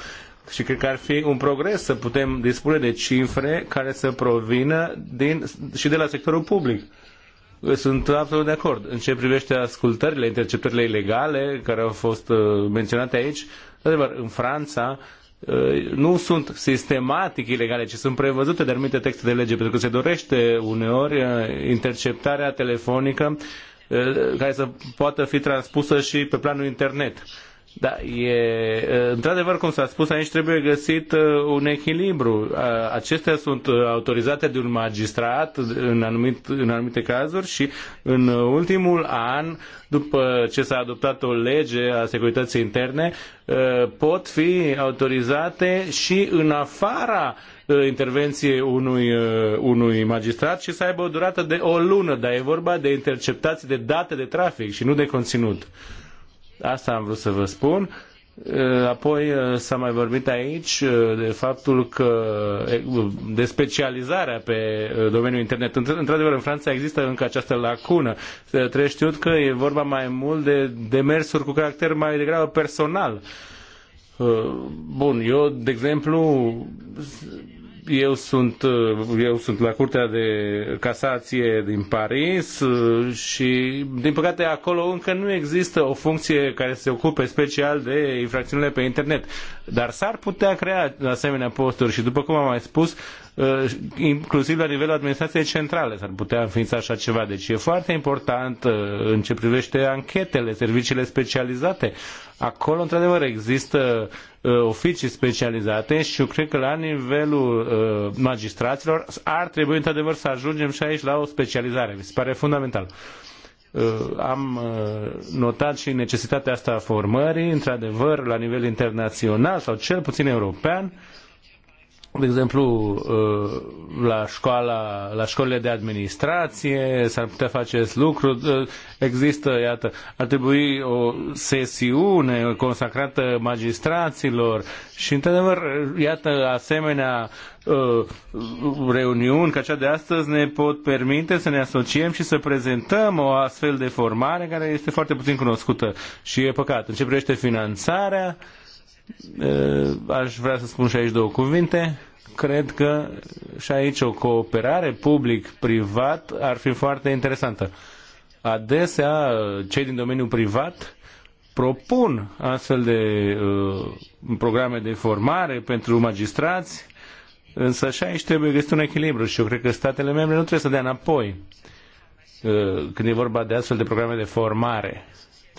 Și cred că ar fi un progres să putem dispune de cifre care să provină din, și de la sectorul public. Sunt absolut de acord. În ce privește ascultările, interceptările ilegale care au fost uh, menționate aici, adevăr, în Franța, uh, Uh, nu sunt sistematic ilegale, ci sunt prevăzute de anumite texte de lege, pentru că se dorește uneori uh, interceptarea telefonică uh, care să poată fi transpusă și pe planul internet da, e, într-adevăr, cum s-a spus aici, trebuie găsit un echilibru. Acestea sunt autorizate de un magistrat în, anumit, în anumite cazuri și în ultimul an, după ce s-a adoptat o lege a securității interne, pot fi autorizate și în afara intervenție unui, unui magistrat și să aibă o durată de o lună, dar e vorba de interceptații de date de trafic și nu de conținut. Asta am vrut să vă spun. Uh, apoi uh, s-a mai vorbit aici uh, de faptul că de specializarea pe domeniul internet. Într-adevăr, în Franța există încă această lacună. Trebuie știut că e vorba mai mult de demersuri cu caracter mai degrabă personal. Bun, eu, de exemplu, eu sunt, uh, eu sunt la Curtea de Casație din Paris uh, și, din păcate, acolo încă nu există o funcție care se ocupe special de infracțiunile pe internet. Dar s-ar putea crea asemenea posturi și, după cum am mai spus, Uh, inclusiv la nivelul administrației centrale s-ar putea înființa așa ceva. Deci e foarte important uh, în ce privește anchetele, serviciile specializate. Acolo, într-adevăr, există uh, oficii specializate și eu cred că la nivelul magistraților ar trebui, într-adevăr, să ajungem și aici la o specializare. Mi se pare fundamental am notat și necesitatea asta a formării, într-adevăr, la nivel internațional sau cel puțin european, de exemplu, uh, la, școala, la școlile de administrație s-ar putea face acest lucru. Uh, există, iată, ar trebui o sesiune consacrată magistraților și, într-adevăr, iată, asemenea uh, reuniuni ca cea de astăzi ne pot permite să ne asociem și să prezentăm o astfel de formare care este foarte puțin cunoscută și e păcat. În ce privește finanțarea, Eh, aș vrea să spun și aici două cuvinte. Cred că și aici o cooperare public-privat ar fi foarte interesantă. Adesea, cei din domeniul privat propun astfel de uh, programe de formare pentru magistrați, însă și aici trebuie găsit un echilibru și eu cred că statele membre nu trebuie să dea înapoi uh, când e vorba de astfel de programe de formare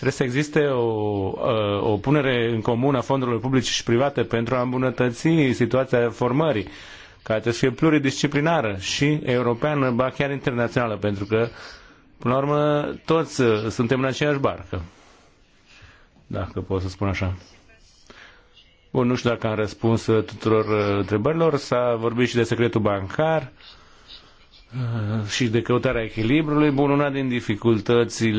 Trebuie să existe o, ă, o punere în comun a fondurilor publice și private pentru a îmbunătăți situația formării care trebuie să fie pluridisciplinară și europeană, ba chiar internațională, pentru că, până la urmă, toți ă, suntem în aceeași barcă. Dacă pot să spun așa. Bun, nu știu dacă am răspuns ă, tuturor întrebărilor. S-a vorbit și de secretul bancar. Uh, și de căutarea echilibrului. Bun, una din dificultăți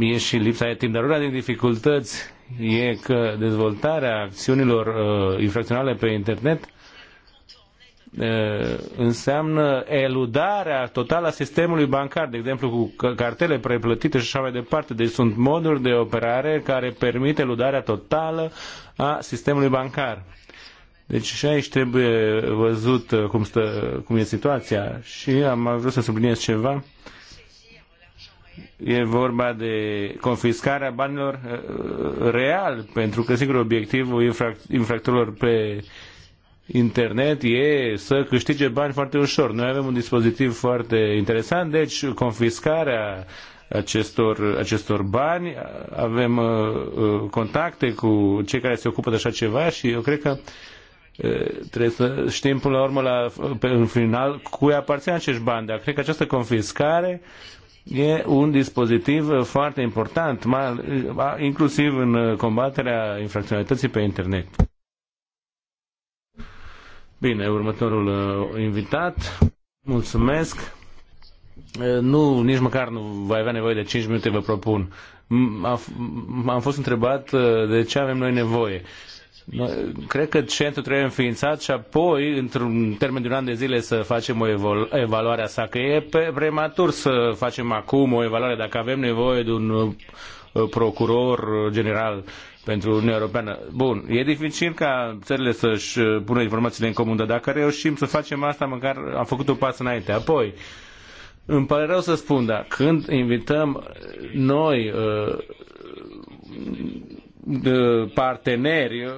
e și lipsa de timp, dar una din dificultăți e că dezvoltarea acțiunilor uh, infracționale pe internet uh, înseamnă eludarea totală a sistemului bancar, de exemplu cu cartele preplătite și așa mai departe. Deci sunt moduri de operare care permit eludarea totală a sistemului bancar. Deci și aici trebuie văzut uh, cum, stă, cum e situația. Și am vrut să subliniez ceva. E vorba de confiscarea banilor uh, real, pentru că, sigur, obiectivul infractorilor pe internet e să câștige bani foarte ușor. Noi avem un dispozitiv foarte interesant, deci confiscarea acestor, acestor bani, avem uh, contacte cu cei care se ocupă de așa ceva și eu cred că uh, trebuie să știm până la urmă la, pe, în final cui aparțin acești bani, dar cred că această confiscare e un dispozitiv foarte important, mai, inclusiv în combaterea infracționalității pe internet. Bine, următorul uh, invitat. Mulțumesc. Nu, nici măcar nu va avea nevoie de 5 minute, vă propun. Am fost întrebat uh, de ce avem noi nevoie. Cred că centrul trebuie înființat și apoi, într-un termen de un an de zile, să facem o evaluare a sa, că e prematur să facem acum o evaluare dacă avem nevoie de un uh, procuror general pentru Uniunea Europeană. Bun, e dificil ca țările să-și uh, pună informațiile în comun, dar dacă reușim să facem asta, măcar am făcut un pas înainte. Apoi, îmi pare rău să spun, dar când invităm noi uh, parteneri,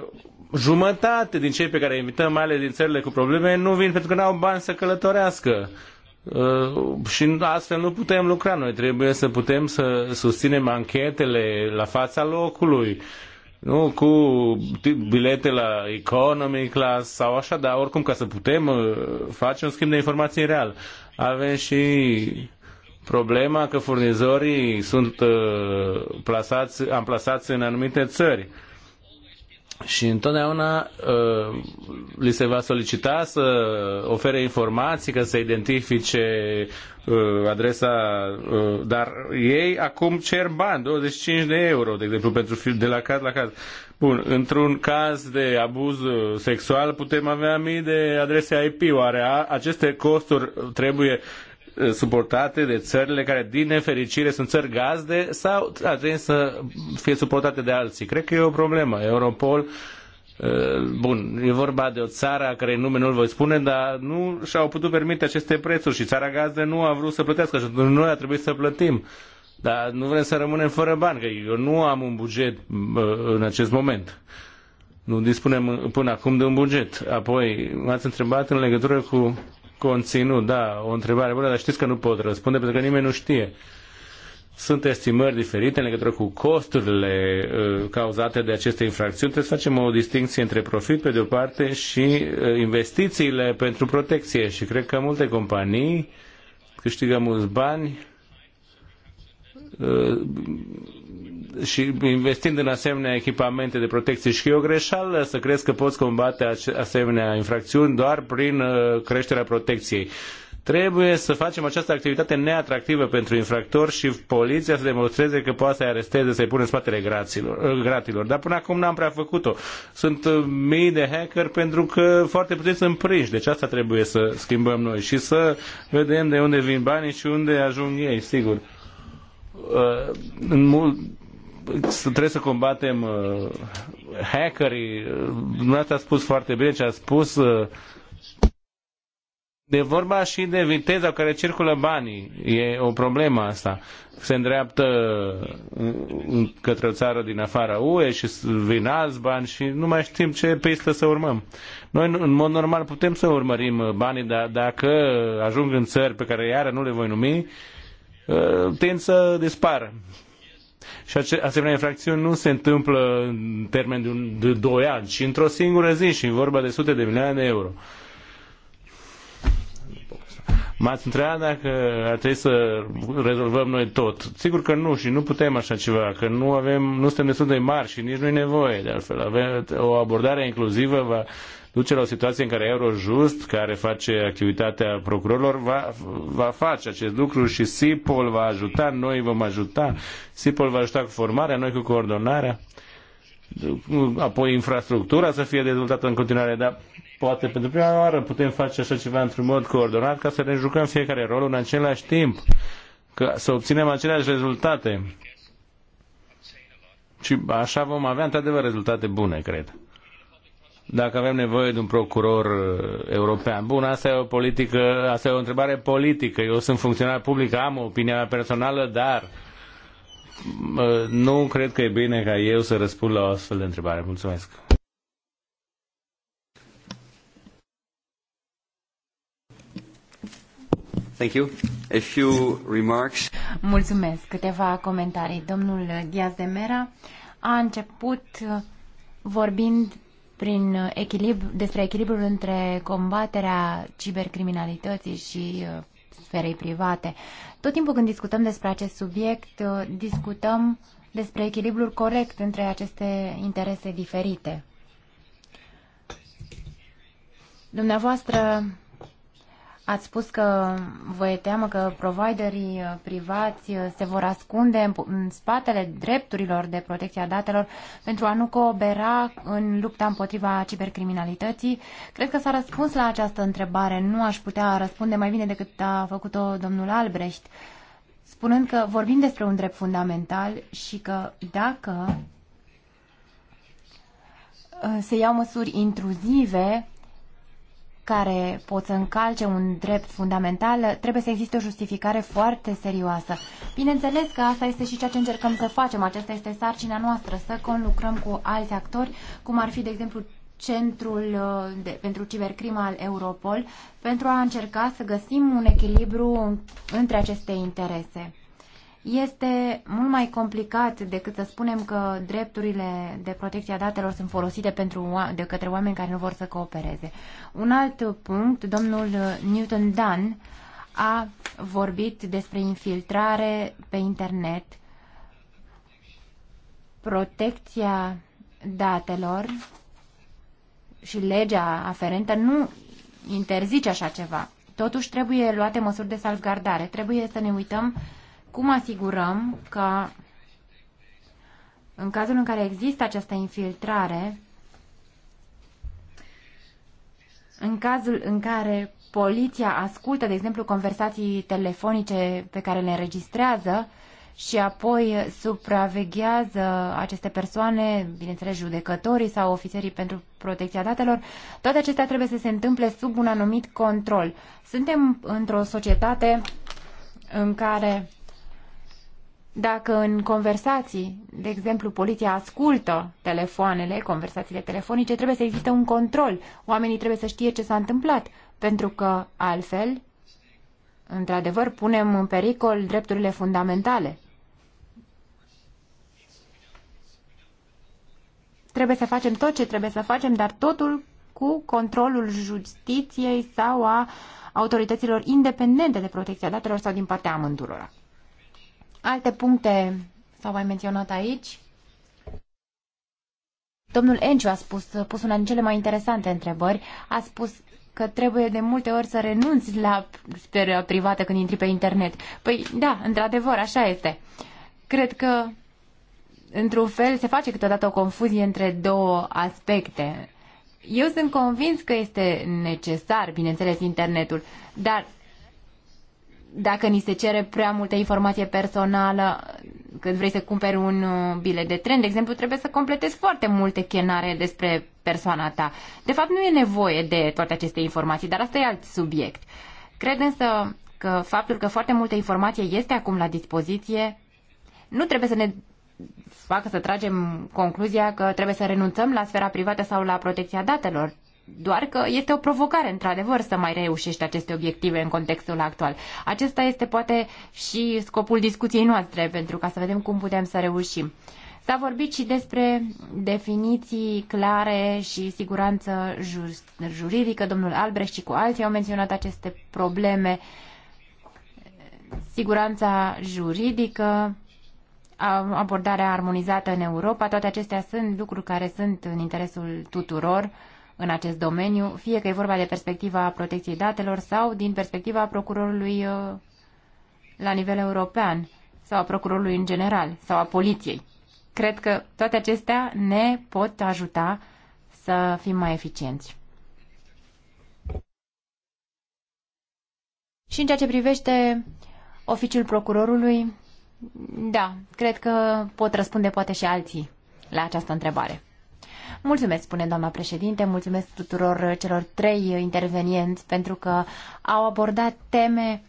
jumătate din cei pe care îi invităm, mai ales din țările cu probleme, nu vin pentru că nu au bani să călătorească. Uh, și astfel nu putem lucra. Noi trebuie să putem să susținem anchetele la fața locului, nu cu bilete la economy class sau așa, dar oricum ca să putem uh, face un schimb de informații real. Avem și problema că furnizorii sunt uh, plasați, amplasați în anumite țări. Și întotdeauna uh, li se va solicita să ofere informații, că să identifice uh, adresa, dar ei acum cer bani, 25 de euro, de exemplu, pentru de la caz la caz. Bun, într-un caz de abuz sexual putem avea mii de adrese IP. Oare aceste costuri trebuie Eh, suportate de țările care, din nefericire, sunt țări gazde sau ajung să fie suportate de alții. Cred că e o problemă. Europol eh, Bun, e vorba de o țară a cărei nume nu-l voi spune, dar nu și-au putut permite aceste prețuri și țara gazdă nu a vrut să plătească și noi a trebuit să plătim. Dar nu vrem să rămânem fără bani, că eu nu am un buget eh, în acest moment. Nu dispunem până acum de un buget. Apoi m-ați întrebat în legătură cu conținut, da, o întrebare bună, dar știți că nu pot răspunde pentru că nimeni nu știe. Sunt estimări diferite în legătură cu costurile uh, cauzate de aceste infracțiuni. Trebuie să facem o distinție între profit pe de o parte și uh, investițiile pentru protecție și cred că multe companii câștigă mulți bani uh, și investind în asemenea echipamente de protecție și e o greșeală să crezi că poți combate asemenea infracțiuni doar prin uh, creșterea protecției. Trebuie să facem această activitate neatractivă pentru infractori și poliția să demonstreze că poate să-i aresteze, să-i pune în spatele uh, gratilor. Dar până acum n-am prea făcut-o. Sunt uh, mii de hacker pentru că foarte puțin sunt prinși. Deci asta trebuie să schimbăm noi și să vedem de unde vin banii și unde ajung ei, sigur. În mult trebuie să combatem uh, hackerii. Uh, dumneavoastră a spus foarte bine ce a spus. Uh, de vorba și de viteza care circulă banii. E o problemă asta. Se îndreaptă uh, către o țară din afara UE și vin alți bani și nu mai știm ce pistă să urmăm. Noi, în mod normal, putem să urmărim uh, banii, dar dacă ajung în țări pe care iară nu le voi numi, tind să dispară. Și asemenea infracțiuni nu se întâmplă în termen de, un, de doi ani, ci într-o singură zi și în vorba de sute de milioane de euro. M-ați întrebat dacă ar trebui să rezolvăm noi tot. Sigur că nu și nu putem așa ceva, că nu avem, nu suntem destul de mari și nici nu e nevoie de altfel. Avem o abordare inclusivă va duce la o situație în care Eurojust, care face activitatea procurorilor, va, va face acest lucru și SIPOL va ajuta, noi vom ajuta, SIPOL va ajuta cu formarea, noi cu coordonarea, apoi infrastructura să fie dezvoltată în continuare, dar poate pentru prima oară putem face așa ceva într-un mod coordonat ca să ne jucăm fiecare rol în același timp, ca să obținem aceleași rezultate. Și așa vom avea într-adevăr rezultate bune, cred dacă avem nevoie de un procuror uh, european. Bun, asta e o politică, asta e o întrebare politică. Eu sunt funcționar public, am opinia mea personală, dar uh, nu cred că e bine ca eu să răspund la o astfel de întrebare. Mulțumesc. Thank you. A few remarks. Mulțumesc. Câteva comentarii. Domnul Diaz de Mera a început uh, vorbind prin uh, echilibru, despre echilibrul între combaterea cibercriminalității și uh, sferei private. Tot timpul când discutăm despre acest subiect, uh, discutăm despre echilibrul corect între aceste interese diferite. Dumneavoastră Ați spus că vă e teamă că providerii uh, privați uh, se vor ascunde în spatele drepturilor de protecție a datelor pentru a nu coopera în lupta împotriva cibercriminalității. Cred că s-a răspuns la această întrebare. Nu aș putea răspunde mai bine decât a făcut-o domnul Albrecht, spunând că vorbim despre un drept fundamental și că dacă uh, se iau măsuri intruzive, care pot să încalce un drept fundamental, trebuie să existe o justificare foarte serioasă. Bineînțeles că asta este și ceea ce încercăm să facem, aceasta este sarcina noastră, să conlucrăm cu alți actori, cum ar fi, de exemplu, Centrul uh, de, pentru Cibercrima al Europol, pentru a încerca să găsim un echilibru între aceste interese este mult mai complicat decât să spunem că drepturile de protecție a datelor sunt folosite pentru, de către oameni care nu vor să coopereze. Un alt punct, domnul Newton Dunn a vorbit despre infiltrare pe internet, protecția datelor și legea aferentă nu interzice așa ceva. Totuși trebuie luate măsuri de salvgardare. Trebuie să ne uităm uh, cum asigurăm că în cazul în care există această infiltrare, în cazul în care poliția ascultă, de exemplu, conversații telefonice pe care le înregistrează și apoi supraveghează aceste persoane, bineînțeles judecătorii sau ofițerii pentru protecția datelor, toate acestea trebuie să se întâmple sub un anumit control. Suntem într-o societate în care dacă în conversații, de exemplu, poliția ascultă telefoanele, conversațiile telefonice, trebuie să existe un control. Oamenii trebuie să știe ce s-a întâmplat, pentru că altfel, într-adevăr, punem în pericol drepturile fundamentale. Trebuie să facem tot ce trebuie să facem, dar totul cu controlul justiției sau a autorităților independente de protecția datelor sau din partea amândurora. Alte puncte s-au mai menționat aici. Domnul Enciu a spus, a pus una din cele mai interesante întrebări. A spus că trebuie de multe ori să renunți la sferă privată când intri pe internet. Păi da, într-adevăr, așa este. Cred că, într-un fel, se face câteodată o confuzie între două aspecte. Eu sunt convins că este necesar, bineînțeles, internetul, dar dacă ni se cere prea multă informație personală când vrei să cumperi un uh, bilet de tren, de exemplu, trebuie să completezi foarte multe chenare despre persoana ta. De fapt, nu e nevoie de toate aceste informații, dar asta e alt subiect. Cred însă că faptul că foarte multă informație este acum la dispoziție nu trebuie să ne facă să tragem concluzia că trebuie să renunțăm la sfera privată sau la protecția datelor, doar că este o provocare, într-adevăr, să mai reușești aceste obiective în contextul actual. Acesta este poate și scopul discuției noastre, pentru ca să vedem cum putem să reușim. S-a vorbit și despre definiții clare și siguranță juridică. Domnul Albrecht și cu alții au menționat aceste probleme. Siguranța juridică, abordarea armonizată în Europa, toate acestea sunt lucruri care sunt în interesul tuturor în acest domeniu, fie că e vorba de perspectiva protecției datelor sau din perspectiva procurorului uh, la nivel european sau a procurorului în general sau a poliției. Cred că toate acestea ne pot ajuta să fim mai eficienți. Și în ceea ce privește oficiul procurorului, da, cred că pot răspunde poate și alții la această întrebare. Mulțumesc, spune doamna președinte, mulțumesc tuturor celor trei intervenienți pentru că au abordat teme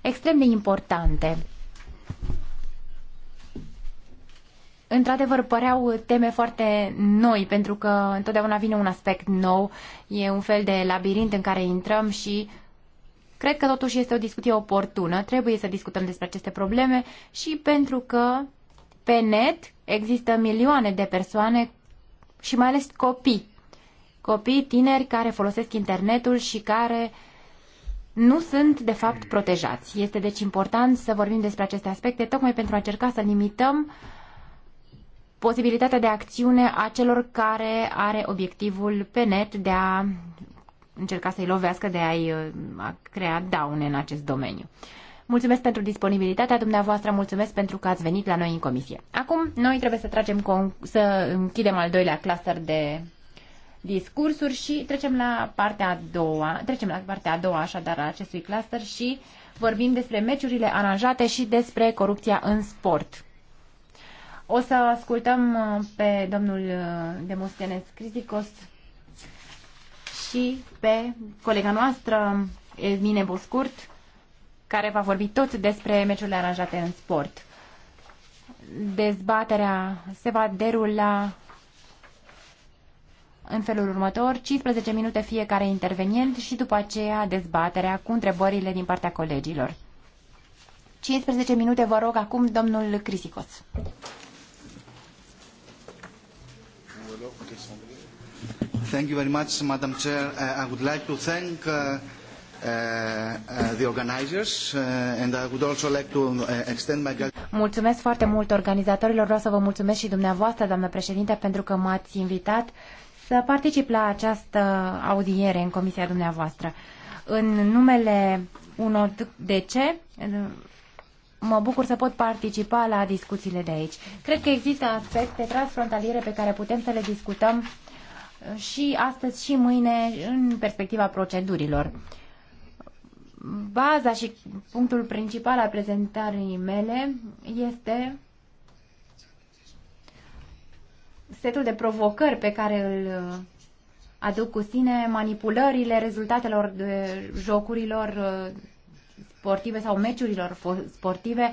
extrem de importante. într-adevăr păreau teme foarte noi, pentru că întotdeauna vine un aspect nou, e un fel de labirint în care intrăm și cred că totuși este o discuție oportună, trebuie să discutăm despre aceste probleme și pentru că pe net există milioane de persoane și mai ales copii. Copii tineri care folosesc internetul și care nu sunt, de fapt, protejați. Este deci important să vorbim despre aceste aspecte, tocmai pentru a încerca să limităm posibilitatea de acțiune a celor care are obiectivul pe net de a încerca să-i lovească, de a-i uh, a crea daune în acest domeniu. Mulțumesc pentru disponibilitatea dumneavoastră, mulțumesc pentru că ați venit la noi în comisie. Acum, noi trebuie să tragem, să închidem al doilea cluster de discursuri și trecem la partea a doua, trecem la partea a doua așadar a acestui cluster și vorbim despre meciurile aranjate și despre corupția în sport. O să ascultăm uh, pe domnul uh, Demostenes Criticos și pe colega noastră, Mine Boscurt, care va vorbi tot despre meciurile aranjate în sport. Dezbaterea se va derula în felul următor, 15 minute fiecare intervenient și după aceea dezbaterea cu întrebările din partea colegilor. 15 minute vă rog acum domnul Crisicos. Thank you very much, Madam Chair. Uh, I would like to thank uh, Uh, uh, the organizers uh, and I would also like to extend my Mulțumesc foarte mult organizatorilor. Vreau să vă mulțumesc și dumneavoastră, doamnă președinte, pentru că m-ați invitat să particip la această audiere în comisia dumneavoastră. În numele unor de ce mă bucur să pot participa la discuțiile de aici. Cred că există aspecte transfrontaliere pe care putem să le discutăm și astăzi și mâine în perspectiva procedurilor baza și punctul principal al prezentării mele este setul de provocări pe care îl uh, aduc cu sine manipulările rezultatelor de jocurilor uh, sportive sau meciurilor sportive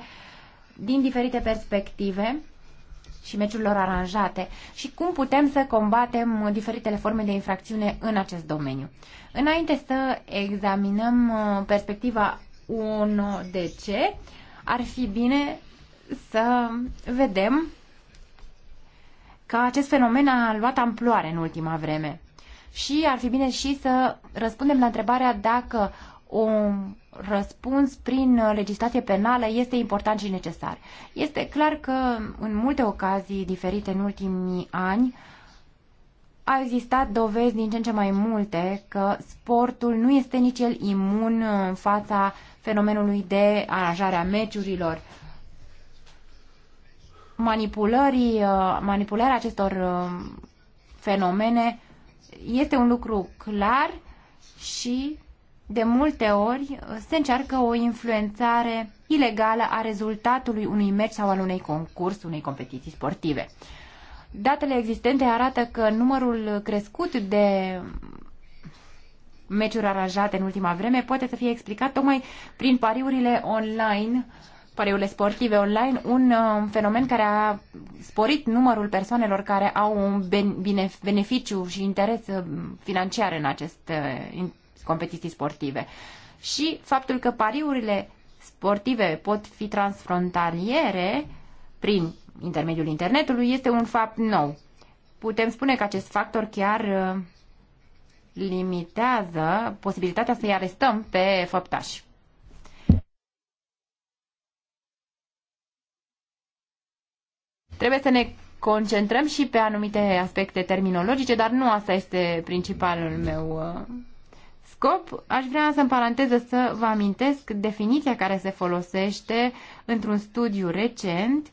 din diferite perspective și meciurilor aranjate și cum putem să combatem diferitele forme de infracțiune în acest domeniu. Înainte să examinăm uh, perspectiva 1 ce, ar fi bine să vedem că acest fenomen a luat amploare în ultima vreme. Și ar fi bine și să răspundem la întrebarea dacă un răspuns prin uh, legislație penală este important și necesar. Este clar că în multe ocazii diferite în ultimii ani a existat dovezi din ce în ce mai multe că sportul nu este nici el imun uh, în fața fenomenului de aranjare a meciurilor, manipulării, uh, manipularea acestor fenomene este un lucru clar și de multe ori uh, se încearcă o influențare ilegală a rezultatului unui meci sau al unei concurs, unei competiții sportive. Datele existente arată că numărul crescut de meciuri aranjate în ultima vreme poate să fie explicat tocmai prin pariurile online, pariurile sportive online, un uh, fenomen care a sporit numărul persoanelor care au un beneficiu și interes uh, financiar în aceste competiții sportive. Și faptul că pariurile sportive pot fi transfrontaliere prin intermediul internetului este un fapt nou. Putem spune că acest factor chiar uh, limitează posibilitatea să-i arestăm pe făptași. Trebuie să ne concentrăm și pe anumite aspecte terminologice, dar nu asta este principalul meu uh, scop, aș vrea să în paranteză să vă amintesc definiția care se folosește într-un studiu recent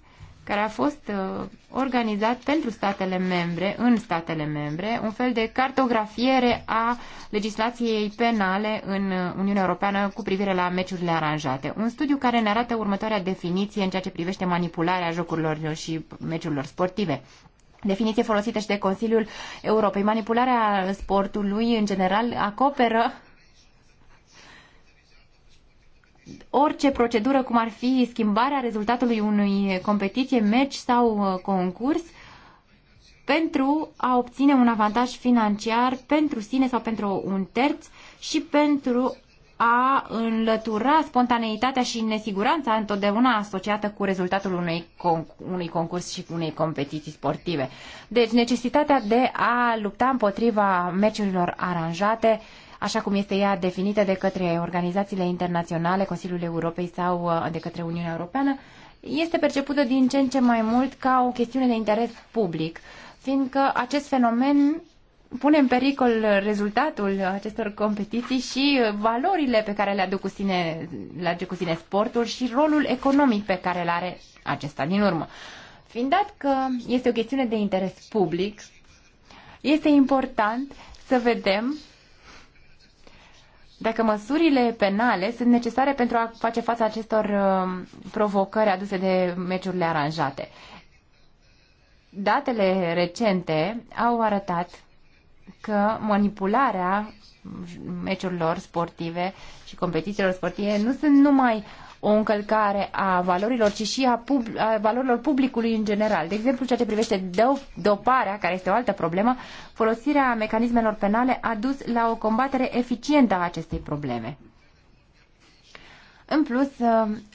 care a fost uh, organizat pentru statele membre, în statele membre, un fel de cartografiere a legislației penale în uh, Uniunea Europeană cu privire la meciurile aranjate. Un studiu care ne arată următoarea definiție în ceea ce privește manipularea jocurilor și meciurilor sportive definiție folosită și de Consiliul Europei. Manipularea sportului, în general, acoperă orice procedură, cum ar fi schimbarea rezultatului unui competiție, meci sau uh, concurs, pentru a obține un avantaj financiar pentru sine sau pentru un terț și pentru a înlătura spontaneitatea și nesiguranța întotdeauna asociată cu rezultatul unui, conc- unui concurs și unei competiții sportive. Deci necesitatea de a lupta împotriva meciurilor aranjate, așa cum este ea definită de către organizațiile internaționale, Consiliul Europei sau uh, de către Uniunea Europeană, este percepută din ce în ce mai mult ca o chestiune de interes public, fiindcă acest fenomen pune în pericol rezultatul acestor competiții și valorile pe care le aduc cu sine, le aduc cu sine sportul și rolul economic pe care îl are acesta din urmă. Fiind dat că este o chestiune de interes public, este important să vedem dacă măsurile penale sunt necesare pentru a face față acestor uh, provocări aduse de meciurile aranjate. Datele recente au arătat că manipularea meciurilor sportive și competițiilor sportive nu sunt numai o încălcare a valorilor, ci și a, pub- a valorilor publicului în general. De exemplu, ceea ce privește doparea, care este o altă problemă, folosirea mecanismelor penale a dus la o combatere eficientă a acestei probleme. În plus,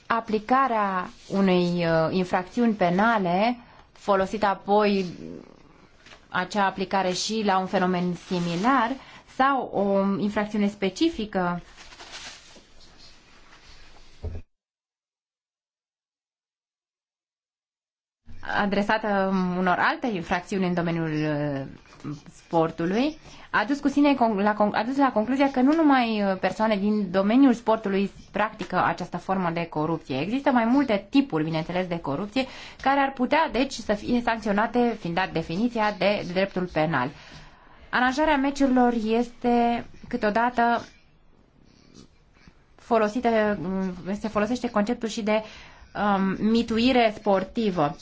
aplicarea unei uh, infracțiuni penale folosită apoi acea aplicare și la un fenomen similar sau o infracțiune specifică adresată unor alte infracțiuni în domeniul uh, sportului a dus cu sine la, a dus la concluzia că nu numai uh, persoane din domeniul sportului practică această formă de corupție. Există mai multe tipuri, bineînțeles, de corupție care ar putea, deci, să fie sancționate, fiind dat definiția de dreptul penal. Aranjarea meciurilor este câteodată folosită, mm, se folosește conceptul și de um, mituire sportivă.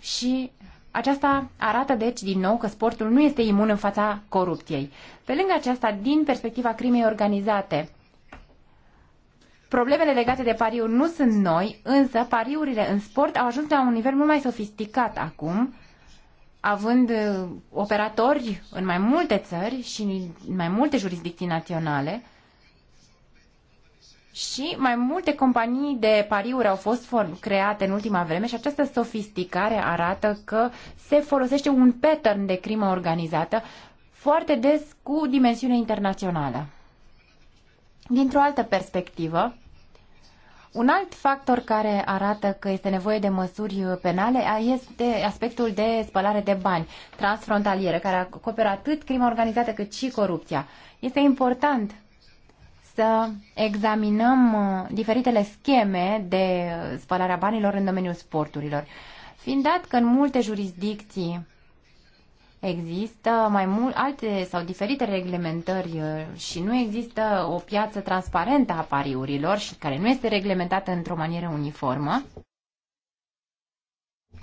Și aceasta arată deci din nou că sportul nu este imun în fața corupției. Pe lângă aceasta, din perspectiva crimei organizate, Problemele legate de pariuri nu sunt noi, însă pariurile în sport au ajuns la un nivel mult mai sofisticat acum, având uh, operatori în mai multe țări și în mai multe jurisdicții naționale, și mai multe companii de pariuri au fost create în ultima vreme și această sofisticare arată că se folosește un pattern de crimă organizată foarte des cu dimensiune internațională. Dintr-o altă perspectivă, un alt factor care arată că este nevoie de măsuri penale este aspectul de spălare de bani transfrontalieră, care acoperă atât crima organizată cât și corupția. Este important să examinăm uh, diferitele scheme de spălare a banilor în domeniul sporturilor. Fiind dat că în multe jurisdicții există mai mult alte sau diferite reglementări uh, și nu există o piață transparentă a pariurilor și care nu este reglementată într-o manieră uniformă,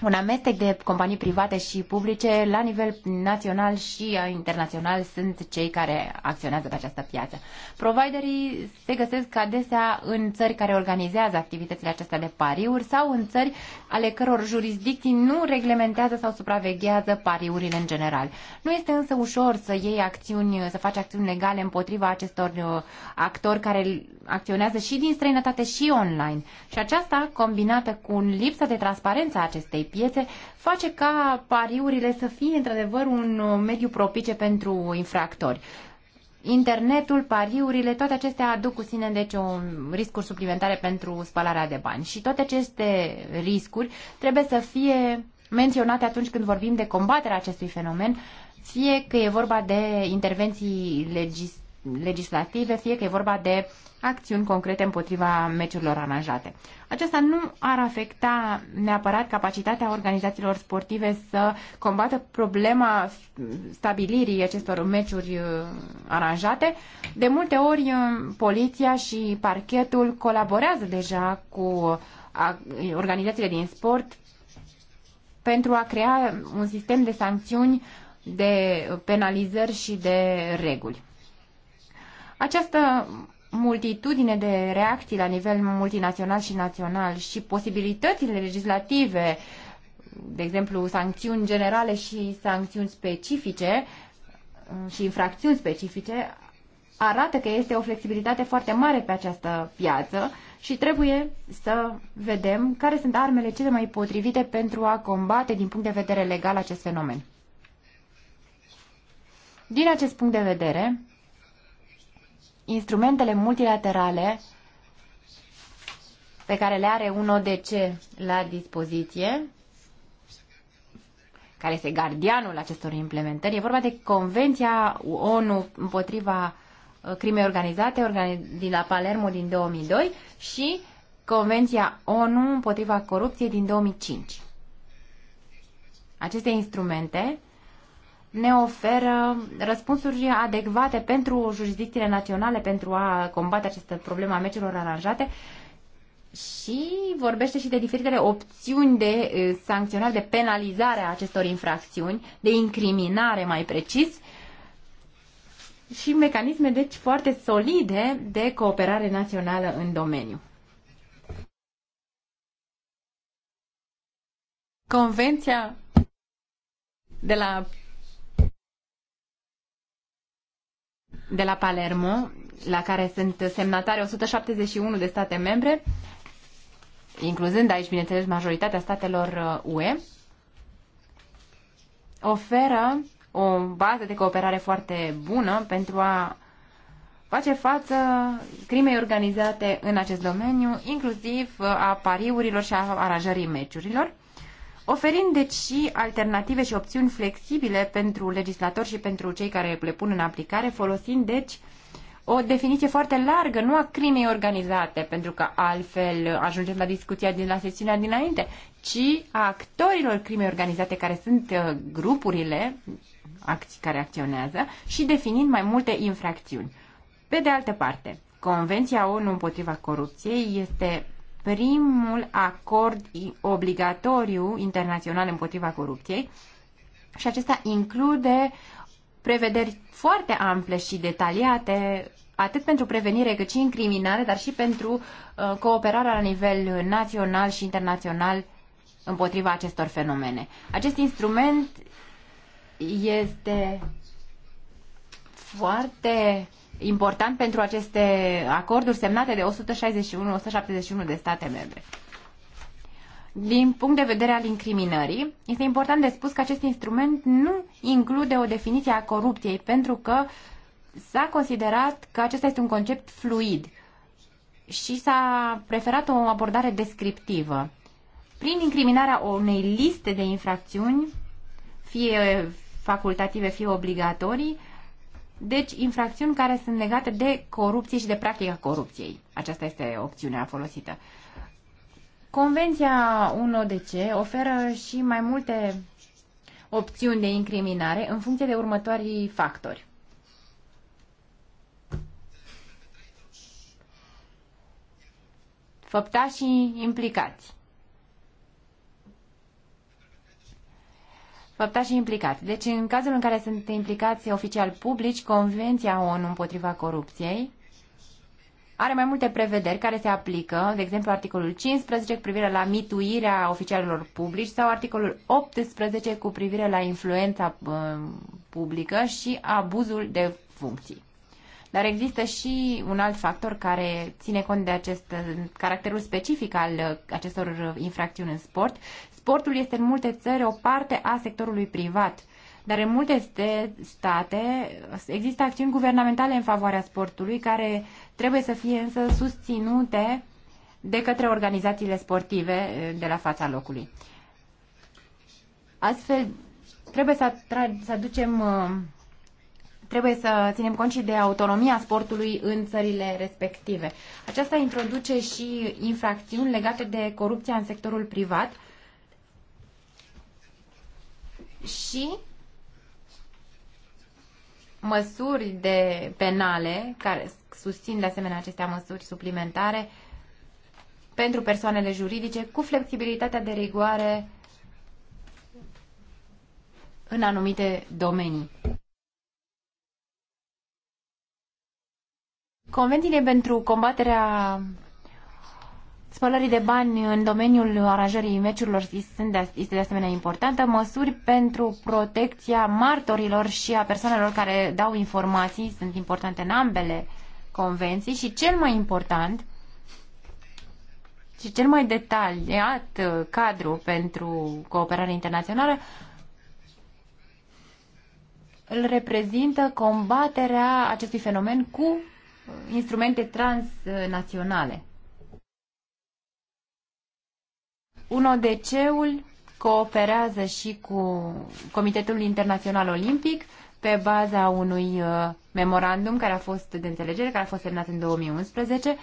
un amestec de companii private și publice la nivel național și internațional sunt cei care acționează pe această piață. Providerii se găsesc adesea în țări care organizează activitățile acestea de pariuri sau în țări ale căror jurisdicții nu reglementează sau supraveghează pariurile în general. Nu este însă ușor să iei acțiuni, să faci acțiuni legale împotriva acestor uh, actori care acționează și din străinătate și online. Și aceasta, combinată cu lipsa de transparență a acestei piețe face ca pariurile să fie într-adevăr un uh, mediu propice pentru infractori. Internetul, pariurile, toate acestea aduc cu sine deci o riscuri suplimentare pentru spălarea de bani și toate aceste riscuri trebuie să fie menționate atunci când vorbim de combaterea acestui fenomen, fie că e vorba de intervenții legis legislative, fie că e vorba de acțiuni concrete împotriva meciurilor aranjate. Aceasta nu ar afecta neapărat capacitatea organizațiilor sportive să combată problema stabilirii acestor meciuri uh, aranjate. De multe ori, uh, poliția și parchetul colaborează deja cu uh, organizațiile din sport pentru a crea un sistem de sancțiuni, de penalizări și de reguli. Această multitudine de reacții la nivel multinațional și național și posibilitățile legislative, de exemplu sancțiuni generale și sancțiuni specifice uh, și infracțiuni specifice, arată că este o flexibilitate foarte mare pe această piață și trebuie să vedem care sunt armele cele mai potrivite pentru a combate din punct de vedere legal acest fenomen. Din acest punct de vedere, instrumentele multilaterale pe care le are un ODC la dispoziție, care este gardianul acestor implementări, e vorba de Convenția ONU împotriva uh, crimei organizate din la Palermo din 2002 și Convenția ONU împotriva corupției din 2005. Aceste instrumente ne oferă răspunsuri adecvate pentru jurisdicțiile naționale pentru a combate această problemă a meciurilor aranjate și vorbește și de diferitele opțiuni de eh, sancționare, de penalizare a acestor infracțiuni, de incriminare mai precis și mecanisme deci foarte solide de cooperare națională în domeniu. Convenția de la de la Palermo, la care sunt semnatare 171 de state membre, incluzând aici, bineînțeles, majoritatea statelor UE, uh, oferă o bază de cooperare foarte bună pentru a face față crimei organizate în acest domeniu, inclusiv uh, a pariurilor și a aranjării meciurilor oferind deci și alternative și opțiuni flexibile pentru legislatori și pentru cei care le pun în aplicare, folosind deci o definiție foarte largă, nu a crimei organizate, pentru că altfel ajungem la discuția din la sesiunea dinainte, ci a actorilor crimei organizate, care sunt uh, grupurile care acționează, și definind mai multe infracțiuni. Pe de altă parte, Convenția ONU împotriva corupției este primul acord obligatoriu internațional împotriva corupției și acesta include prevederi foarte ample și detaliate atât pentru prevenire cât și incriminare, dar și pentru uh, cooperarea la nivel național și internațional împotriva acestor fenomene. Acest instrument este foarte important pentru aceste acorduri semnate de 161-171 de state membre. Din punct de vedere al incriminării, este important de spus că acest instrument nu include o definiție a corupției, pentru că s-a considerat că acesta este un concept fluid și s-a preferat o abordare descriptivă. Prin incriminarea unei liste de infracțiuni, fie facultative, fie obligatorii, deci, infracțiuni care sunt legate de corupție și de practica corupției. Aceasta este opțiunea folosită. Convenția 1ODC oferă și mai multe opțiuni de incriminare în funcție de următorii factori. Făptașii implicați și implicați. Deci, în cazul în care sunt implicați oficial publici, Convenția ONU împotriva corupției are mai multe prevederi care se aplică, de exemplu articolul 15 cu privire la mituirea oficialilor publici sau articolul 18 cu privire la influența uh, publică și abuzul de funcții. Dar există și un alt factor care ține cont de acest caracterul specific al uh, acestor uh, infracțiuni în sport. Sportul este în multe țări o parte a sectorului privat, dar în multe state există acțiuni guvernamentale în favoarea sportului care trebuie să fie însă susținute de către organizațiile sportive eh, de la fața locului. Astfel, trebuie să, să aducem eh, trebuie să ținem cont și de autonomia sportului în țările respective. Aceasta introduce și infracțiuni legate de corupția în sectorul privat, și măsuri de penale care susțin de asemenea acestea măsuri suplimentare pentru persoanele juridice cu flexibilitatea de rigoare în anumite domenii. Convențiile pentru combaterea Spălării de bani în domeniul aranjării meciurilor este de asemenea importantă. Măsuri pentru protecția martorilor și a persoanelor care dau informații sunt importante în ambele convenții și cel mai important și cel mai detaliat uh, cadru pentru cooperare internațională îl reprezintă combaterea acestui fenomen cu instrumente transnaționale. UNODC-ul cooperează și cu Comitetul Internațional Olimpic pe baza unui uh, memorandum care a fost de înțelegere, care a fost semnat în 2011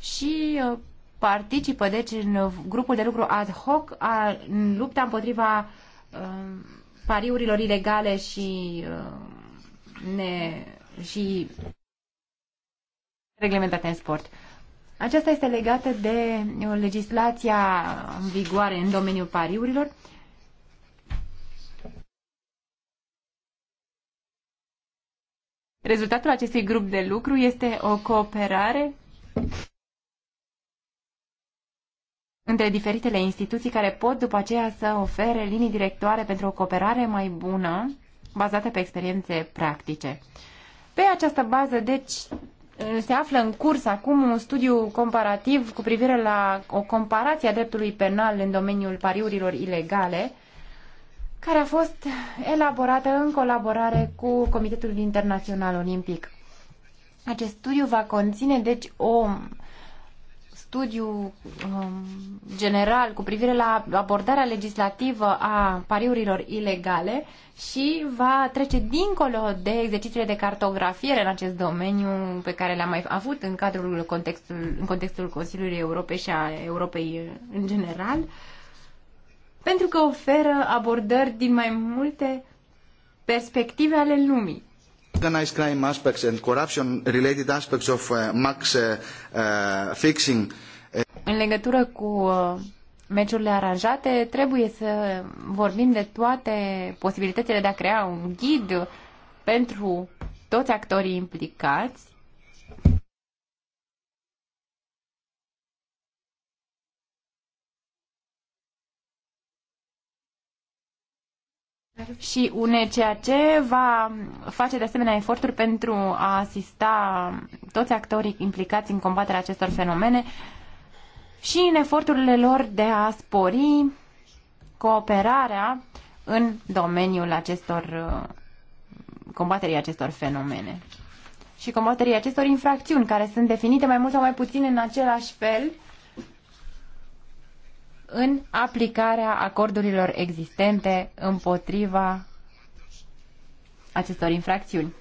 și uh, participă deci în grupul de lucru ad hoc a, în lupta împotriva uh, pariurilor ilegale și uh, ne, și reglementate în sport. Aceasta este legată de uh, legislația în vigoare în domeniul pariurilor. Rezultatul acestui grup de lucru este o cooperare între diferitele instituții care pot după aceea să ofere linii directoare pentru o cooperare mai bună bazată pe experiențe practice. Pe această bază, deci, se află în curs acum un studiu comparativ cu privire la o comparație a dreptului penal în domeniul pariurilor ilegale, care a fost elaborată în colaborare cu Comitetul Internațional Olimpic. Acest studiu va conține, deci, o studiu um, general cu privire la abordarea legislativă a pariurilor ilegale și va trece dincolo de exercițiile de cartografiere în acest domeniu pe care le-am mai avut în cadrul contextul, în contextul Consiliului Europei și a Europei în general, pentru că oferă abordări din mai multe perspective ale lumii. Organized crime aspects and corruption related aspects of uh, max uh, uh, fixing. În legătură cu uh, meciurile aranjate, trebuie să vorbim de toate posibilitățile de a crea un ghid pentru toți actorii implicați și UNCAC va face de asemenea eforturi pentru a asista toți actorii implicați în combaterea acestor fenomene și în eforturile lor de a spori cooperarea în domeniul acestor combaterii acestor fenomene și combaterii acestor infracțiuni care sunt definite mai mult sau mai puțin în același fel în aplicarea acordurilor existente împotriva acestor infracțiuni.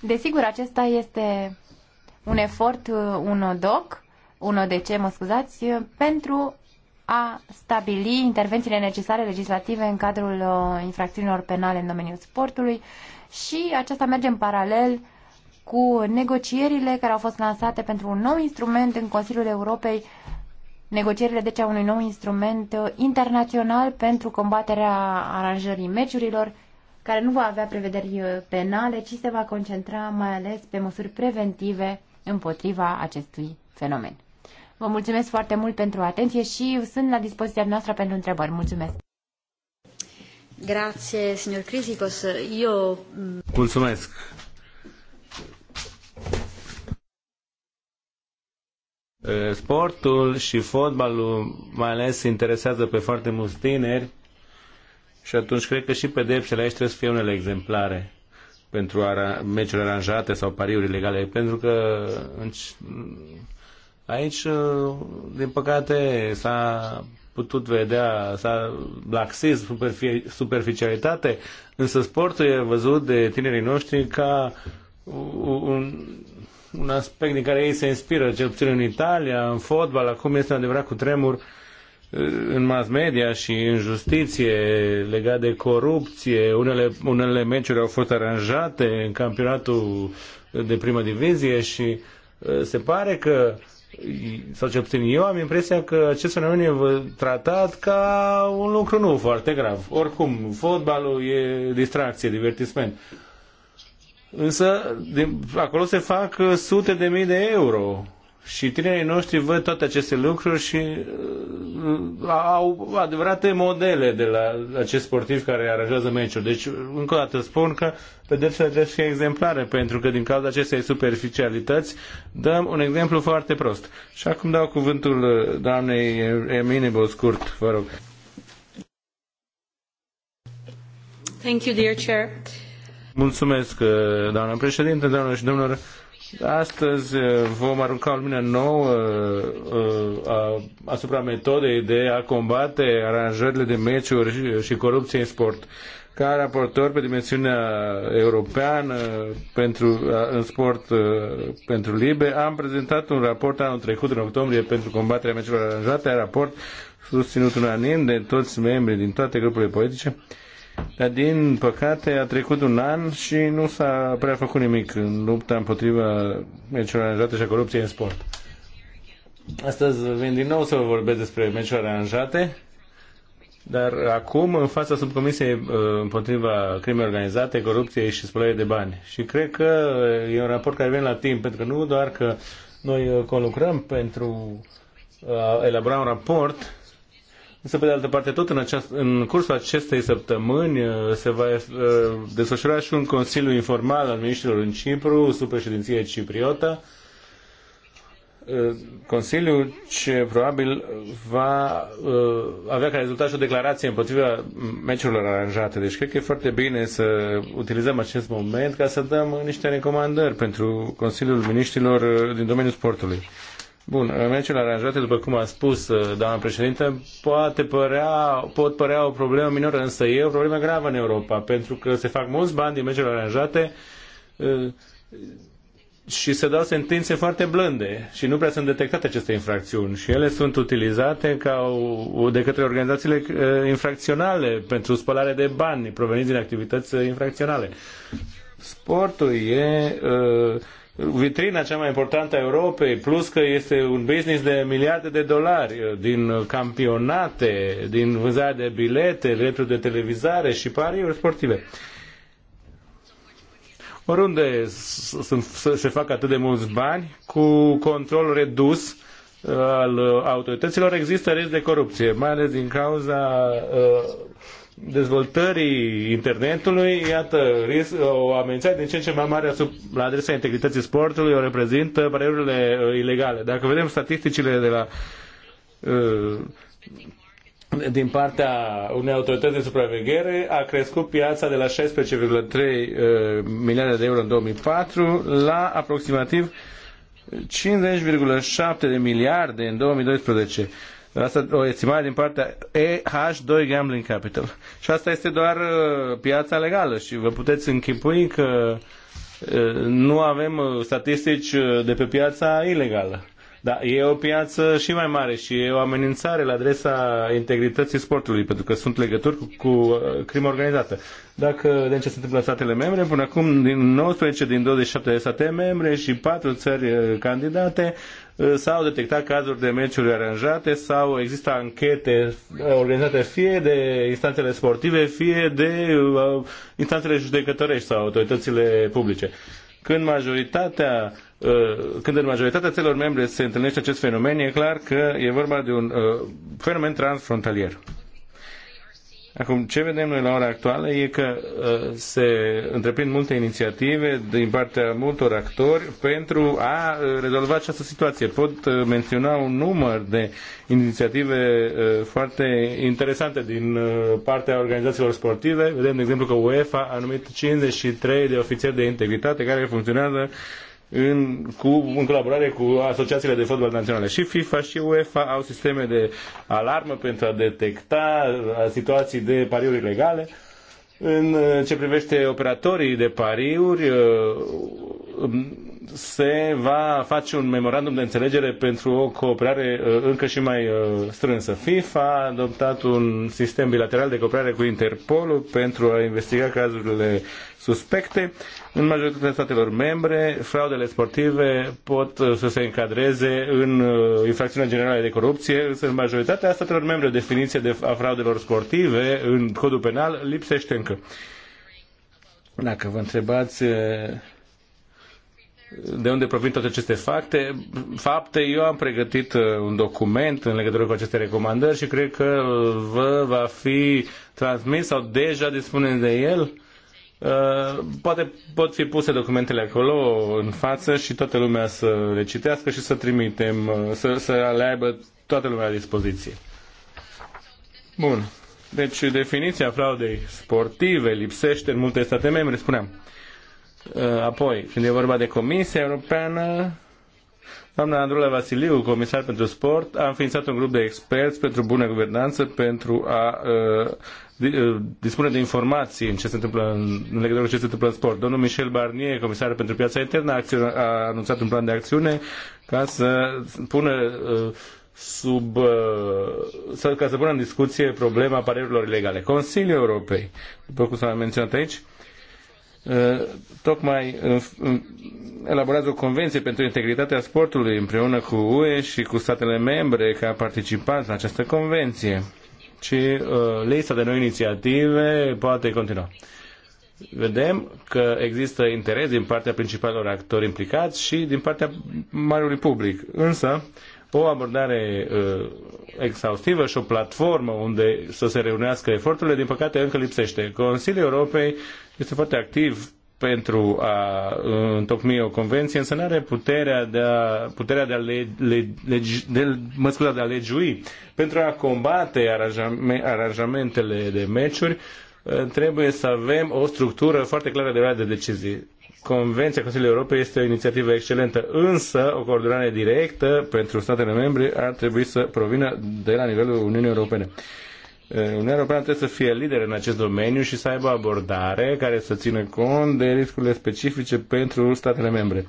Desigur, acesta este un efort, uh, un ODOC, un ODC, mă scuzați, uh, pentru a stabili intervențiile necesare legislative în cadrul uh, infracțiunilor penale în domeniul sportului și aceasta merge în paralel cu negocierile care au fost lansate pentru un nou instrument în Consiliul Europei, negocierile deci a unui nou instrument uh, internațional pentru combaterea aranjării meciurilor, care nu va avea prevederi uh, penale, ci se va concentra mai ales pe măsuri preventive împotriva acestui fenomen. Vă mulțumesc foarte mult pentru atenție și sunt la dispoziția noastră pentru întrebări. Mulțumesc! Grazie, signor Crisicos. Io... Mm, mulțumesc, sportul și fotbalul mai ales interesează pe foarte mulți tineri și atunci cred că și pedepsele aici trebuie să fie unele exemplare pentru ara- meciurile aranjate sau pariuri legale, pentru că aici, din păcate, s-a putut vedea s-a laxism, superfi- superficialitate, însă sportul e văzut de tinerii noștri ca un, un aspect din care ei se inspiră, cel puțin în Italia, în fotbal, acum este adevărat cu tremur eh, în mass media și în justiție legat de corupție. Unele, unele meciuri au fost aranjate în campionatul de primă divizie și eh, se pare că sau cel puțin eu am impresia că acest fenomen e tratat ca un lucru nu foarte grav. Oricum, fotbalul e distracție, divertisment. Însă, de, acolo se fac uh, sute de mii de euro. Și tinerii noștri văd toate aceste lucruri și uh, au adevărate modele de la acest sportiv care aranjează meciuri. Deci, încă o dată spun că pedepsele trebuie să fie exemplare, pentru că din cauza acestei superficialități dăm un exemplu foarte prost. Și acum dau cuvântul uh, doamnei Emine Boscurt, vă rog. Thank you, dear chair. Uh, Mulțumesc, uh, doamnă președinte, doamnă și domnilor. Astăzi uh, vom arunca o lumină nouă uh, asupra metodei de a combate aranjările de meciuri și corupție în sport. Ca raportor pe dimensiunea europeană pentru, în sport pentru LIBE, am prezentat un raport anul trecut, în octombrie, pentru combaterea meciurilor aranjate, raport susținut unanim de toți membrii din toate grupurile politice dar din păcate a trecut un an și nu s-a prea făcut nimic în lupta împotriva meciurilor aranjate și a corupției în sport. Astăzi vin din nou să vă vorbesc despre meciuri aranjate, dar acum în fața subcomisiei uh, împotriva crimei organizate, corupției și spălării de bani. Și cred că e un raport care vine la timp, pentru că nu doar că noi uh, conlucrăm pentru uh, a elabora un raport Însă, pe de altă parte, tot în, aceast, în cursul acestei săptămâni uh, se va uh, desfășura și un consiliu informal al ministrilor în Cipru, sub președinție cipriotă, uh, Consiliul ce probabil va avea ca rezultat și o declarație împotriva meciurilor aranjate. Deci cred că e foarte bine să utilizăm acest moment ca să dăm niște recomandări pentru Consiliul ministrilor din domeniul sportului. Bun, meciurile aranjate, după cum a spus uh, doamna președinte, poate părea, pot părea o problemă minoră, însă e o problemă gravă în Europa, pentru că se fac mulți bani din meciurile aranjate uh, și se dau sentințe foarte blânde și nu prea sunt detectate aceste infracțiuni și ele sunt utilizate ca o, de către organizațiile uh, infracționale pentru spălare de bani proveniți din activități infracționale. Sportul e uh, vitrina cea mai importantă a Europei, plus că este un business de miliarde de dolari uh, din campionate, din vânzarea de bilete, drepturi de televizare și pariuri sportive. Oriunde se fac atât de mulți bani, cu control redus uh, al autorităților, există risc de corupție, mai ales din cauza uh, dezvoltării internetului, iată, o amenințare din ce în ce mai mare la adresa integrității sportului o reprezintă barierele uh, ilegale. Dacă vedem statisticile de la uh, din partea unei autorități de supraveghere a crescut piața de la 16,3 uh, miliarde de euro în 2004 la aproximativ 50,7 de miliarde în 2012. Asta o estimare din partea EH2 Gambling Capital. Și asta este doar uh, piața legală și vă puteți închipui că uh, nu avem uh, statistici de pe piața ilegală. Da, e o piață și mai mare și e o amenințare la adresa integrității sportului, pentru că sunt legături cu, cu crimă organizată. Dacă de ce se întâmplă în statele membre, până acum din 19 din 27 de state membre și 4 țări candidate s-au detectat cazuri de meciuri aranjate sau există anchete uh, organizate fie de instanțele sportive, fie de uh, instanțele judecătorești sau autoritățile publice. Când majoritatea uh, când în majoritatea țărilor membre se întâlnește acest fenomen, e clar că e vorba de un fenomen transfrontalier. Acum, ce vedem noi la ora actuală e că uh, se întreprind multe inițiative din partea multor actori pentru a uh, rezolva această situație. Pot uh, menționa un număr de inițiative uh, foarte interesante din uh, partea organizațiilor sportive. Vedem, de exemplu, că UEFA a numit 53 de ofițeri de integritate care funcționează în, cu, în colaborare cu asociațiile de fotbal naționale. Și FIFA și UEFA au sisteme de alarmă pentru a detecta uh, situații de pariuri ilegale. În uh, ce privește operatorii de pariuri, uh, um, se va face un memorandum de înțelegere pentru o cooperare încă și mai strânsă. FIFA a adoptat un sistem bilateral de cooperare cu Interpolul pentru a investiga cazurile suspecte. În majoritatea statelor membre, fraudele sportive pot uh, să se încadreze în uh, infracțiunea generală de corupție, însă în majoritatea statelor membre definiția de a fraudelor sportive în codul penal lipsește încă. Dacă vă întrebați uh, de unde provin toate aceste fapte. Fapte, eu am pregătit un document în legătură cu aceste recomandări și cred că vă va fi transmis sau deja dispune de el Uh, poate pot fi puse documentele acolo în față și toată lumea să le citească și să trimitem, uh, să, să le aibă toată lumea la dispoziție. Bun. Deci definiția fraudei sportive lipsește în multe state membre, spuneam. Uh, apoi, când e vorba de Comisia Europeană, Doamna Andrula Vasiliu, comisar pentru sport, a înființat un grup de experți pentru bună guvernanță pentru a uh, uh, dispune de informații în, ce se întâmplă în, în legătură cu ce se întâmplă în sport. Domnul Michel Barnier, comisar pentru piața internă, a, a anunțat un plan de acțiune ca să pună uh, sub, uh, ca să pună în discuție problema parerilor ilegale. Consiliul Europei, după cum s-a menționat aici, Uh, tocmai uh, uh, elaborează o convenție pentru integritatea sportului împreună cu UE și cu statele membre ca participat la această convenție. Și uh, lista de noi inițiative poate continua. Vedem că există interes din partea principalilor actori implicați și din partea marului public. Însă, o abordare uh, exhaustivă și o platformă unde să se reunească eforturile, din păcate, încă lipsește. Consiliul Europei uh, este foarte activ pentru a uh, întocmi o convenție, însă nu are puterea de a, puterea de a, le, le, le, de, mă scuza, de a legiui. Pentru a combate aranjame, aranjamentele de meciuri, uh, trebuie să avem o structură foarte clară de luare de decizii. Convenția Consiliului Europei este o inițiativă excelentă, însă o coordonare directă pentru statele membre ar trebui să provină de la nivelul Uniunii Europene. Uniunea Europeană trebuie să fie lider în acest domeniu și să aibă abordare care să țină cont de riscurile specifice pentru statele membre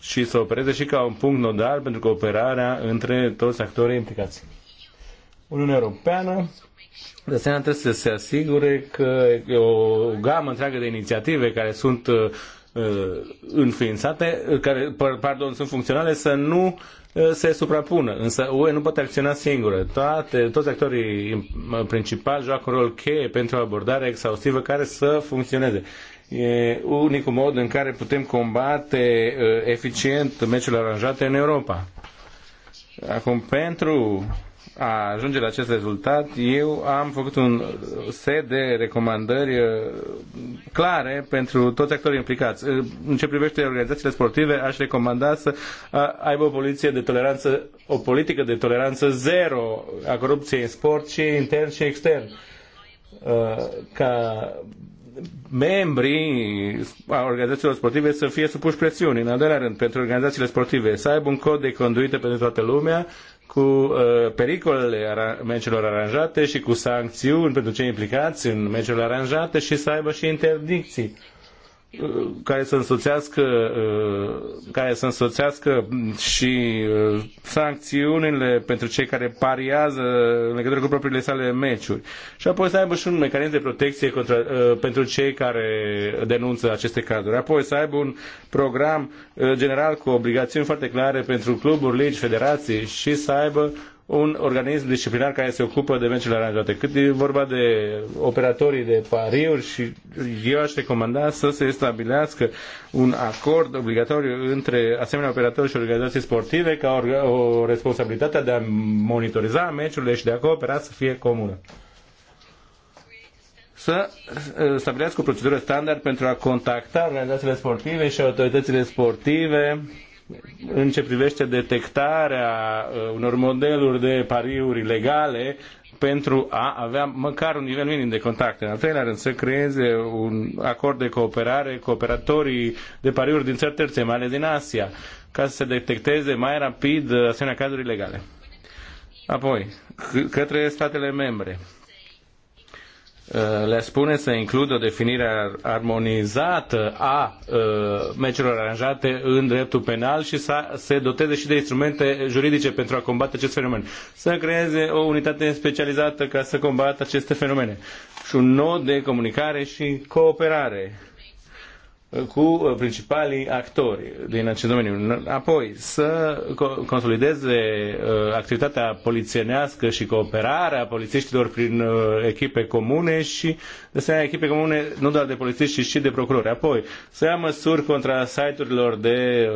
și să opereze și ca un punct nodal pentru cooperarea între toți actorii implicați. Uniunea Europeană de asemenea, trebuie să se asigure că e o gamă întreagă de inițiative care sunt uh, înființate, care, pardon, sunt funcționale, să nu se suprapună, însă UE nu poate acționa singură. Toate, toți actorii principali joacă un rol cheie pentru o abordare exhaustivă care să funcționeze. E unicul mod în care putem combate eficient meciurile aranjate în Europa. Acum, pentru a ajunge la acest rezultat, eu am făcut un set de recomandări uh, clare pentru toți actorii implicați. Uh, în ce privește organizațiile sportive, aș recomanda să uh, aibă o poliție de toleranță, o politică de toleranță zero a corupției în sport și intern și extern. Ca membrii a organizațiilor sportive să fie supuși presiuni. În al doilea rând, pentru organizațiile sportive, să aibă un cod de conduită pentru toată lumea, cu uh, pericolele ara- meciurilor aranjate și cu sancțiuni pentru cei implicați în meciurile aranjate și să aibă și interdicții care să însoțească, uh, care să însoțească și uh, sancțiunile pentru cei care pariază în legătură cu propriile sale meciuri. Și apoi să aibă și un mecanism de protecție contra, uh, pentru cei care denunță aceste cazuri. Apoi să aibă un program general cu obligațiuni foarte clare pentru cluburi, legi, federații și să aibă un organism disciplinar care se ocupă de meciurile aranjate. Cât e vorba de operatorii de pariuri și eu aș recomanda să se stabilească un acord obligatoriu între asemenea operatori și organizații sportive ca o, o responsabilitate de a monitoriza meciurile și de a coopera să fie comună să uh, stabilească o procedură standard pentru a contacta organizațiile sportive și autoritățile sportive în ce privește detectarea uh, unor modeluri de pariuri legale pentru a avea măcar un nivel minim de contact. În al treilea rând, să creeze un acord de cooperare cu operatorii de pariuri din țări terțe, mai ales din Asia, ca să se detecteze mai rapid uh, asemenea cazuri ilegale. Apoi, către statele membre Eh, le spune să includă o definire armonizată a eh, meciurilor aranjate în dreptul penal și să se doteze și de instrumente juridice pentru a combate acest fenomen. Să creeze o unitate specializată ca să combată aceste fenomene. Și un nod de comunicare și cooperare cu uh, principalii actori din acest domeniu. Apoi, să consolideze uh, activitatea polițienească și cooperarea polițiștilor prin uh, echipe comune și, de asemenea, echipe comune nu doar de polițiști, ci și de procurori. Apoi, să ia măsuri contra site-urilor de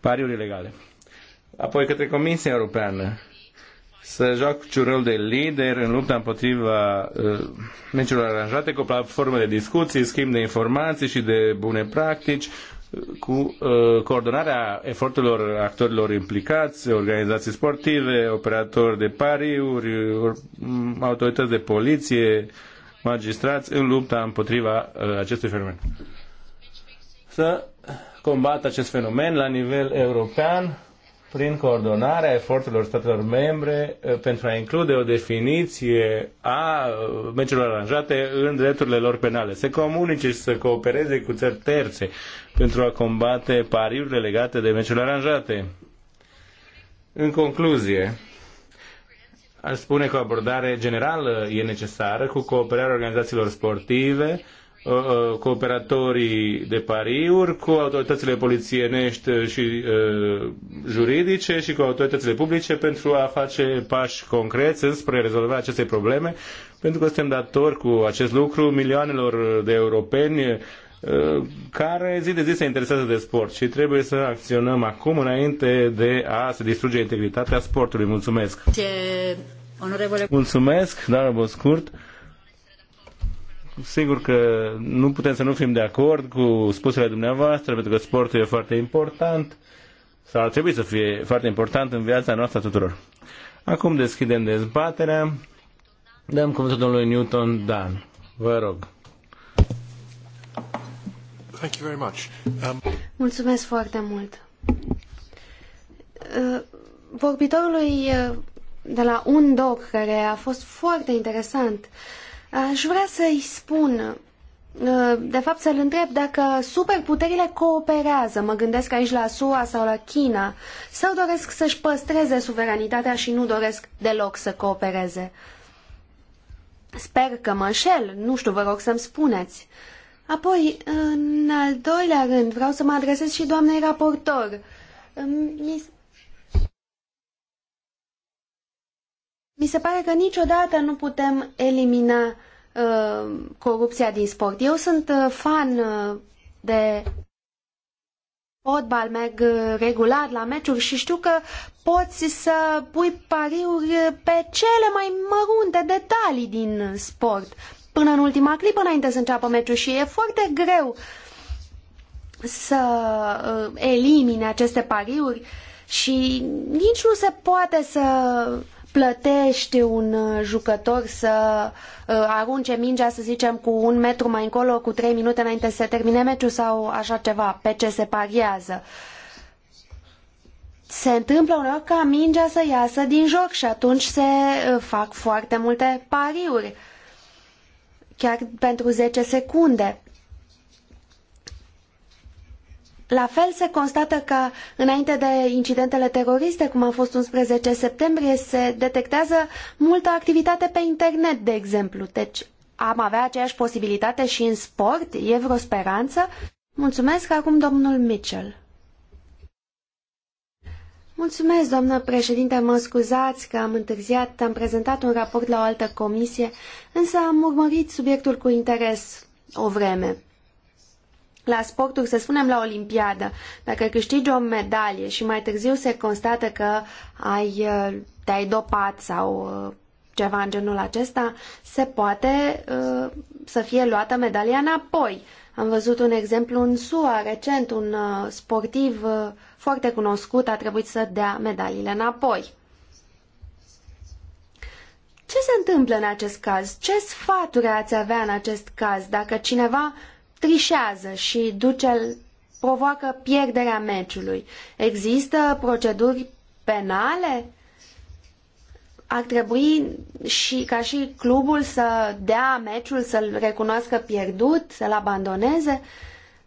pariuri ilegale. Apoi, către Comisia Europeană să joacă un rol de lider în lupta împotriva uh, meciurilor aranjate cu o platformă de discuții, schimb de informații și de bune practici, uh, cu uh, coordonarea eforturilor actorilor implicați, organizații sportive, operatori de pariuri, autorități de poliție, magistrați în lupta împotriva uh, acestui fenomen. Să combat acest fenomen la nivel european prin coordonarea eforturilor statelor membre eh, pentru a include o definiție a eh, meciurilor aranjate în drepturile lor penale. Să comunice și să coopereze cu țări terțe pentru a combate pariurile legate de meciurile aranjate. În concluzie, aș spune că o abordare generală e necesară cu cooperarea organizațiilor sportive, Uh, uh, cooperatorii de pariuri, cu autoritățile polițienești și uh, juridice și cu autoritățile publice pentru a face pași concreți înspre rezolvarea acestei probleme, pentru că suntem datori cu acest lucru milioanelor de europeni uh, care zi de zi se interesează de sport și trebuie să acționăm acum înainte de a se distruge integritatea sportului. Mulțumesc! Ce onorevole... Mulțumesc, doamnă Boscurt! sigur că nu putem să nu fim de acord cu spusele dumneavoastră, pentru că sportul e foarte important sau ar trebui să fie foarte important în viața noastră tuturor. Acum deschidem dezbaterea. Dăm cuvântul domnului Newton Dan. Vă rog. Thank you very much. Um... Mulțumesc foarte mult. Uh, vorbitorului uh, de la Undoc, care a fost foarte interesant, uh, Aș vrea să-i spun, uh, de fapt să-l întreb dacă superputerile cooperează, mă gândesc aici la SUA sau la China, sau doresc să-și păstreze suveranitatea și nu doresc deloc să coopereze. Sper că mă înșel, nu știu, vă rog să-mi spuneți. Apoi, în al doilea rând, vreau să mă adresez și doamnei raportor. Mi se pare că niciodată nu putem elimina uh, corupția din sport. Eu sunt uh, fan uh, de fotbal, merg uh, regulat la meciuri și știu că poți să pui pariuri uh, pe cele mai mărunte detalii din sport până în ultima clipă înainte să înceapă meciul și e foarte greu să uh, elimine aceste pariuri și nici nu se poate să plătești un uh, jucător să uh, arunce mingea, să zicem, cu un metru mai încolo, cu trei minute înainte să se termine meciul sau așa ceva, pe ce se pariază. Se întâmplă uneori ca mingea să iasă din joc și atunci se uh, fac foarte multe pariuri, chiar pentru zece secunde. La fel se constată că înainte de incidentele teroriste, cum a fost 11 septembrie, se detectează multă activitate pe internet, de exemplu. Deci am avea aceeași posibilitate și în sport? E vreo speranță? Mulțumesc acum domnul Mitchell. Mulțumesc, doamnă președinte, mă scuzați că am întârziat, am prezentat un raport la o altă comisie, însă am urmărit subiectul cu interes o vreme la sporturi, să spunem la olimpiadă, dacă câștigi o medalie și mai târziu se constată că ai, uh, te-ai dopat sau uh, ceva în genul acesta, se poate uh, să fie luată medalia înapoi. Am văzut un exemplu în SUA recent, un uh, sportiv uh, foarte cunoscut a trebuit să dea medaliile înapoi. Ce se întâmplă în acest caz? Ce sfaturi ați avea în acest caz dacă cineva trișează și duce, provoacă pierderea meciului. Există proceduri penale? Ar trebui și ca și clubul să dea meciul, să-l recunoască pierdut, să-l abandoneze?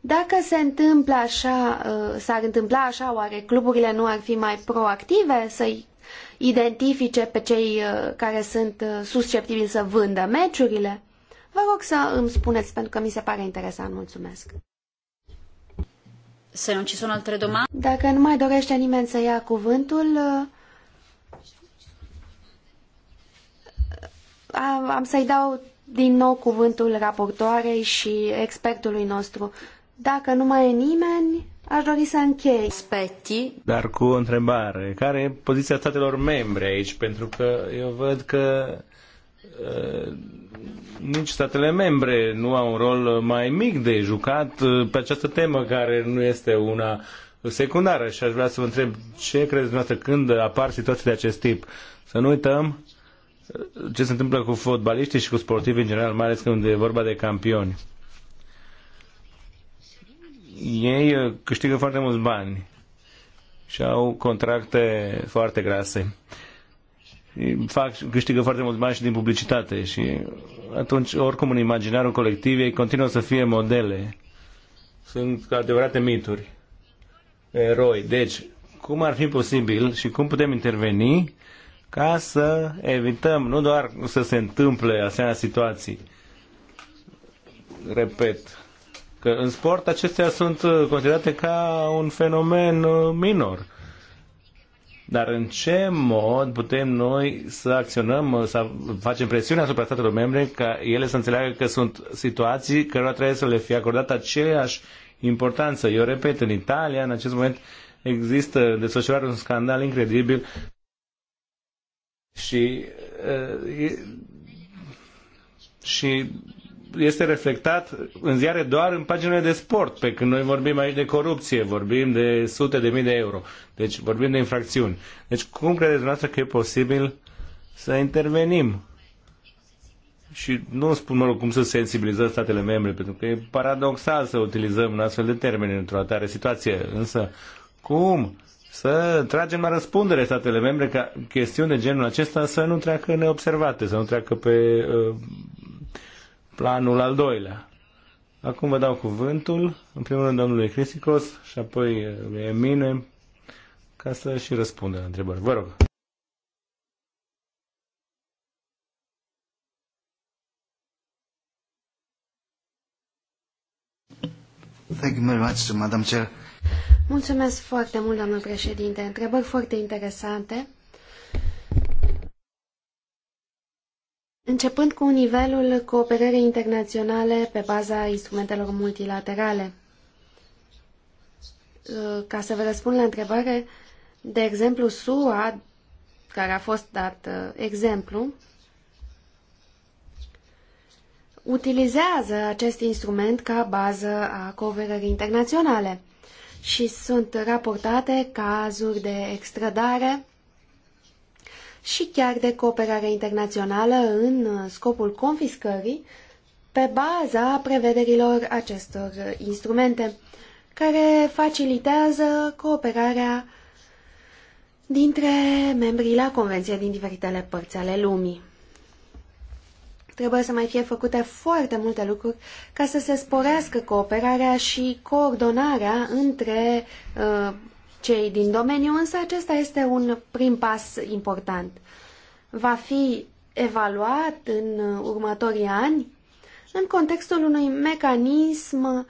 Dacă se întâmplă așa, uh, s-ar întâmpla așa, oare cluburile nu ar fi mai proactive să-i identifice pe cei uh, care sunt uh, susceptibili să vândă meciurile? Vă rog să îmi spuneți, pentru că mi se pare interesant. Mulțumesc. Să nu ci sunt altre domani. Dacă nu mai dorește nimeni să ia cuvântul, uh, am să-i dau din nou cuvântul raportoarei și expertului nostru. Dacă nu mai e nimeni, aș dori să închei. Spetti. Dar cu o întrebare. Care e poziția statelor membre aici? Pentru că eu văd că uh, nici statele membre nu au un rol mai mic de jucat uh, pe această temă care nu este una secundară și aș vrea să vă întreb ce credeți dumneavoastră când apar situații de acest tip. Să nu uităm uh, ce se întâmplă cu fotbaliștii și cu sportivi în general, mai ales când e vorba de campioni. Ei uh, câștigă foarte mulți bani și au contracte foarte grase fac, câștigă foarte mulți bani și din publicitate și atunci oricum în imaginarul colectiv ei continuă să fie modele. Sunt adevărate mituri, eroi. Deci, cum ar fi posibil și cum putem interveni ca să evităm nu doar să se întâmple asemenea situații. Repet, că în sport acestea sunt considerate ca un fenomen uh, minor dar în ce mod putem noi să acționăm, să facem presiune asupra statelor membre ca ele să înțeleagă că sunt situații cărora trebuie să le fie acordată aceeași importanță? Eu repet, în Italia, în acest moment, există de socializare un scandal incredibil și uh, și este reflectat în ziare doar în paginile de sport, pe când noi vorbim aici de corupție, vorbim de sute de mii de euro, deci vorbim de infracțiuni. Deci cum credeți dumneavoastră că e posibil să intervenim? Și nu spun, mă rog, cum să sensibilizăm statele membre, pentru că e paradoxal să utilizăm un astfel de termen într-o atare situație, însă cum să tragem la răspundere statele membre ca chestiuni de genul acesta să nu treacă neobservate, să nu treacă pe uh, planul al doilea. Acum vă dau cuvântul, în primul rând domnului Crisicos și apoi eh, lui Emine, ca să și răspundă la întrebări. Vă rog. Thank you very much, Madam Chair. Mulțumesc foarte mult, doamnă președinte. Întrebări foarte interesante. începând cu nivelul cooperării internaționale pe baza instrumentelor multilaterale. Ca să vă răspund la întrebare, de exemplu, SUA, care a fost dat uh, exemplu, utilizează acest instrument ca bază a cooperării internaționale și sunt raportate cazuri de extradare și chiar de cooperare internațională în uh, scopul confiscării pe baza prevederilor acestor uh, instrumente care facilitează cooperarea dintre membrii la convenție din diferitele părți ale lumii. Trebuie să mai fie făcute foarte multe lucruri ca să se sporească cooperarea și coordonarea între uh, cei din domeniu, însă acesta este un prim pas important. Va fi evaluat în următorii ani în contextul unui mecanism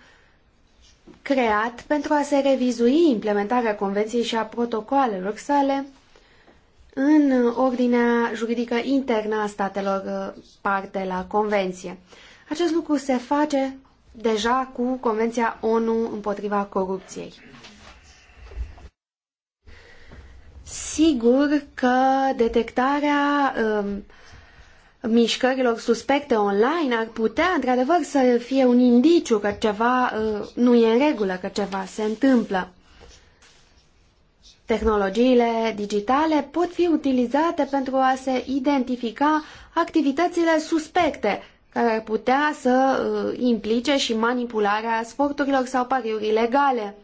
creat pentru a se revizui implementarea Convenției și a protocoalelor sale în ordinea juridică internă a statelor parte la Convenție. Acest lucru se face deja cu Convenția ONU împotriva corupției. Sigur că detectarea um, mișcărilor suspecte online ar putea, într-adevăr, să fie un indiciu că ceva uh, nu e în regulă, că ceva se întâmplă. Tehnologiile digitale pot fi utilizate pentru a se identifica activitățile suspecte, care ar putea să uh, implice și manipularea sporturilor sau pariuri ilegale.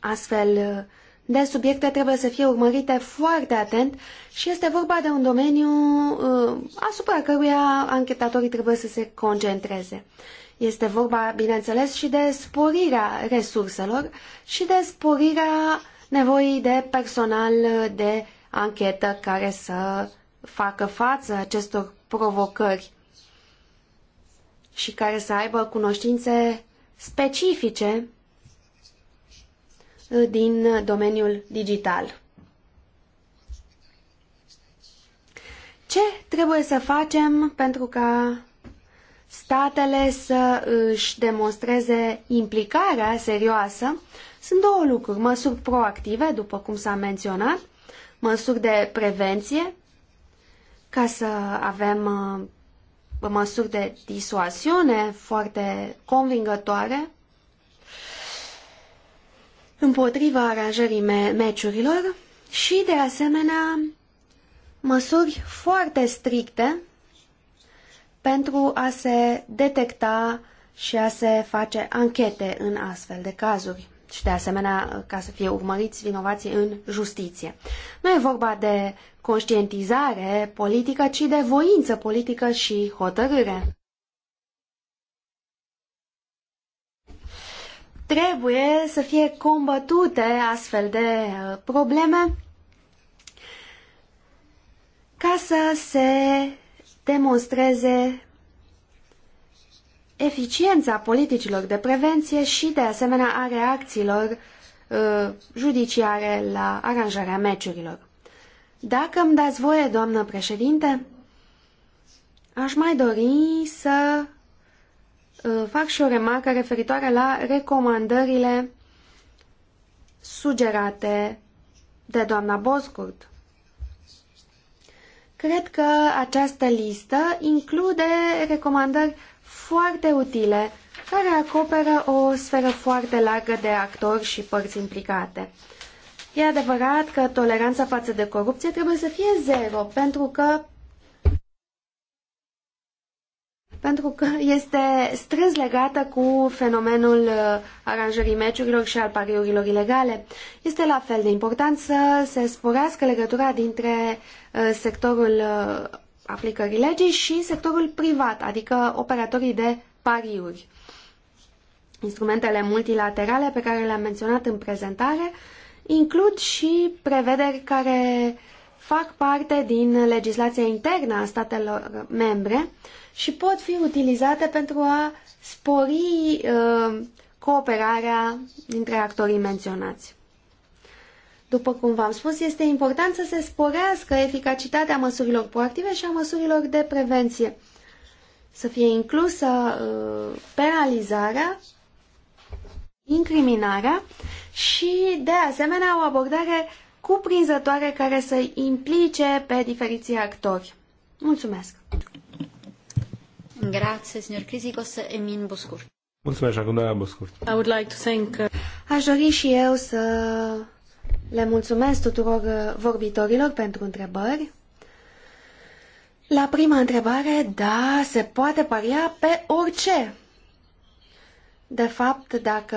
Astfel, uh, de subiecte trebuie să fie urmărite foarte atent și este vorba de un domeniu uh, asupra căruia anchetatorii trebuie să se concentreze. Este vorba, bineînțeles, și de sporirea resurselor și de sporirea nevoii de personal de anchetă care să facă față acestor provocări și care să aibă cunoștințe specifice din domeniul digital. Ce trebuie să facem pentru ca statele să își demonstreze implicarea serioasă? Sunt două lucruri, măsuri proactive, după cum s-a menționat, măsuri de prevenție, ca să avem uh, măsuri de disuasiune foarte convingătoare împotriva aranjării me meciurilor și, de asemenea, măsuri foarte stricte pentru a se detecta și a se face anchete în astfel de cazuri și de asemenea ca să fie urmăriți vinovații în justiție. Nu e vorba de conștientizare politică, ci de voință politică și hotărâre. Trebuie să fie combătute astfel de uh, probleme ca să se demonstreze eficiența politicilor de prevenție și, de asemenea, a reacțiilor uh, judiciare la aranjarea meciurilor. Dacă îmi dați voie, doamnă președinte, aș mai dori să Uh, fac și o remarcă referitoare la recomandările sugerate de doamna Boscurt. Cred că această listă include recomandări foarte utile care acoperă o sferă foarte largă de actori și părți implicate. E adevărat că toleranța față de corupție trebuie să fie zero, pentru că pentru că este strâns legată cu fenomenul uh, aranjării meciurilor și al pariurilor ilegale. Este la fel de important să se sporească legătura dintre uh, sectorul uh, aplicării legii și sectorul privat, adică operatorii de pariuri. Instrumentele multilaterale pe care le-am menționat în prezentare includ și prevederi care fac parte din legislația internă a statelor membre și pot fi utilizate pentru a spori uh, cooperarea dintre actorii menționați. După cum v-am spus, este important să se sporească eficacitatea măsurilor proactive și a măsurilor de prevenție. Să fie inclusă uh, penalizarea, incriminarea și, de asemenea, o abordare cuprinzătoare care să implice pe diferiții actori. Mulțumesc! Grazie, signor Crisicos, Emin Boscur. Mulțumesc, acum doamna Boscur. I would like to thank... Uh, Aș dori și eu să le mulțumesc tuturor uh, vorbitorilor pentru întrebări. La prima întrebare, da, se poate paria pe orice. De fapt, dacă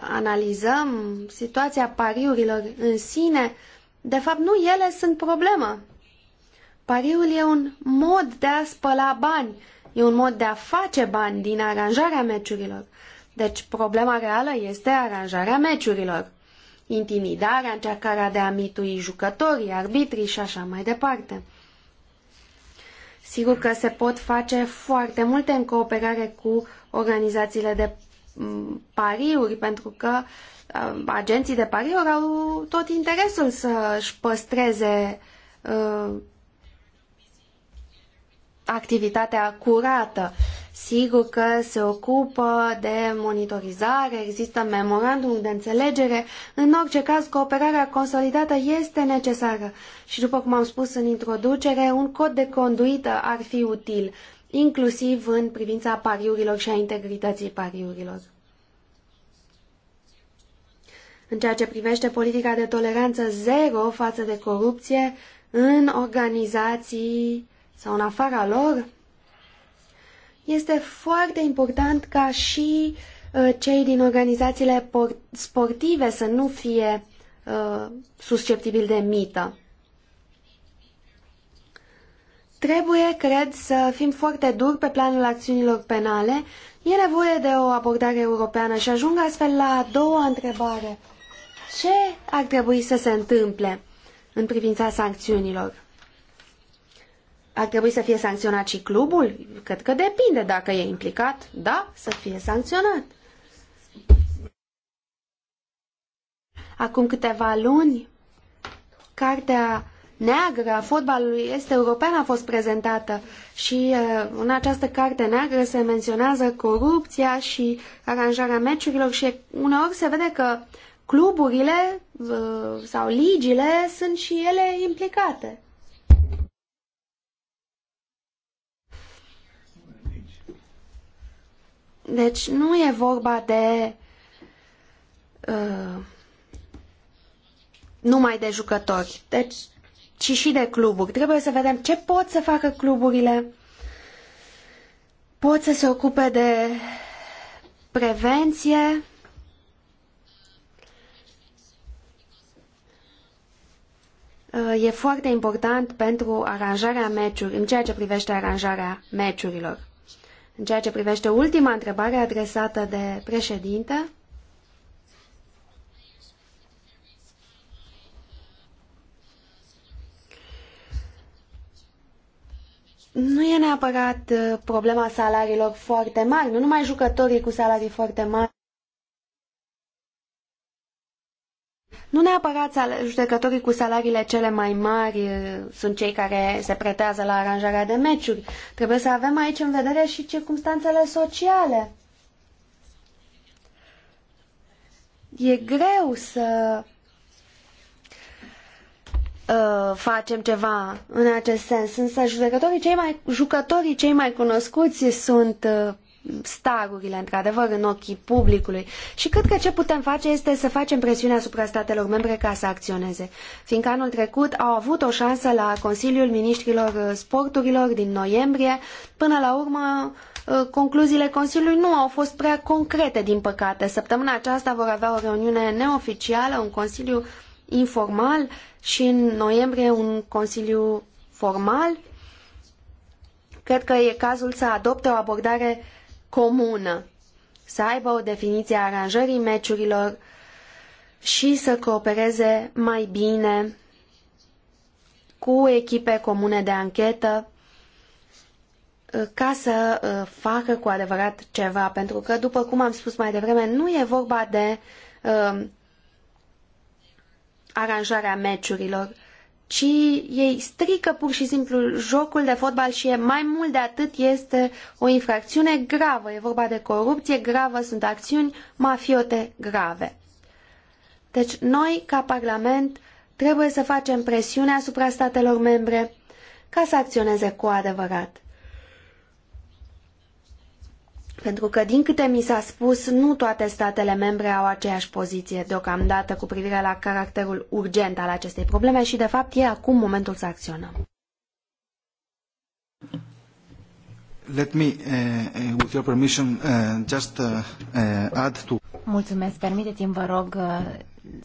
analizăm situația pariurilor în sine, de fapt nu ele sunt problema. Pariul e un mod de a spăla bani, e un mod de a face bani din aranjarea meciurilor. Deci problema reală este aranjarea meciurilor, intimidarea, încercarea de a mitui jucătorii, arbitrii și așa mai departe. Sigur că se pot face foarte multe în cooperare cu organizațiile de pariuri, pentru că um, agenții de pariuri au tot interesul să-și păstreze uh, activitatea curată. Sigur că se ocupă de monitorizare, există memorandum de înțelegere. În orice caz, cooperarea consolidată este necesară și, după cum am spus în introducere, un cod de conduită ar fi util inclusiv în privința pariurilor și a integrității pariurilor. În ceea ce privește politica de toleranță zero față de corupție în organizații sau în afara lor, este foarte important ca și uh, cei din organizațiile sportive să nu fie uh, susceptibili de mită. Trebuie, cred, să fim foarte duri pe planul acțiunilor penale. E nevoie de o abordare europeană și ajung astfel la a doua întrebare. Ce ar trebui să se întâmple în privința sancțiunilor? Ar trebui să fie sancționat și clubul? Cred că depinde dacă e implicat. Da, să fie sancționat. Acum câteva luni, cartea neagră a fotbalului este european a fost prezentată și uh, în această carte neagră se menționează corupția și aranjarea meciurilor și uneori se vede că cluburile uh, sau ligile sunt și ele implicate. Deci nu e vorba de uh, numai de jucători. Deci ci și de cluburi. Trebuie să vedem ce pot să facă cluburile. Pot să se ocupe de prevenție, e foarte important pentru aranjarea meciurilor. în ceea ce privește aranjarea meciurilor. În ceea ce privește ultima întrebare adresată de președinte, nu e neapărat uh, problema salariilor foarte mari, nu numai jucătorii cu salarii foarte mari, Nu neapărat judecătorii cu salariile cele mai mari uh, sunt cei care se pretează la aranjarea de meciuri. Trebuie să avem aici în vedere și circumstanțele sociale. E greu să Uh, facem ceva în acest sens. Însă jucătorii cei mai, jucătorii cei mai cunoscuți sunt uh, starurile, într-adevăr, în ochii publicului. Și cred că ce putem face este să facem presiune asupra statelor membre ca să acționeze. Fiindcă anul trecut au avut o șansă la Consiliul Ministrilor uh, Sporturilor din noiembrie, până la urmă uh, concluziile Consiliului nu au fost prea concrete, din păcate. Săptămâna aceasta vor avea o reuniune neoficială, un Consiliu informal și în noiembrie un consiliu formal. Cred că e cazul să adopte o abordare comună, să aibă o definiție a aranjării meciurilor și să coopereze mai bine cu echipe comune de anchetă uh, ca să uh, facă cu adevărat ceva, pentru că, după cum am spus mai devreme, nu e vorba de uh, aranjarea meciurilor, ci ei strică pur și simplu jocul de fotbal și e mai mult de atât este o infracțiune gravă. E vorba de corupție gravă, sunt acțiuni mafiote grave. Deci noi, ca Parlament, trebuie să facem presiune asupra statelor membre ca să acționeze cu adevărat. Pentru că, din câte mi s-a spus, nu toate statele membre au aceeași poziție deocamdată cu privire la caracterul urgent al acestei probleme și, de fapt, e acum momentul să acționăm. Let me, uh, uh with your permission, uh, just uh, uh, add to... Mulțumesc. Permiteți-mi, vă rog, uh,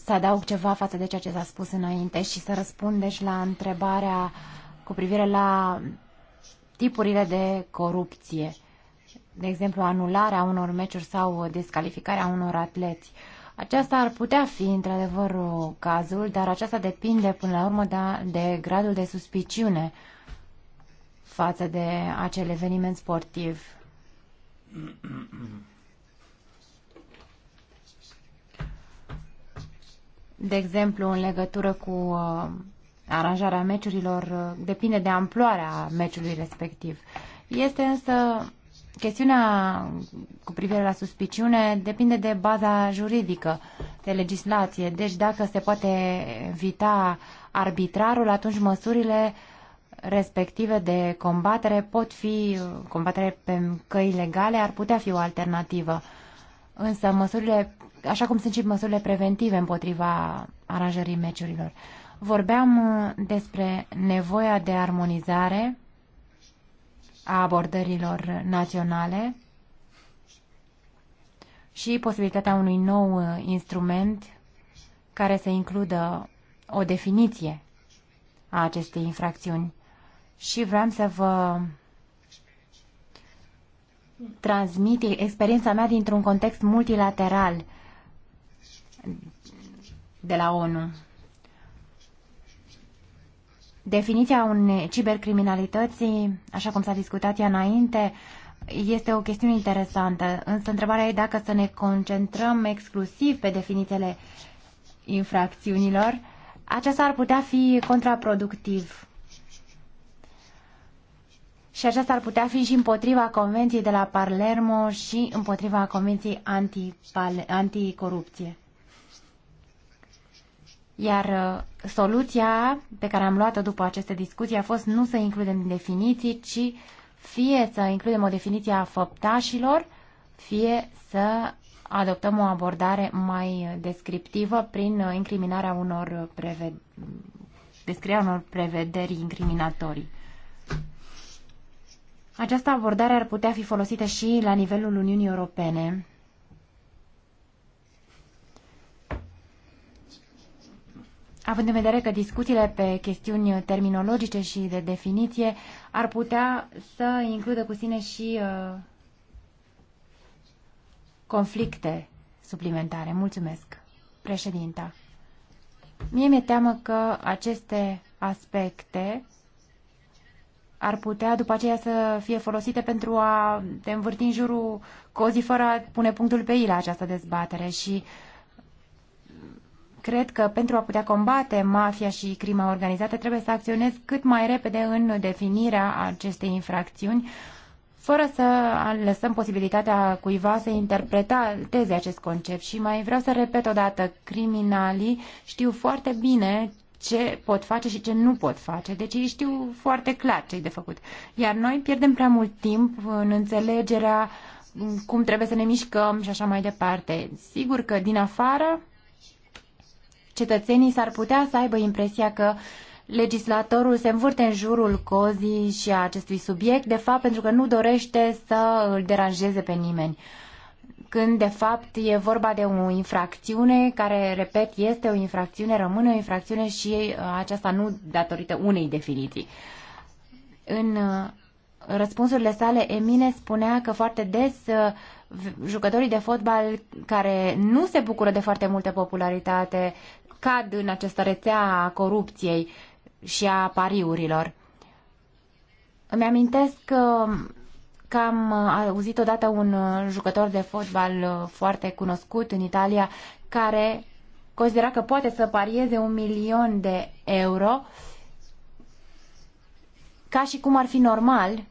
să adaug ceva față de ceea ce s-a spus înainte și să răspund deci la întrebarea cu privire la tipurile de corupție de exemplu anularea unor meciuri sau descalificarea unor atleți. Aceasta ar putea fi într-adevăr cazul, dar aceasta depinde până la urmă de, da, de gradul de suspiciune față de acel eveniment sportiv. De exemplu, în legătură cu uh, aranjarea meciurilor, uh, depinde de amploarea meciului respectiv. Este însă chestiunea cu privire la suspiciune depinde de baza juridică, de legislație. Deci dacă se poate evita arbitrarul, atunci măsurile respective de combatere pot fi, combatere pe căi legale ar putea fi o alternativă. Însă măsurile, așa cum sunt și măsurile preventive împotriva aranjării meciurilor. Vorbeam despre nevoia de armonizare a abordărilor naționale și posibilitatea unui nou uh, instrument care să includă o definiție a acestei infracțiuni. Și vreau să vă transmit experiența mea dintr-un context multilateral de la ONU. Definiția unei cibercriminalității, așa cum s-a discutat ea înainte, este o chestiune interesantă, însă întrebarea e dacă să ne concentrăm exclusiv pe definițiile infracțiunilor, aceasta ar putea fi contraproductiv. Și aceasta ar putea fi și împotriva Convenției de la Palermo și împotriva Convenției anticorupție. Anti Iar soluția pe care am luat-o după aceste discuții a fost nu să includem definiții, ci fie să includem o definiție a făptașilor, fie să adoptăm o abordare mai descriptivă prin incriminarea unor preved... descrierea unor prevederi incriminatorii. Această abordare ar putea fi folosită și la nivelul Uniunii Europene având în vedere că discuțiile pe chestiuni terminologice și de definiție ar putea să includă cu sine și uh, conflicte suplimentare. Mulțumesc, președinta. Mie mi-e teamă că aceste aspecte ar putea după aceea să fie folosite pentru a te învârti în jurul cozii fără a pune punctul pe ei la această dezbatere și uh, Cred că pentru a putea combate mafia și crima organizată trebuie să acționez cât mai repede în definirea acestei infracțiuni, fără să lăsăm posibilitatea cuiva să interpreteze acest concept. Și mai vreau să repet o dată, criminalii știu foarte bine ce pot face și ce nu pot face. Deci ei știu foarte clar ce-i de făcut. Iar noi pierdem prea mult timp în înțelegerea cum trebuie să ne mișcăm și așa mai departe. Sigur că din afară cetățenii s-ar putea să aibă impresia că legislatorul se învârte în jurul cozii și a acestui subiect, de fapt pentru că nu dorește să îl deranjeze pe nimeni. Când, de fapt, e vorba de o infracțiune care, repet, este o infracțiune, rămâne o infracțiune și uh, aceasta nu datorită unei definiții. În uh, răspunsurile sale, Emine spunea că foarte des uh, jucătorii de fotbal care nu se bucură de foarte multă popularitate cad în această rețea a corupției și a pariurilor. Îmi amintesc că, că am auzit odată un jucător de fotbal foarte cunoscut în Italia care considera că poate să parieze un milion de euro ca și cum ar fi normal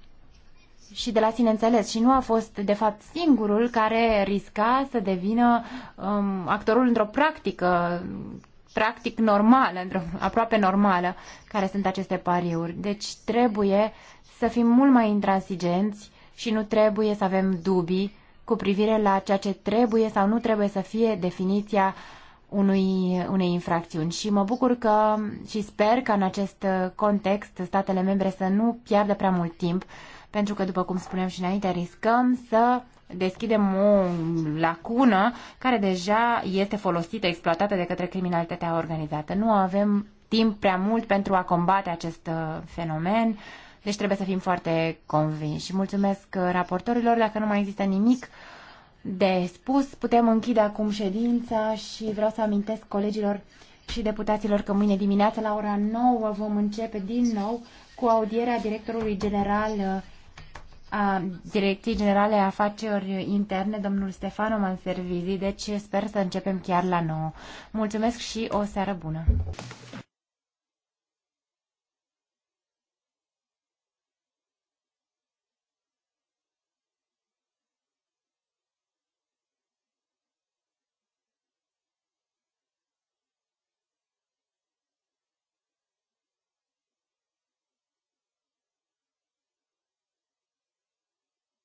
și de la sine înțeles și nu a fost de fapt singurul care risca să devină um, actorul într-o practică practic normală, aproape normală, care sunt aceste pariuri. Deci trebuie să fim mult mai intransigenți și nu trebuie să avem dubii cu privire la ceea ce trebuie sau nu trebuie să fie definiția unui, unei infracțiuni. Și mă bucur că și sper că în acest context statele membre să nu piardă prea mult timp, pentru că, după cum spuneam și înainte, riscăm să deschidem o lacună care deja este folosită, exploatată de către criminalitatea organizată. Nu avem timp prea mult pentru a combate acest uh, fenomen, deci trebuie să fim foarte convinși. Și mulțumesc uh, raportorilor. Dacă nu mai există nimic de spus, putem închide acum ședința și vreau să amintesc colegilor și deputaților că mâine dimineață la ora 9 vom începe din nou cu audierea directorului general uh, Direcției Generale Afaceri Interne, domnul Stefano Manservizi, deci sper să începem chiar la nouă. Mulțumesc și o seară bună!